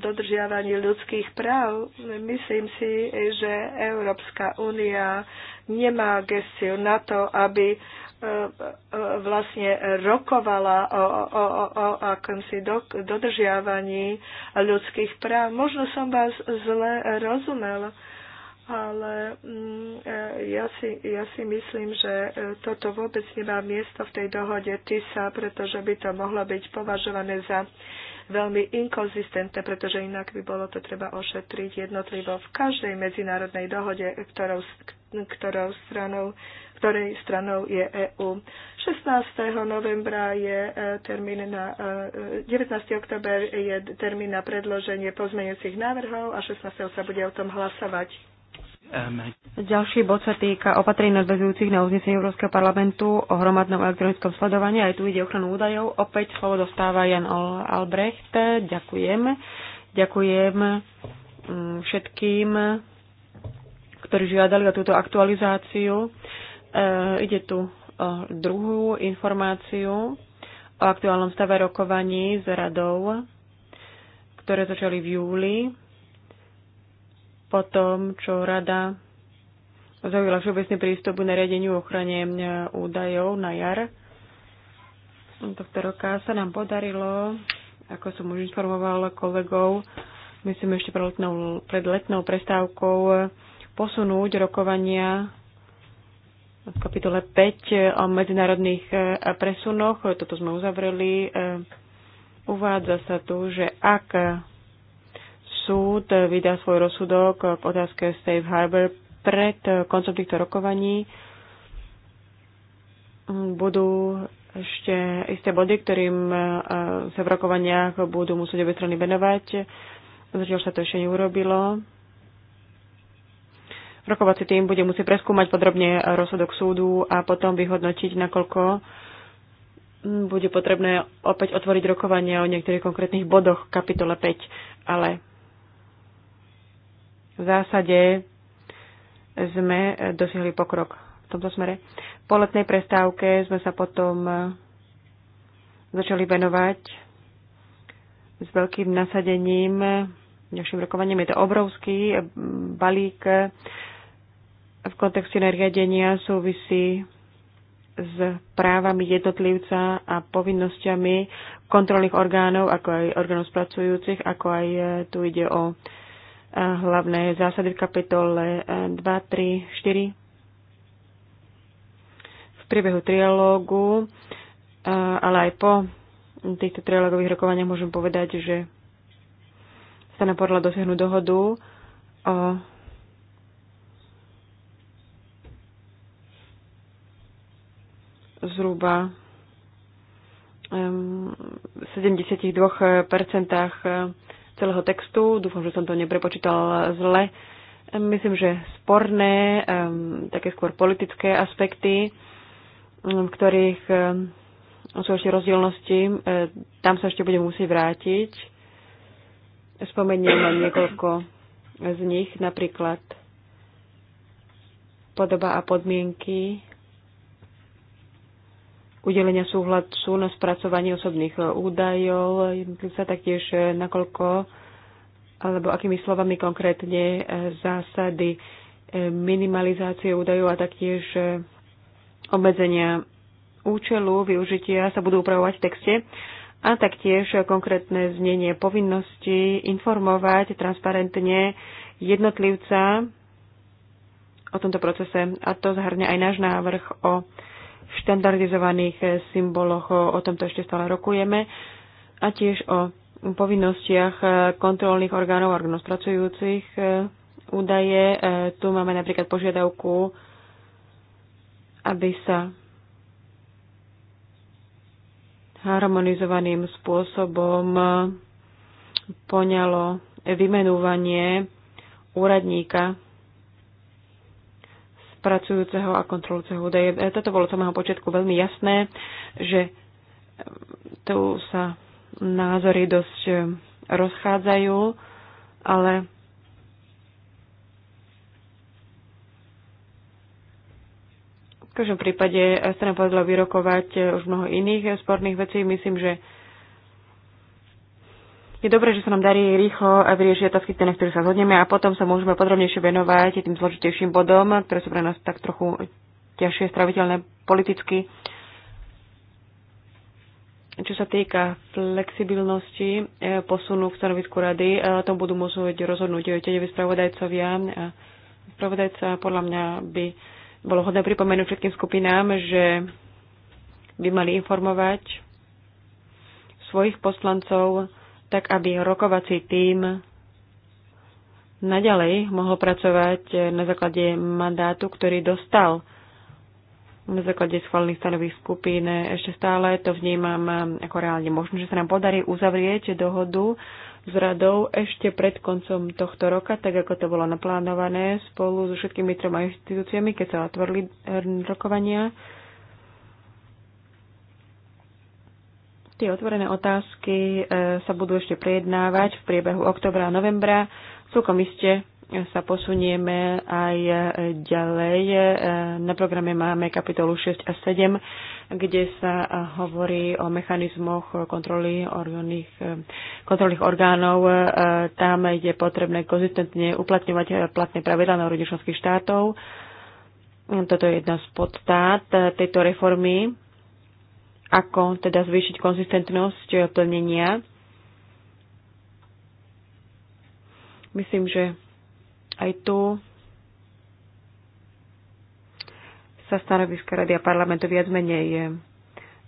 dodržiavaní ľudských práv. Myslím si, že Európska únia nemá gestiu na to, aby E, e, vlastne rokovala o, o, o, o akomsi do, dodržiavaní ľudských práv. Možno som vás zle rozumel, ale mm, e, ja si, ja si myslím, že toto vôbec nemá miesto v tej dohode TISA, pretože by to mohlo byť považované za veľmi inkonzistentné, pretože inak by bolo to treba ošetriť jednotlivo v každej medzinárodnej dohode, ktorou, ktorou stranou ktorej stranou je EÚ. 16. novembra je e, termín na, 19. E, e, október je termín na predloženie pozmeňujúcich návrhov a 16. sa bude o tom hlasovať. Ďalší bod sa týka opatrení nadvezujúcich na uznesenie Európskeho parlamentu o hromadnom elektronickom sledovaní. Aj tu ide ochranu údajov. Opäť slovo dostáva Jan Albrecht. Ďakujem. Ďakujem mm, všetkým, ktorí žiadali o túto aktualizáciu. E, ide tu o druhú informáciu o aktuálnom stave rokovaní s radou, ktoré začali v júli, po tom, čo rada zaujala všeobecný prístup k nariadeniu ochrane e, údajov na jar. Tohto roka sa nám podarilo, ako som už informoval kolegov, myslím ešte pred letnou, pred letnou prestávkou, posunúť rokovania v kapitole 5 o medzinárodných e, presunoch, toto sme uzavreli, e, uvádza sa tu, že ak súd vydá svoj rozsudok v otázke Safe Harbor pred koncom týchto rokovaní, budú ešte isté body, ktorým e, sa v rokovaniach budú musieť obe strany venovať. Zatiaľ sa to ešte neurobilo. Rokovací tým bude musieť preskúmať podrobne rozsudok súdu a potom vyhodnotiť, nakoľko bude potrebné opäť otvoriť rokovanie o niektorých konkrétnych bodoch v kapitole 5, ale v zásade sme dosiahli pokrok v tomto smere. Po letnej prestávke sme sa potom začali venovať s veľkým nasadením ďalším rokovaním. Je to obrovský balík v kontexte nariadenia súvisí s právami jednotlivca a povinnosťami kontrolných orgánov, ako aj orgánov spracujúcich, ako aj e, tu ide o e, hlavné zásady v kapitole 2, 3, 4. V priebehu trialógu, e, ale aj po týchto trialógových rokovaniach môžem povedať, že sa nám podľa dosiahnuť dohodu o zhruba 72% eh, celého textu. Dúfam, že som to neprepočítal zle. Myslím, že sporné, také skôr politické aspekty, v ktorých sú ešte rozdielnosti, eh, tam sa ešte budem musieť vrátiť. Spomeniem len niekoľko z nich, napríklad podoba a podmienky udelenia súhlasu na spracovanie osobných e, údajov e, jednotlivca, taktiež e, nakoľko alebo akými slovami konkrétne zásady minimalizácie údajov a taktiež obmedzenia účelu využitia sa budú upravovať v texte a taktiež konkrétne znenie povinnosti informovať transparentne jednotlivca o tomto procese. A to zahrňa aj náš návrh o štandardizovaných symboloch. O tomto ešte stále rokujeme. A tiež o povinnostiach e, kontrolných orgánov, orgánov spracujúcich e, údaje. E, tu máme napríklad požiadavku, aby sa harmonizovaným spôsobom poňalo vymenúvanie úradníka pracujúceho a kontrolujúceho údaje. E, toto bolo od samého počiatku veľmi jasné, že tu sa názory dosť e, rozchádzajú, ale v každom prípade strana povedala vyrokovať e, už mnoho iných sporných vecí. Myslím, že je dobré, že sa nám darí rýchlo vyriešiť otázky, na ktorých sa zhodneme a potom sa môžeme podrobnejšie venovať tým zložitejším bodom, ktoré sú pre nás tak trochu ťažšie straviteľné politicky. Čo sa týka flexibilnosti e, posunu v stanovisku rady, o e, tom budú môcť rozhodnúť tieňoví spravodajcovia. E, spravodajca podľa mňa by bolo hodné pripomenúť všetkým skupinám, že by mali informovať svojich poslancov tak aby rokovací tím naďalej mohol pracovať na základe mandátu, ktorý dostal na základe schválených stanových skupín. Ešte stále to vnímam ako reálne možno, že sa nám podarí uzavrieť dohodu s radou ešte pred koncom tohto roka, tak ako to bolo naplánované spolu so všetkými troma inštitúciami, keď sa otvorili rokovania. Tie otvorené otázky e, sa budú ešte prejednávať v priebehu oktobra a novembra. Celkom iste e, sa posunieme aj e, ďalej. Na programe máme kapitolu 6 a 7, kde sa hovorí o mechanizmoch kontroly orgánnych, kontrolných orgánov. Tam je potrebné konzistentne uplatňovať platné pravidla na úrovni štátov. Toto je jedna z podstát tejto reformy ako teda zvýšiť konzistentnosť eh, plnenia. Myslím, že aj tu sa stanoviska Rady a parlamentu viac menej eh,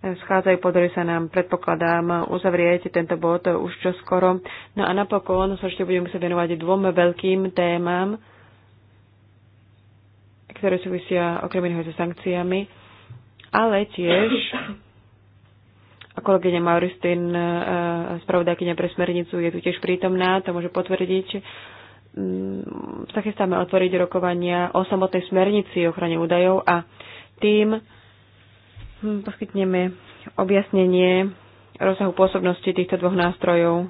schádzajú, podarí sa nám, predpokladám, uzavrieť tento bod eh, už čo skoro. No a napokon sa ešte budeme sa venovať dvom veľkým témam, ktoré súvisia okrem iného so sankciami, ale tiež <coughs> A kolegyňa Mauristin, e, spravodajkyňa pre smernicu, je tu tiež prítomná, to môže potvrdiť. Mm, sa chystáme otvoriť rokovania o samotnej smernici ochrane údajov a tým hm, poskytneme objasnenie rozsahu pôsobnosti týchto dvoch nástrojov.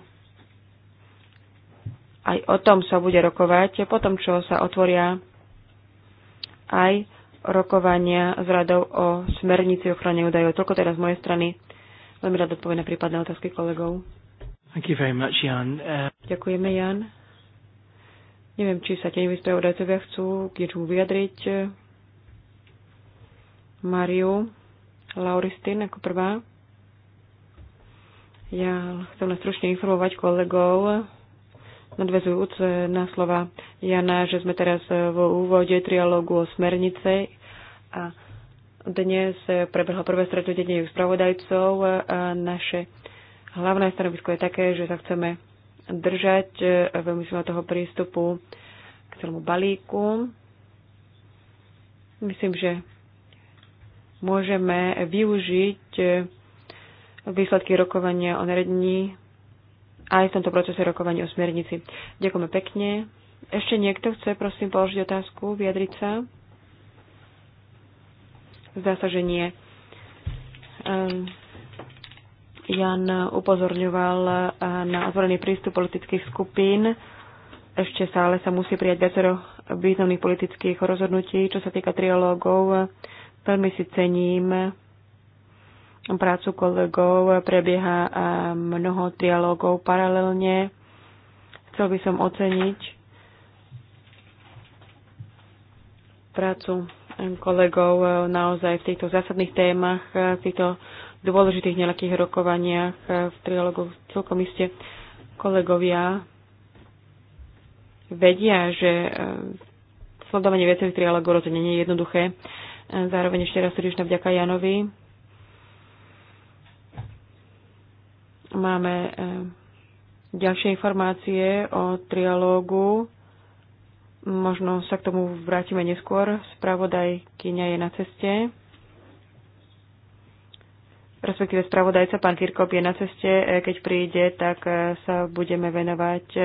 Aj o tom sa bude rokovať po tom, čo sa otvoria aj rokovania s radou o smernici ochrane údajov. Toľko teraz z mojej strany Veľmi rád odpoviem na prípadné otázky kolegov. Thank you very much, Jan. Uh... Ďakujeme, Jan. Neviem, či sa tie spravodajcovia chcú k niečomu vyjadriť. Mariu Lauristin ako prvá. Ja chcem len stručne informovať kolegov, nadvezujúc na slova Jana, že sme teraz vo úvode trialógu o smernice a dnes prebehlo prvé stretnutie spravodajcov. Naše hlavné stanovisko je také, že sa chceme držať e, veľmi silno toho prístupu k celému balíku. Myslím, že môžeme využiť e, výsledky rokovania o naredení aj v tomto procese rokovania o smernici. Ďakujeme pekne. Ešte niekto chce, prosím, položiť otázku, vyjadriť sa? Zdá sa, že nie. Ehm, Jan upozorňoval e, na otvorený prístup politických skupín. Ešte stále sa musí prijať viacero významných politických rozhodnutí, čo sa týka triológov. Veľmi si cením prácu kolegov. Prebieha e, mnoho triológov paralelne. Chcel by som oceniť prácu kolegov eh, naozaj v týchto zásadných témach, eh, v týchto dôležitých nejakých rokovaniach eh, v trialogu celkom iste kolegovia vedia, že sledovanie viacerých trialogov rozhodne nie je jednoduché. Zároveň ešte raz srdečná vďaka Janovi. Máme ďalšie informácie o trialógu Možno sa k tomu vrátime neskôr. Spravodajkyňa je na ceste. Respektíve spravodajca, pán Kirkop, je na ceste. E, keď príde, tak e, sa budeme venovať e,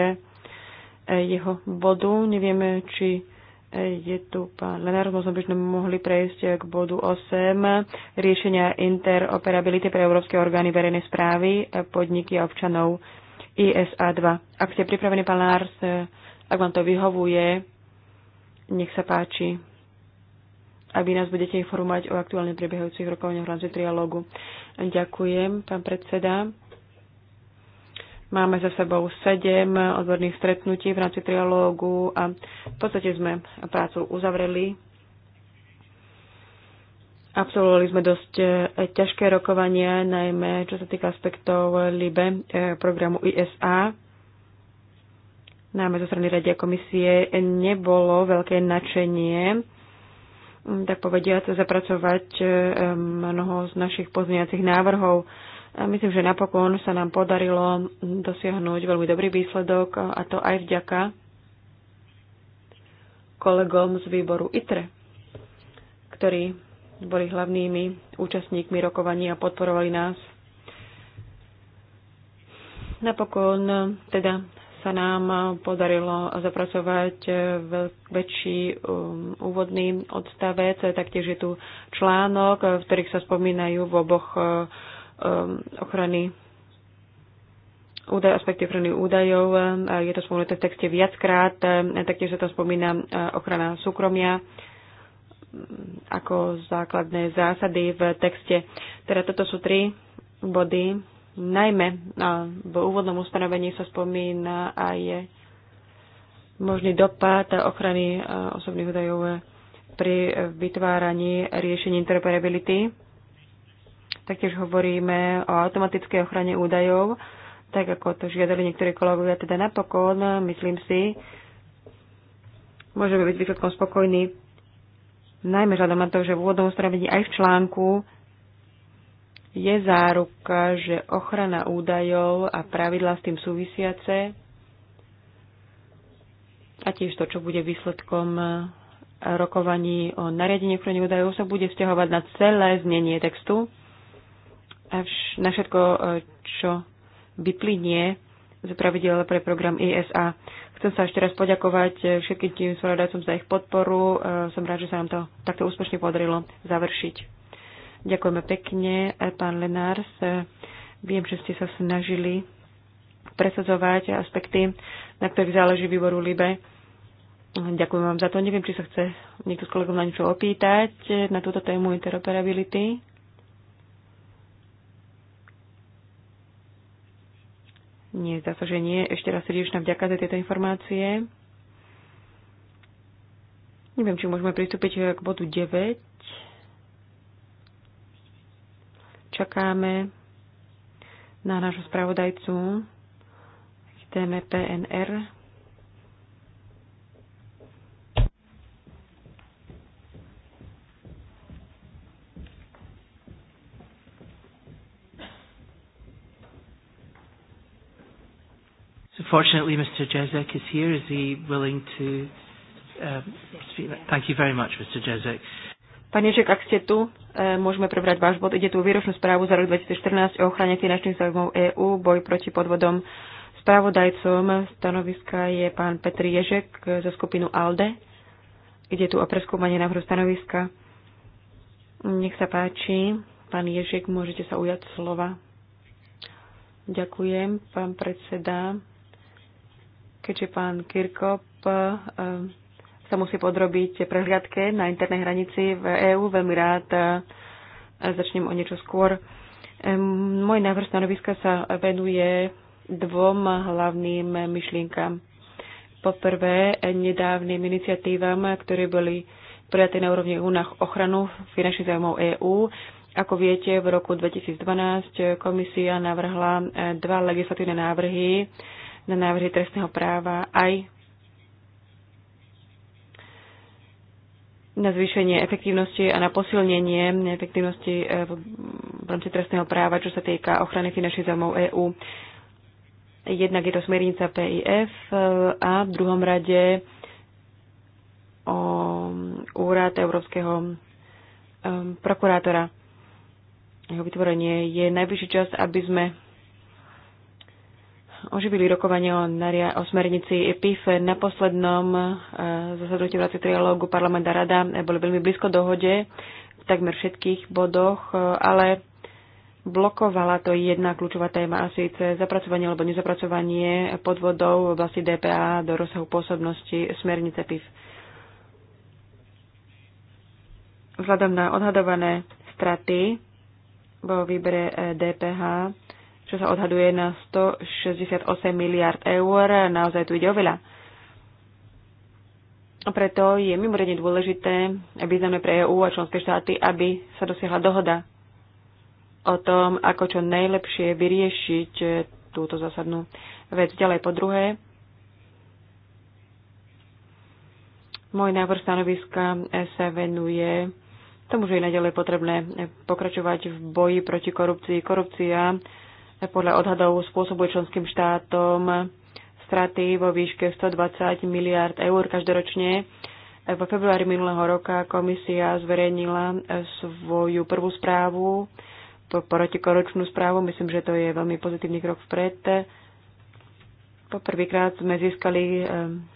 jeho bodu. Nevieme, či je tu pán Lenár, možno by sme mohli prejsť k bodu 8, riešenia interoperability pre európske orgány verejnej správy, podniky a občanov ISA 2. Ak ste pripravení, pán Lenár, ak vám to vyhovuje, nech sa páči aby vy nás budete informovať o aktuálne prebiehajúcich rokovaniach v rámci trialógu. Ďakujem, pán predseda. Máme za sebou sedem odborných stretnutí v rámci trialógu a v podstate sme prácu uzavreli. Absolvovali sme dosť e, ťažké rokovania, najmä čo sa týka aspektov LIBE programu ISA najmä zo strany Radia komisie, nebolo veľké nadšenie, mm, tak povediať, zapracovať e, mnoho z našich pozmeňacích návrhov. Myslím, že napokon sa nám podarilo dosiahnuť veľmi dobrý výsledok a to aj vďaka kolegom z výboru ITRE, ktorí boli hlavnými účastníkmi rokovaní a podporovali nás. Napokon teda sa nám podarilo zapracovať e, väčší um, úvodný odstavec. Taktiež je tu článok, v ktorých sa spomínajú v oboch e, um, ochrany údaj, aspekty ochrany údajov. E, je to spomenuté v texte viackrát, taktiež sa tam spomína ochrana súkromia ako základné zásady v texte. Teda toto sú tri body, Najmä v úvodnom ustanovení sa spomína aj možný dopad ochrany osobných údajov pri vytváraní riešení interoperability. Taktiež hovoríme o automatickej ochrane údajov, tak ako to žiadali niektorí kolegovia, teda napokon, myslím si, môžeme byť výsledkom spokojní, najmä vzhľadom na to, že v úvodnom ustanovení aj v článku je záruka, že ochrana údajov a pravidlá s tým súvisiace a tiež to, čo bude výsledkom rokovaní o nariadení ochrany údajov, sa bude vzťahovať na celé znenie textu a na všetko, e, čo vyplynie z pravidel pre program ISA. Chcem sa ešte raz poďakovať e, všetkým tým spravodajcom za ich podporu. E, som rád, že sa nám to takto úspešne podarilo završiť. Ďakujeme pekne, eh, pán Lenárs. Eh, viem, že ste sa snažili presadzovať aspekty, na ktorých záleží výboru LIBE. Ďakujem vám za to. Neviem, či sa chce niekto z kolegov na niečo opýtať eh, na túto tému interoperability. Nie, zdá sa, že nie. Ešte raz srdečná vďaka za tieto informácie. Neviem, či môžeme pristúpiť k bodu 9. Čakáme na nášho spravodajcu k téme PNR. Fortunately, Mr. Jezek is here. Is he willing to um, speak? Thank you very much, Mr. Jezek. Pán Ježek, ak ste tu, e, môžeme prebrať váš bod. Ide tu výročnú správu za rok 2014 o ochrane finančných záujmov EÚ, boj proti podvodom. Spravodajcom stanoviska je pán Petr Ježek zo skupinu ALDE. Ide tu o preskúmanie návrhu stanoviska. Nech sa páči, pán Ježek, môžete sa ujať slova. Ďakujem, pán predseda. Keďže pán Kirkop e, sa musí podrobiť prehliadke na internej hranici v EÚ. Veľmi rád e, začnem o niečo skôr. Môj návrh stanoviska sa venuje dvom hlavným myšlienkam. Poprvé, nedávnym iniciatívam, ktoré boli prijaté na úrovni EÚ na ochranu finančných zájmov EÚ. Ako viete, v roku 2012 komisia navrhla e, dva legislatívne návrhy na návrhy trestného práva aj na zvýšenie efektívnosti a na posilnenie efektívnosti eh, v rámci trestného práva, čo sa týka ochrany finančných zámov EÚ. Jednak je to smernica PIF eh, a v druhom rade o úrad Európskeho eh, prokurátora. Jeho vytvorenie je najvyšší čas, aby sme oživili rokovanie o, naria- o smernici e PIF na poslednom e, zasadnutí v rámci trialógu parlament a rada boli veľmi blízko dohode v takmer všetkých bodoch, e, ale blokovala to jedna kľúčová téma a síce zapracovanie alebo nezapracovanie podvodov v oblasti DPA do rozsahu pôsobnosti smernice PIF. Vzhľadom na odhadované straty vo výbere DPH čo sa odhaduje na 168 miliard eur. Naozaj tu ide o veľa. A preto je mimoriadne dôležité a významné pre EÚ a členské štáty, aby sa dosiahla dohoda o tom, ako čo najlepšie vyriešiť eh, túto zásadnú vec. Ďalej po druhé, môj návrh stanoviska sa venuje tomu, že je nadalej potrebné pokračovať v boji proti korupcii. Korupcia podľa odhadov spôsobuje členským štátom straty vo výške 120 miliard eur každoročne. Vo februári minulého roka komisia zverejnila svoju prvú správu, to protikoročnú správu. Myslím, že to je veľmi pozitívny krok vpred. Poprvýkrát sme získali eh,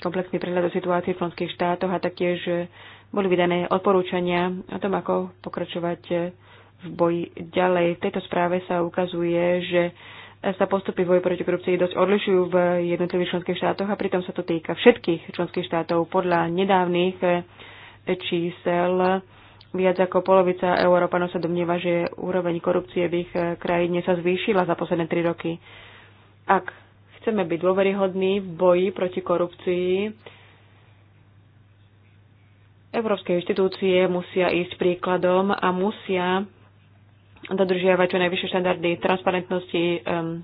komplexný prehľad o situácii v členských štátoch a taktiež eh, boli vydané odporúčania o tom, ako pokračovať eh, v boji ďalej. V tejto správe sa ukazuje, že sa postupy v boji proti korupcii dosť odlišujú v jednotlivých členských štátoch a pritom sa to týka všetkých členských štátov. Podľa nedávnych eh, čísel viac ako polovica Európanov sa domnieva, že úroveň korupcie v ich eh, krajine sa zvýšila za posledné tri roky. Ak chceme byť dôveryhodní v boji proti korupcii, európske inštitúcie musia ísť príkladom a musia dodržiavať čo najvyššie štandardy transparentnosti, um,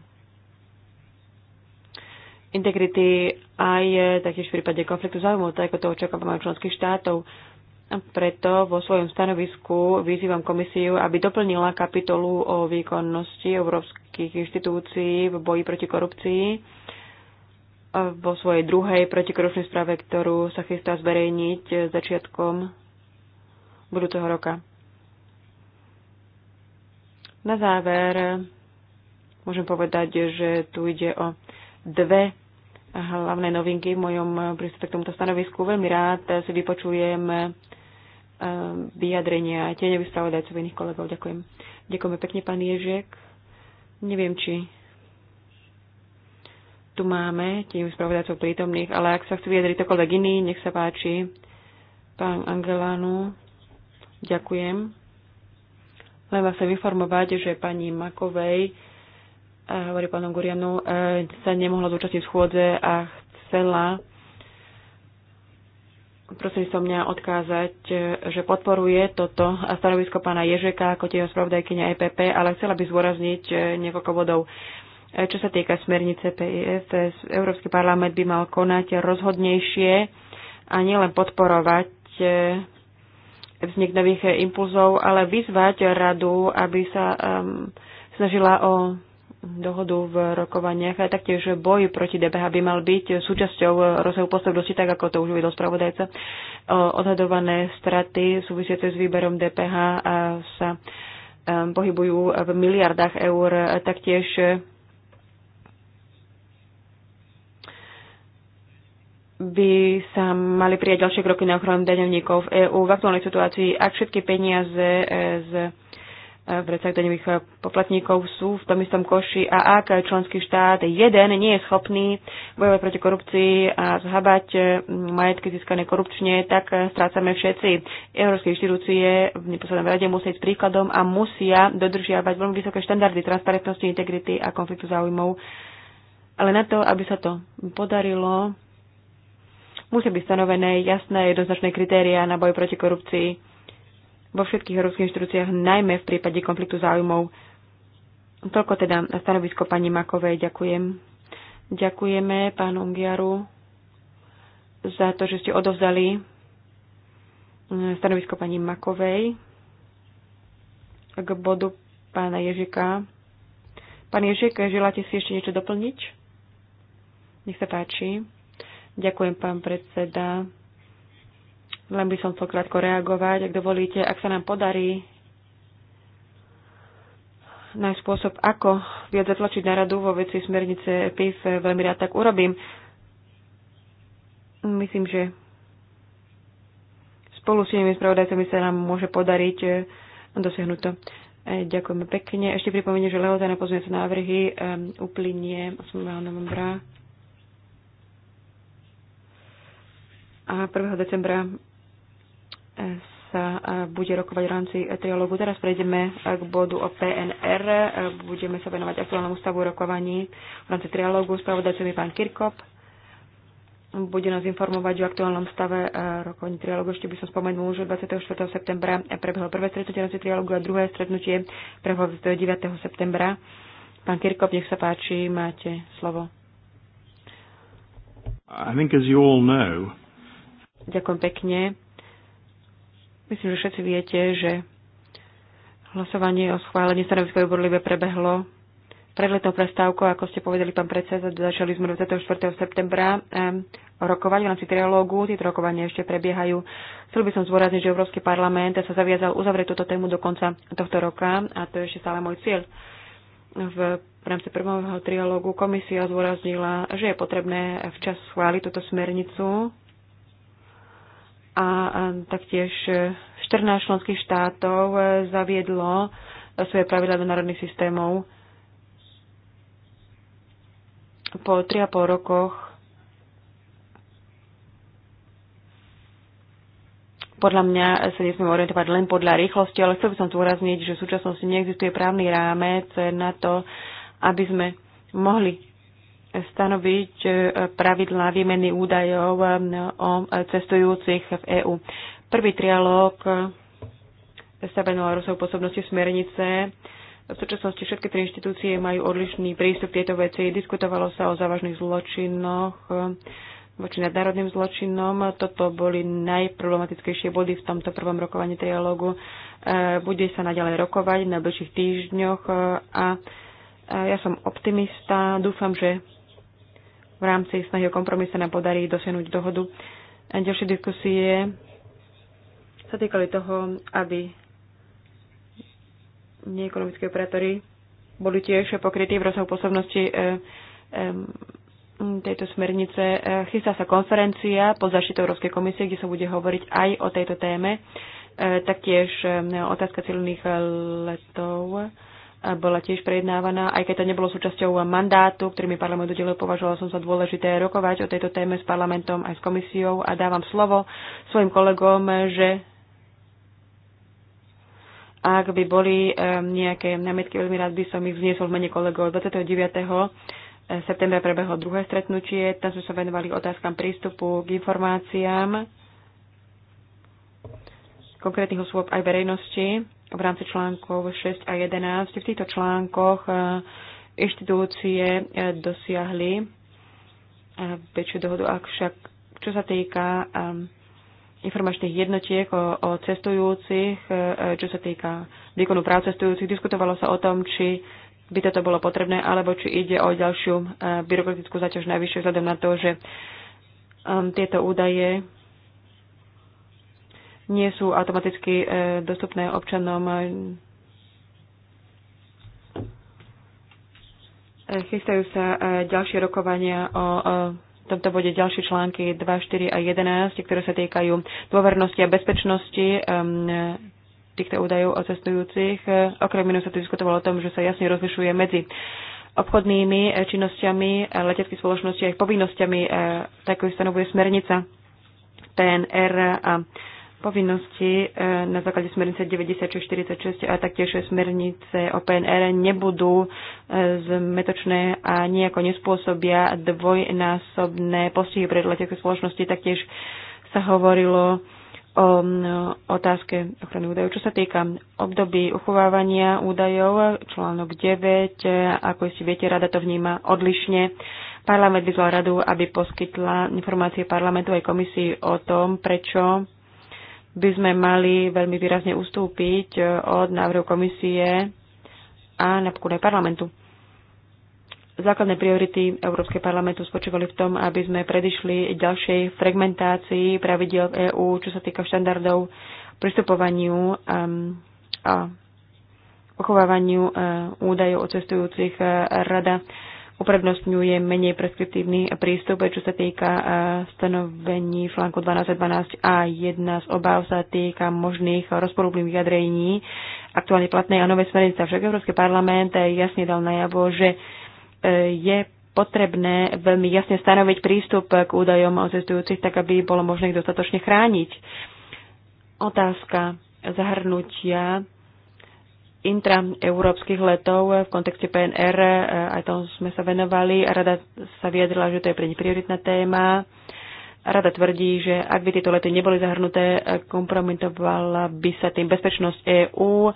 integrity aj taktiež v prípade konfliktu záujmov, tak ako to očakávame od členských štátov. A preto vo svojom stanovisku vyzývam komisiu, aby doplnila kapitolu o výkonnosti európskych inštitúcií v boji proti korupcii vo svojej druhej protikorupčnej správe, ktorú sa chystá zverejniť začiatkom budúceho roka. Na záver môžem povedať, že tu ide o dve hlavné novinky v mojom prístupe k tomuto stanovisku. Veľmi rád si vypočujem eh, vyjadrenia tieňových spravodajcov iných kolegov. Ďakujem. Ďakujeme pekne, pán Ježek. Neviem, či tu máme tieňových spravodajcov prítomných, ale ak sa chce vyjadriť to iný, nech sa páči. Pán Angelánu, ďakujem. Len vás chcem informovať, že pani Makovej, eh, hovorí pánom Gurianu, eh, sa nemohla zúčastniť schôdze a chcela prosím som mňa odkázať, eh, že podporuje toto a stanovisko pána Ježeka ako tieho spravodajkynia EPP, ale chcela by zdôrazniť niekoľko bodov. Čo sa týka smernice PIS, Európsky parlament by mal konať rozhodnejšie a nielen podporovať vznik nových impulzov, ale vyzvať radu, aby sa um, snažila o dohodu v rokovaniach a taktiež boj proti DPH by mal byť súčasťou rozsahu postavnosti, tak ako to už uvedol spravodajca. Odhadované straty súvisiace s výberom DPH sa um, pohybujú v miliardách eur. Taktiež by sa mali prijať ďalšie kroky na ochranu daňovníkov v EÚ. V aktuálnej situácii, ak všetky peniaze e, z e, vrecách daňových e, poplatníkov sú v tom istom koši a ak členský štát jeden nie je schopný bojovať proti korupcii a zhabať majetky získané korupčne, tak strácame všetci. Európske inštitúcie v neposlednom rade musia ísť príkladom a musia dodržiavať veľmi vysoké štandardy transparentnosti, integrity a konfliktu záujmov. Ale na to, aby sa to podarilo, Musia byť stanovené jasné jednoznačné kritéria na boj proti korupcii vo všetkých európskych inštitúciách, najmä v prípade konfliktu záujmov. Toľko teda stanovisko pani Makovej. Ďakujem. Ďakujeme pánu Ungiaru za to, že ste odovzali stanovisko pani Makovej k bodu pána Ježika. Pán Ježik, želáte si ešte niečo doplniť? Nech sa páči. Ďakujem, pán predseda. Len by som chcel krátko reagovať, ak dovolíte, ak sa nám podarí na spôsob, ako viac zatlačiť na radu vo veci smernice PIF, veľmi rád tak urobím. Myslím, že spolu s inými spravodajcami sa nám môže podariť eh, dosiahnuť to. Eh, ďakujeme pekne. Ešte pripomeniem, že lehota na pozmeňujúce návrhy eh, uplynie 8. novembra. a 1. decembra eh, sa eh, bude rokovať v rámci eh, trialogu. Teraz prejdeme k bodu o PNR. Budeme sa venovať aktuálnemu stavu rokovaní v rámci trialogu Spravodajcom je pán Kirkop. Bude nás informovať o aktuálnom stave rokovaní trialogu, Ešte by som spomenul, že 24. septembra prebehlo prvé stretnutie v rámci trialogu a druhé stretnutie prebehlo 9. septembra. Pán Kirkop, nech sa páči, máte slovo. I think as you all know, Ďakujem pekne. Myslím, že všetci viete, že hlasovanie o schválení stanoviska výborlivé prebehlo pred letnou prestávkou, ako ste povedali, pán predseda, začali sme 24. septembra rokovať v rámci trialógu. Tieto rokovania ešte prebiehajú. Chcel by som zdôrazniť, že Európsky parlament sa zaviazal uzavrieť túto tému do konca tohto roka a to je ešte stále môj cieľ. V rámci prvého trialógu komisia zdôraznila, že je potrebné včas schváliť túto smernicu a taktiež 14 e, členských štátov e, zaviedlo svoje pravidla do národných systémov. Po 3,5 rokoch podľa mňa sa nesmieme orientovať len podľa rýchlosti, ale chcel by som zdôrazniť, že v súčasnosti neexistuje právny rámec na to, aby sme mohli stanoviť e, pravidlá výmeny údajov e, o cestujúcich v EÚ. Prvý trialóg e, sa venoval rozsahu pôsobnosti smernice. V súčasnosti všetky tri inštitúcie majú odlišný prístup k tejto veci. Diskutovalo sa o závažných zločinoch voči nadnárodným zločinom. Toto boli najproblematickejšie body v tomto prvom rokovaní trialógu. Bude sa naďalej rokovať na bližších týždňoch a ja som optimista. Dúfam, že v rámci snahy o kompromis sa nám podarí dosiahnuť dohodu. A ďalšie diskusie sa týkali toho, aby neekonomické operátory boli tiež pokrytí v rozsahu pôsobnosti eh, eh, tejto smernice. Eh, chystá sa konferencia pod zaštitou Európskej komisie, kde sa bude hovoriť aj o tejto téme. Taktiež otázka civilných letov bola tiež prejednávaná, aj keď to nebolo súčasťou mandátu, ktorý mi parlament udelil, považovala som sa dôležité rokovať o tejto téme s parlamentom aj s komisiou a dávam slovo svojim kolegom, že ak by boli nejaké námietky, veľmi rád by som ich vzniesol v mene kolegov 29 septembra prebehlo druhé stretnutie, tam sme sa venovali otázkam prístupu k informáciám konkrétnych osôb aj verejnosti v rámci článkov 6 a 11. V týchto článkoch e, inštitúcie e, dosiahli e, väčšiu dohodu, ak však čo sa týka informačných jednotiek o, o cestujúcich, čo sa týka výkonu práv cestujúcich. Diskutovalo sa o tom, či by toto bolo potrebné, alebo či ide o ďalšiu byrokratickú zaťaž najvyššie vzhľadom na to, že tieto údaje nie sú automaticky e, dostupné občanom. E, chystajú sa e, ďalšie rokovania o tomto bode ďalšie články 2, 4 a 11, ktoré sa týkajú dôvernosti a bezpečnosti týchto údajov o cestujúcich. Okrem iného sa tu diskutovalo o tom, že sa jasne rozlišuje medzi obchodnými činnosťami leteckých spoločností a ich povinnosťami, tak stanovuje smernica TNR a povinnosti e, na základe smernice 9646 a taktiež smernice o PNR nebudú e, zmetočné a nejako nespôsobia dvojnásobné postihy pre letecké spoločnosti. Taktiež sa hovorilo o otázke ochrany údajov. Čo sa týka období uchovávania údajov, článok 9, e, ako si viete, rada to vníma odlišne. Parlament vyzval radu, aby poskytla informácie parlamentu aj komisii o tom, prečo by sme mali veľmi výrazne ustúpiť e, od návrhu komisie a napokon aj parlamentu. Základné priority Európskej parlamentu spočívali v tom, aby sme predišli ďalšej fragmentácii pravidel v EÚ, čo sa týka štandardov pristupovaniu a ochovávaniu e, údajov o cestujúcich. E, Rada uprednostňuje menej preskriptívny prístup, čo sa týka eh, stanovení flanku 1212 a jedna z obáv sa týka možných rozporúplných vyjadrení aktuálne platnej a novej smernice. Však Európsky parlament eh, jasne dal najavo, že eh, je potrebné veľmi jasne stanoviť prístup k údajom o cestujúcich, tak aby bolo možné ich dostatočne chrániť. Otázka zahrnutia intraeurópskych letov v kontexte PNR, eh, aj tomu sme sa venovali a rada sa vyjadrila, že to je pre nich prioritná téma. Rada tvrdí, že ak by tieto lety neboli zahrnuté, eh, kompromitovala by sa tým bezpečnosť EÚ,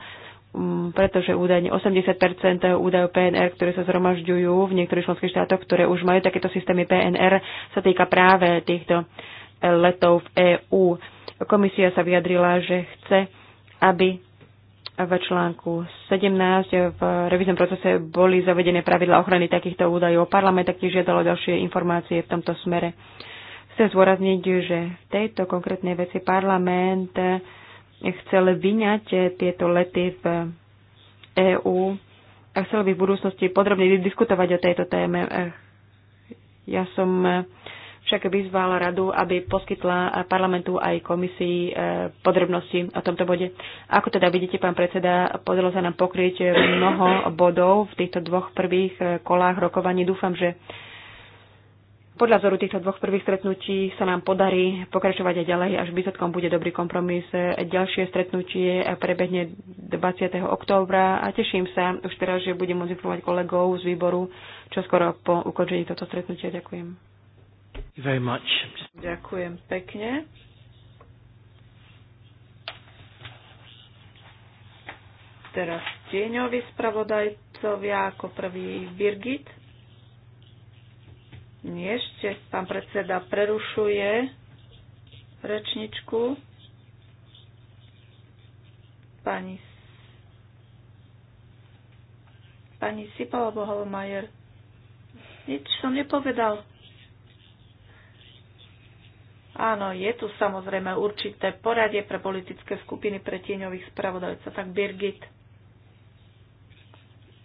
mm, pretože údajne 80 údajov PNR, ktoré sa zhromažďujú v niektorých členských štátoch, ktoré už majú takéto systémy PNR, sa týka práve týchto eh, letov v EÚ. Komisia sa vyjadrila, že chce, aby v článku 17 v revíznom procese boli zavedené pravidla ochrany takýchto údajov. Parlament taktiež žiadalo ďalšie informácie v tomto smere. Chcem zvorazniť, že v tejto konkrétnej veci parlament chcel vyňať tieto lety v EÚ a chcel by v budúcnosti podrobne diskutovať o tejto téme. Ja som však vyzvala radu, aby poskytla parlamentu aj komisii e, podrobnosti o tomto bode. Ako teda vidíte, pán predseda, podarilo sa nám pokryť mnoho bodov v týchto dvoch prvých e, kolách rokovaní. Dúfam, že podľa vzoru týchto dvoch prvých stretnutí sa nám podarí pokračovať aj ďalej, až výsledkom bude dobrý kompromis. E, ďalšie stretnutie prebehne 20. októbra a teším sa už teraz, že budem môcť informovať kolegov z výboru čo skoro po ukončení tohto stretnutia. Ďakujem. Very much. Ďakujem pekne. Teraz tieňoví spravodajcovia ako prvý Birgit. Nie ešte, pán predseda prerušuje rečničku. Pani Pani alebo Boholomajer. Nič som nepovedal. Áno, je tu samozrejme určité poradie pre politické skupiny, pre tieňových spravodajca. Tak Birgit.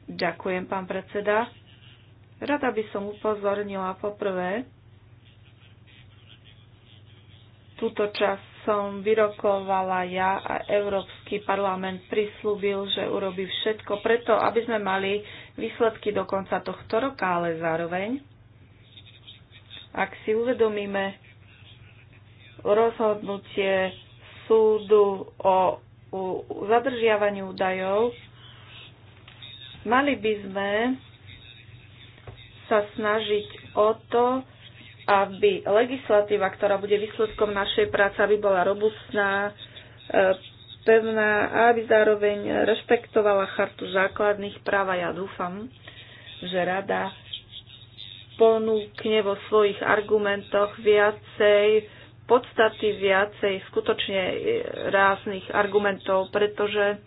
Ďakujem, pán predseda. Rada by som upozornila poprvé, túto čas som vyrokovala ja a Európsky parlament prislúbil, že urobí všetko preto, aby sme mali výsledky do konca tohto roka, ale zároveň, ak si uvedomíme, rozhodnutie súdu o zadržiavaní údajov, mali by sme sa snažiť o to, aby legislatíva, ktorá bude výsledkom našej práce, aby bola robustná, e, pevná a aby zároveň rešpektovala chartu základných práv. A ja dúfam, že rada ponúkne vo svojich argumentoch viacej podstaty viacej skutočne e, ráznych argumentov, pretože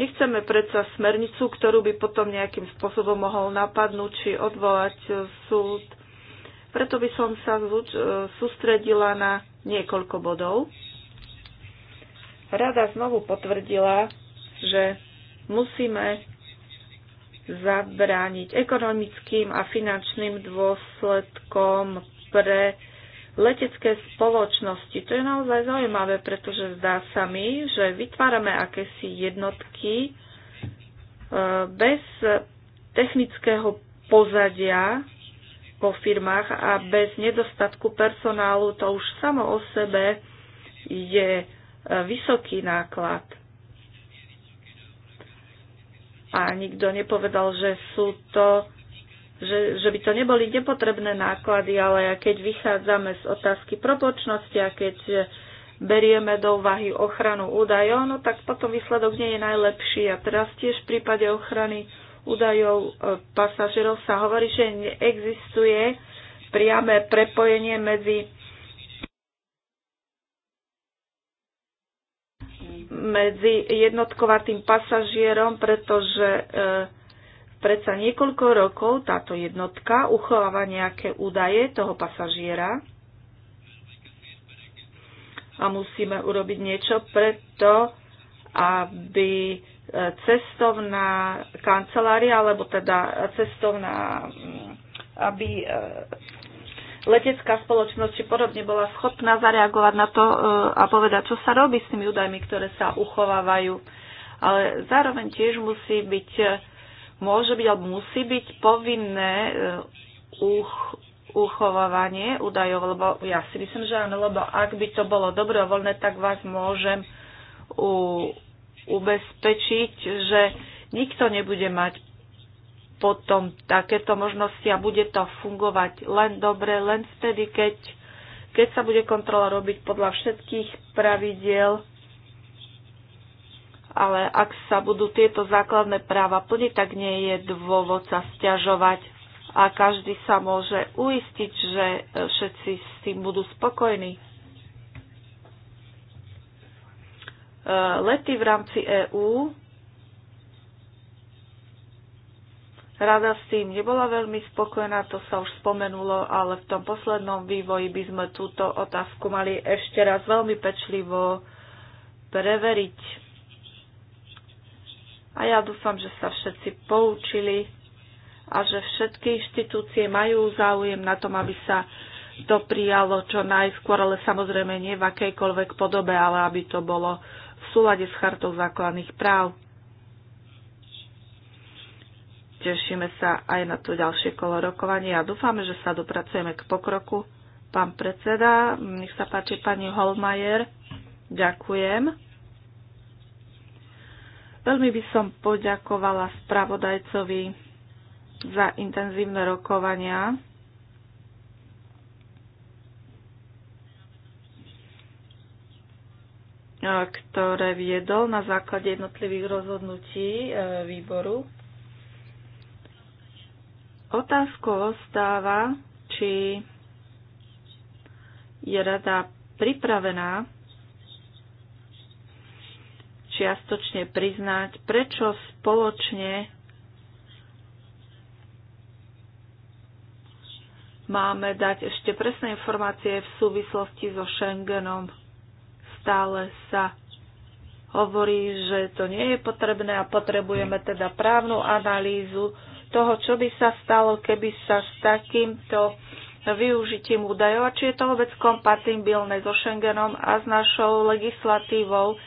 nechceme predsa smernicu, ktorú by potom nejakým spôsobom mohol napadnúť či odvolať e, súd. Preto by som sa e, sústredila na niekoľko bodov. Rada znovu potvrdila, že musíme zabrániť ekonomickým a finančným dôsledkom pre letecké spoločnosti. To je naozaj zaujímavé, pretože zdá sa mi, že vytvárame akési jednotky e, bez technického pozadia vo firmách a bez nedostatku personálu. To už samo o sebe je e, vysoký náklad a nikto nepovedal, že sú to že, že by to neboli nepotrebné náklady, ale keď vychádzame z otázky propočnosti a keď berieme do úvahy ochranu údajov, no tak potom výsledok nie je najlepší. A teraz tiež v prípade ochrany údajov e, pasažerov sa hovorí, že neexistuje priame prepojenie medzi medzi jednotkovatým pasažierom, pretože e, predsa niekoľko rokov táto jednotka uchováva nejaké údaje toho pasažiera a musíme urobiť niečo preto, aby e, cestovná kancelária, alebo teda cestovná, aby e, letecká spoločnosť či podobne bola schopná zareagovať na to e, a povedať, čo sa robí s tými údajmi, ktoré sa uchovávajú. Ale zároveň tiež musí byť, e, môže byť alebo musí byť povinné e, uch, uchovávanie údajov, lebo ja si myslím, že áno, lebo ak by to bolo dobrovoľné, tak vás môžem u, ubezpečiť, že nikto nebude mať potom takéto možnosti a bude to fungovať len dobre, len vtedy, keď, keď sa bude kontrola robiť podľa všetkých pravidiel, ale ak sa budú tieto základné práva plniť, tak nie je dôvod sa stiažovať a každý sa môže uistiť, že všetci s tým budú spokojní. E, lety v rámci EÚ Rada s tým nebola veľmi spokojná, to sa už spomenulo, ale v tom poslednom vývoji by sme túto otázku mali ešte raz veľmi pečlivo preveriť. A ja dúfam, že sa všetci poučili a že všetky inštitúcie majú záujem na tom, aby sa to prijalo čo najskôr, ale samozrejme nie v akejkoľvek podobe, ale aby to bolo v súlade s chartou základných práv. Tešíme sa aj na to ďalšie kolo rokovania a dúfame, že sa dopracujeme k pokroku. Pán predseda, nech sa páči pani Holmajer. Ďakujem. Veľmi by som poďakovala spravodajcovi za intenzívne rokovania. ktoré viedol na základe jednotlivých rozhodnutí e, výboru Otázkou ostáva, či je rada pripravená čiastočne priznať, prečo spoločne máme dať ešte presné informácie v súvislosti so Schengenom. Stále sa hovorí, že to nie je potrebné a potrebujeme teda právnu analýzu, toho, čo by sa stalo, keby sa s takýmto využitím údajov a či je to vôbec kompatibilné so Schengenom a s našou legislatívou.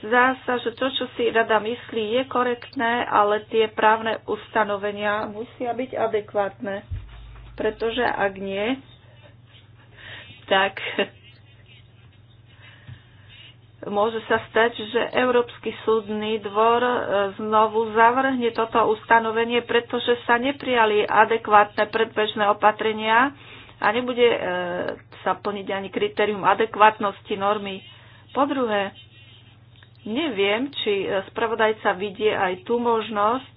Zdá sa, že to, čo si rada myslí, je korektné, ale tie právne ustanovenia musia byť adekvátne. Pretože ak nie, tak môže sa stať, že Európsky súdny dvor e, znovu zavrhne toto ustanovenie, pretože sa neprijali adekvátne predbežné opatrenia a nebude e, sa plniť ani kritérium adekvátnosti normy. Po druhé, neviem, či e, spravodajca vidie aj tú možnosť,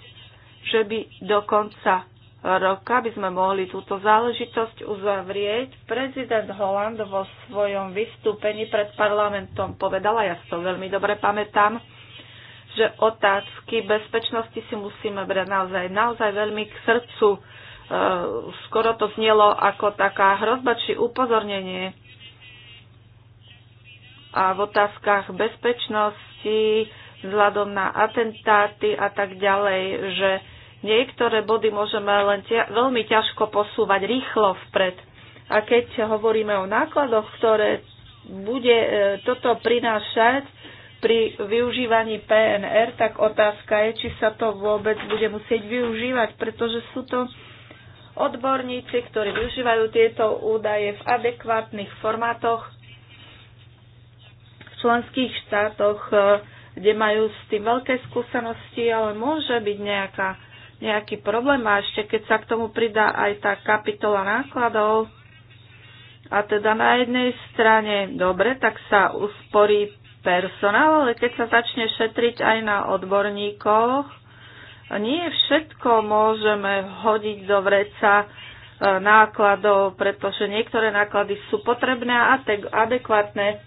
že by dokonca roka by sme mohli túto záležitosť uzavrieť. Prezident Holland vo svojom vystúpení pred parlamentom povedala, ja si to veľmi dobre pamätám, že otázky bezpečnosti si musíme brať naozaj, naozaj veľmi k srdcu. E, skoro to znielo ako taká hrozba či upozornenie. A v otázkach bezpečnosti, vzhľadom na atentáty a tak ďalej, že Niektoré body môžeme len tia- veľmi ťažko posúvať rýchlo vpred. A keď hovoríme o nákladoch, ktoré bude e, toto prinášať pri využívaní PNR, tak otázka je, či sa to vôbec bude musieť využívať, pretože sú to odborníci, ktorí využívajú tieto údaje v adekvátnych formátoch v členských štátoch, e, kde majú s tým veľké skúsenosti, ale môže byť nejaká nejaký problém a ešte keď sa k tomu pridá aj tá kapitola nákladov, a teda na jednej strane dobre, tak sa usporí personál, ale keď sa začne šetriť aj na odborníkoch, nie všetko môžeme hodiť do vreca e, nákladov, pretože niektoré náklady sú potrebné a adekvátne.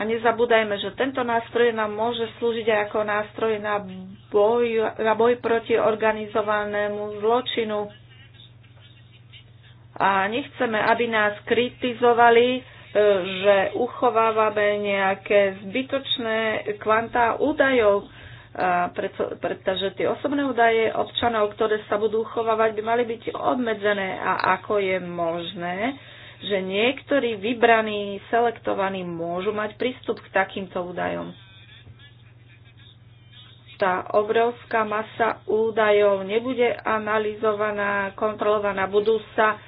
A nezabúdajme, že tento nástroj nám môže slúžiť aj ako nástroj na boj, na boj proti organizovanému zločinu. A nechceme, aby nás kritizovali, e, že uchovávame nejaké zbytočné kvantá údajov, pretože tie osobné údaje občanov, ktoré sa budú uchovávať, by mali byť obmedzené. A ako je možné, že niektorí vybraní, selektovaní môžu mať prístup k takýmto údajom. Tá obrovská masa údajov nebude analyzovaná, kontrolovaná, budú sa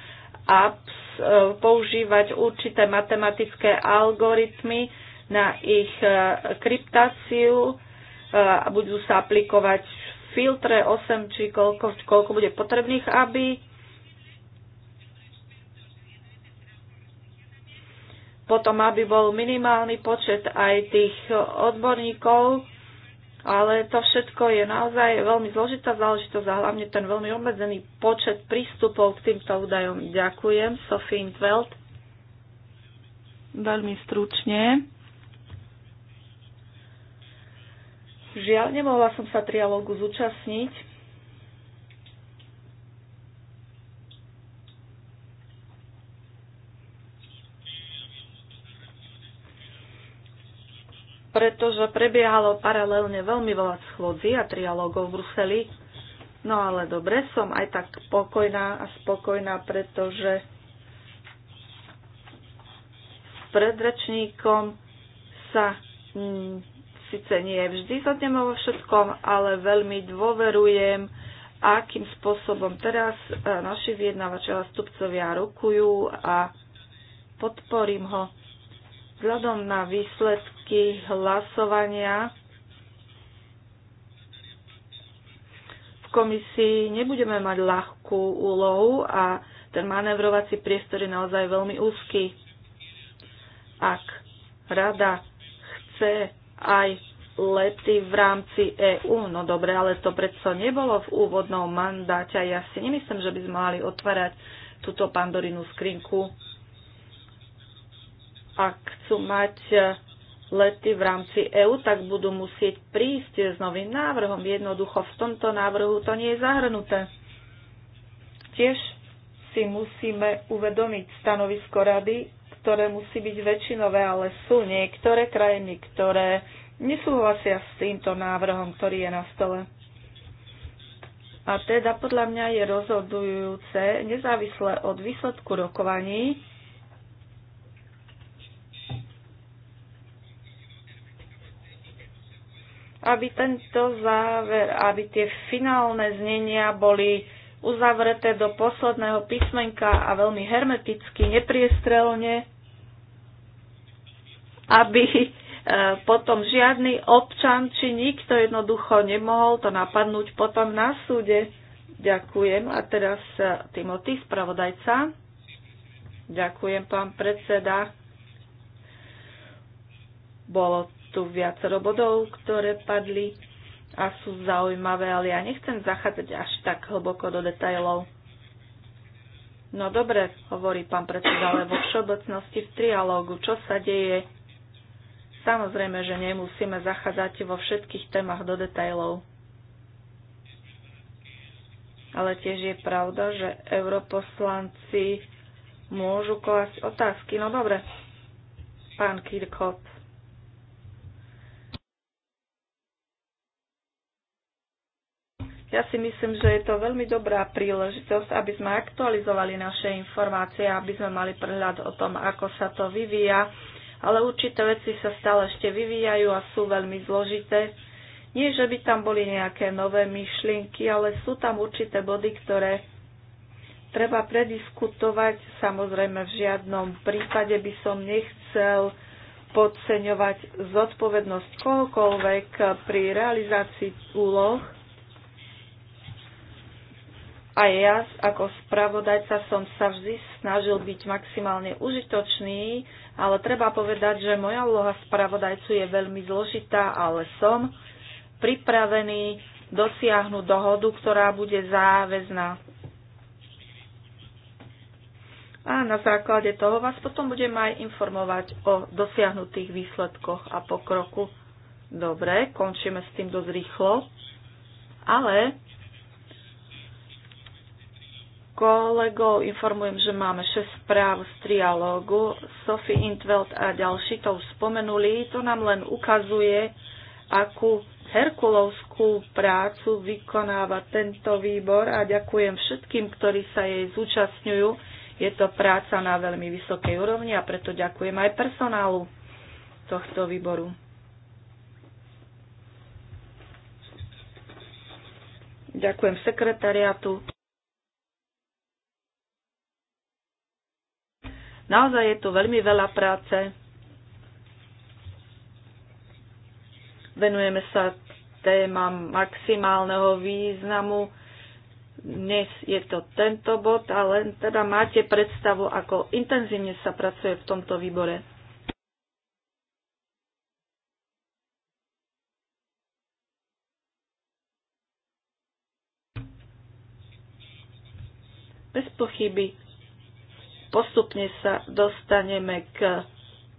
apps, e, používať určité matematické algoritmy na ich e, kryptáciu e, a budú sa aplikovať filtre 8 či koľko, koľko bude potrebných, aby potom aby bol minimálny počet aj tých odborníkov, ale to všetko je naozaj veľmi zložitá záležitosť a hlavne ten veľmi obmedzený počet prístupov k týmto údajom. Ďakujem, Sofín Intveld. Veľmi stručne. Žiaľ, nemohla som sa trialógu zúčastniť, pretože prebiehalo paralelne veľmi veľa schôdzi a trialógov v Bruseli. No ale dobre, som aj tak pokojná a spokojná, pretože s predrečníkom sa mm, síce nie vždy zhodneme vo všetkom, ale veľmi dôverujem, akým spôsobom teraz eh, naši vyjednávači a stupcovia rokujú a podporím ho. Vzhľadom na výsledky hlasovania v komisii nebudeme mať ľahkú úlohu a ten manévrovací priestor je naozaj veľmi úzky. Ak rada chce aj lety v rámci EÚ, no dobre, ale to predsa nebolo v úvodnom mandáte a ja si nemyslím, že by sme mali otvárať túto pandorinu skrinku ak chcú mať e, lety v rámci EÚ, tak budú musieť prísť s novým návrhom. Jednoducho v tomto návrhu to nie je zahrnuté. Tiež si musíme uvedomiť stanovisko rady, ktoré musí byť väčšinové, ale sú niektoré krajiny, ktoré nesúhlasia s týmto návrhom, ktorý je na stole. A teda podľa mňa je rozhodujúce, nezávisle od výsledku rokovaní, aby tento záver, aby tie finálne znenia boli uzavreté do posledného písmenka a veľmi hermeticky, nepriestrelne, aby e, potom žiadny občan či nikto jednoducho nemohol to napadnúť potom na súde. Ďakujem. A teraz e, Timothy, spravodajca. Ďakujem, pán predseda. Bolo tu viacero bodov, ktoré padli a sú zaujímavé, ale ja nechcem zachádzať až tak hlboko do detajlov. No dobre, hovorí pán predseda, ale vo všeobecnosti v trialógu, čo sa deje? Samozrejme, že nemusíme zachádzať vo všetkých témach do detajlov. Ale tiež je pravda, že europoslanci môžu klásť otázky. No dobre, pán Kirkot. Ja si myslím, že je to veľmi dobrá príležitosť, aby sme aktualizovali naše informácie, aby sme mali prehľad o tom, ako sa to vyvíja, ale určité veci sa stále ešte vyvíjajú a sú veľmi zložité. Nie, že by tam boli nejaké nové myšlienky, ale sú tam určité body, ktoré treba prediskutovať. Samozrejme, v žiadnom prípade by som nechcel podceňovať zodpovednosť kohokoľvek pri realizácii úloh, a ja ako spravodajca som sa vždy snažil byť maximálne užitočný, ale treba povedať, že moja úloha spravodajcu je veľmi zložitá, ale som pripravený dosiahnuť dohodu, ktorá bude záväzná. A na základe toho vás potom budem aj informovať o dosiahnutých výsledkoch a pokroku. Dobre, končíme s tým dosť rýchlo, ale Kolegov informujem, že máme 6 správ z trialógu. Sophie Intveld a ďalší to už spomenuli. To nám len ukazuje, akú herkulovskú prácu vykonáva tento výbor a ďakujem všetkým, ktorí sa jej zúčastňujú. Je to práca na veľmi vysokej úrovni a preto ďakujem aj personálu tohto výboru. Ďakujem sekretariatu. Naozaj je tu veľmi veľa práce. Venujeme sa témam maximálneho významu. Dnes je to tento bod, ale teda máte predstavu, ako intenzívne sa pracuje v tomto výbore. Bez pochyby Postupne sa dostaneme k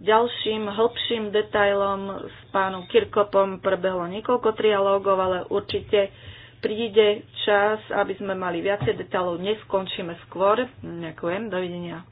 ďalším hlbším detailom. S pánom Kirkopom prebehlo niekoľko trialógov, ale určite príde čas, aby sme mali viacej detailov. Neskončíme skôr. Ďakujem. Dovidenia.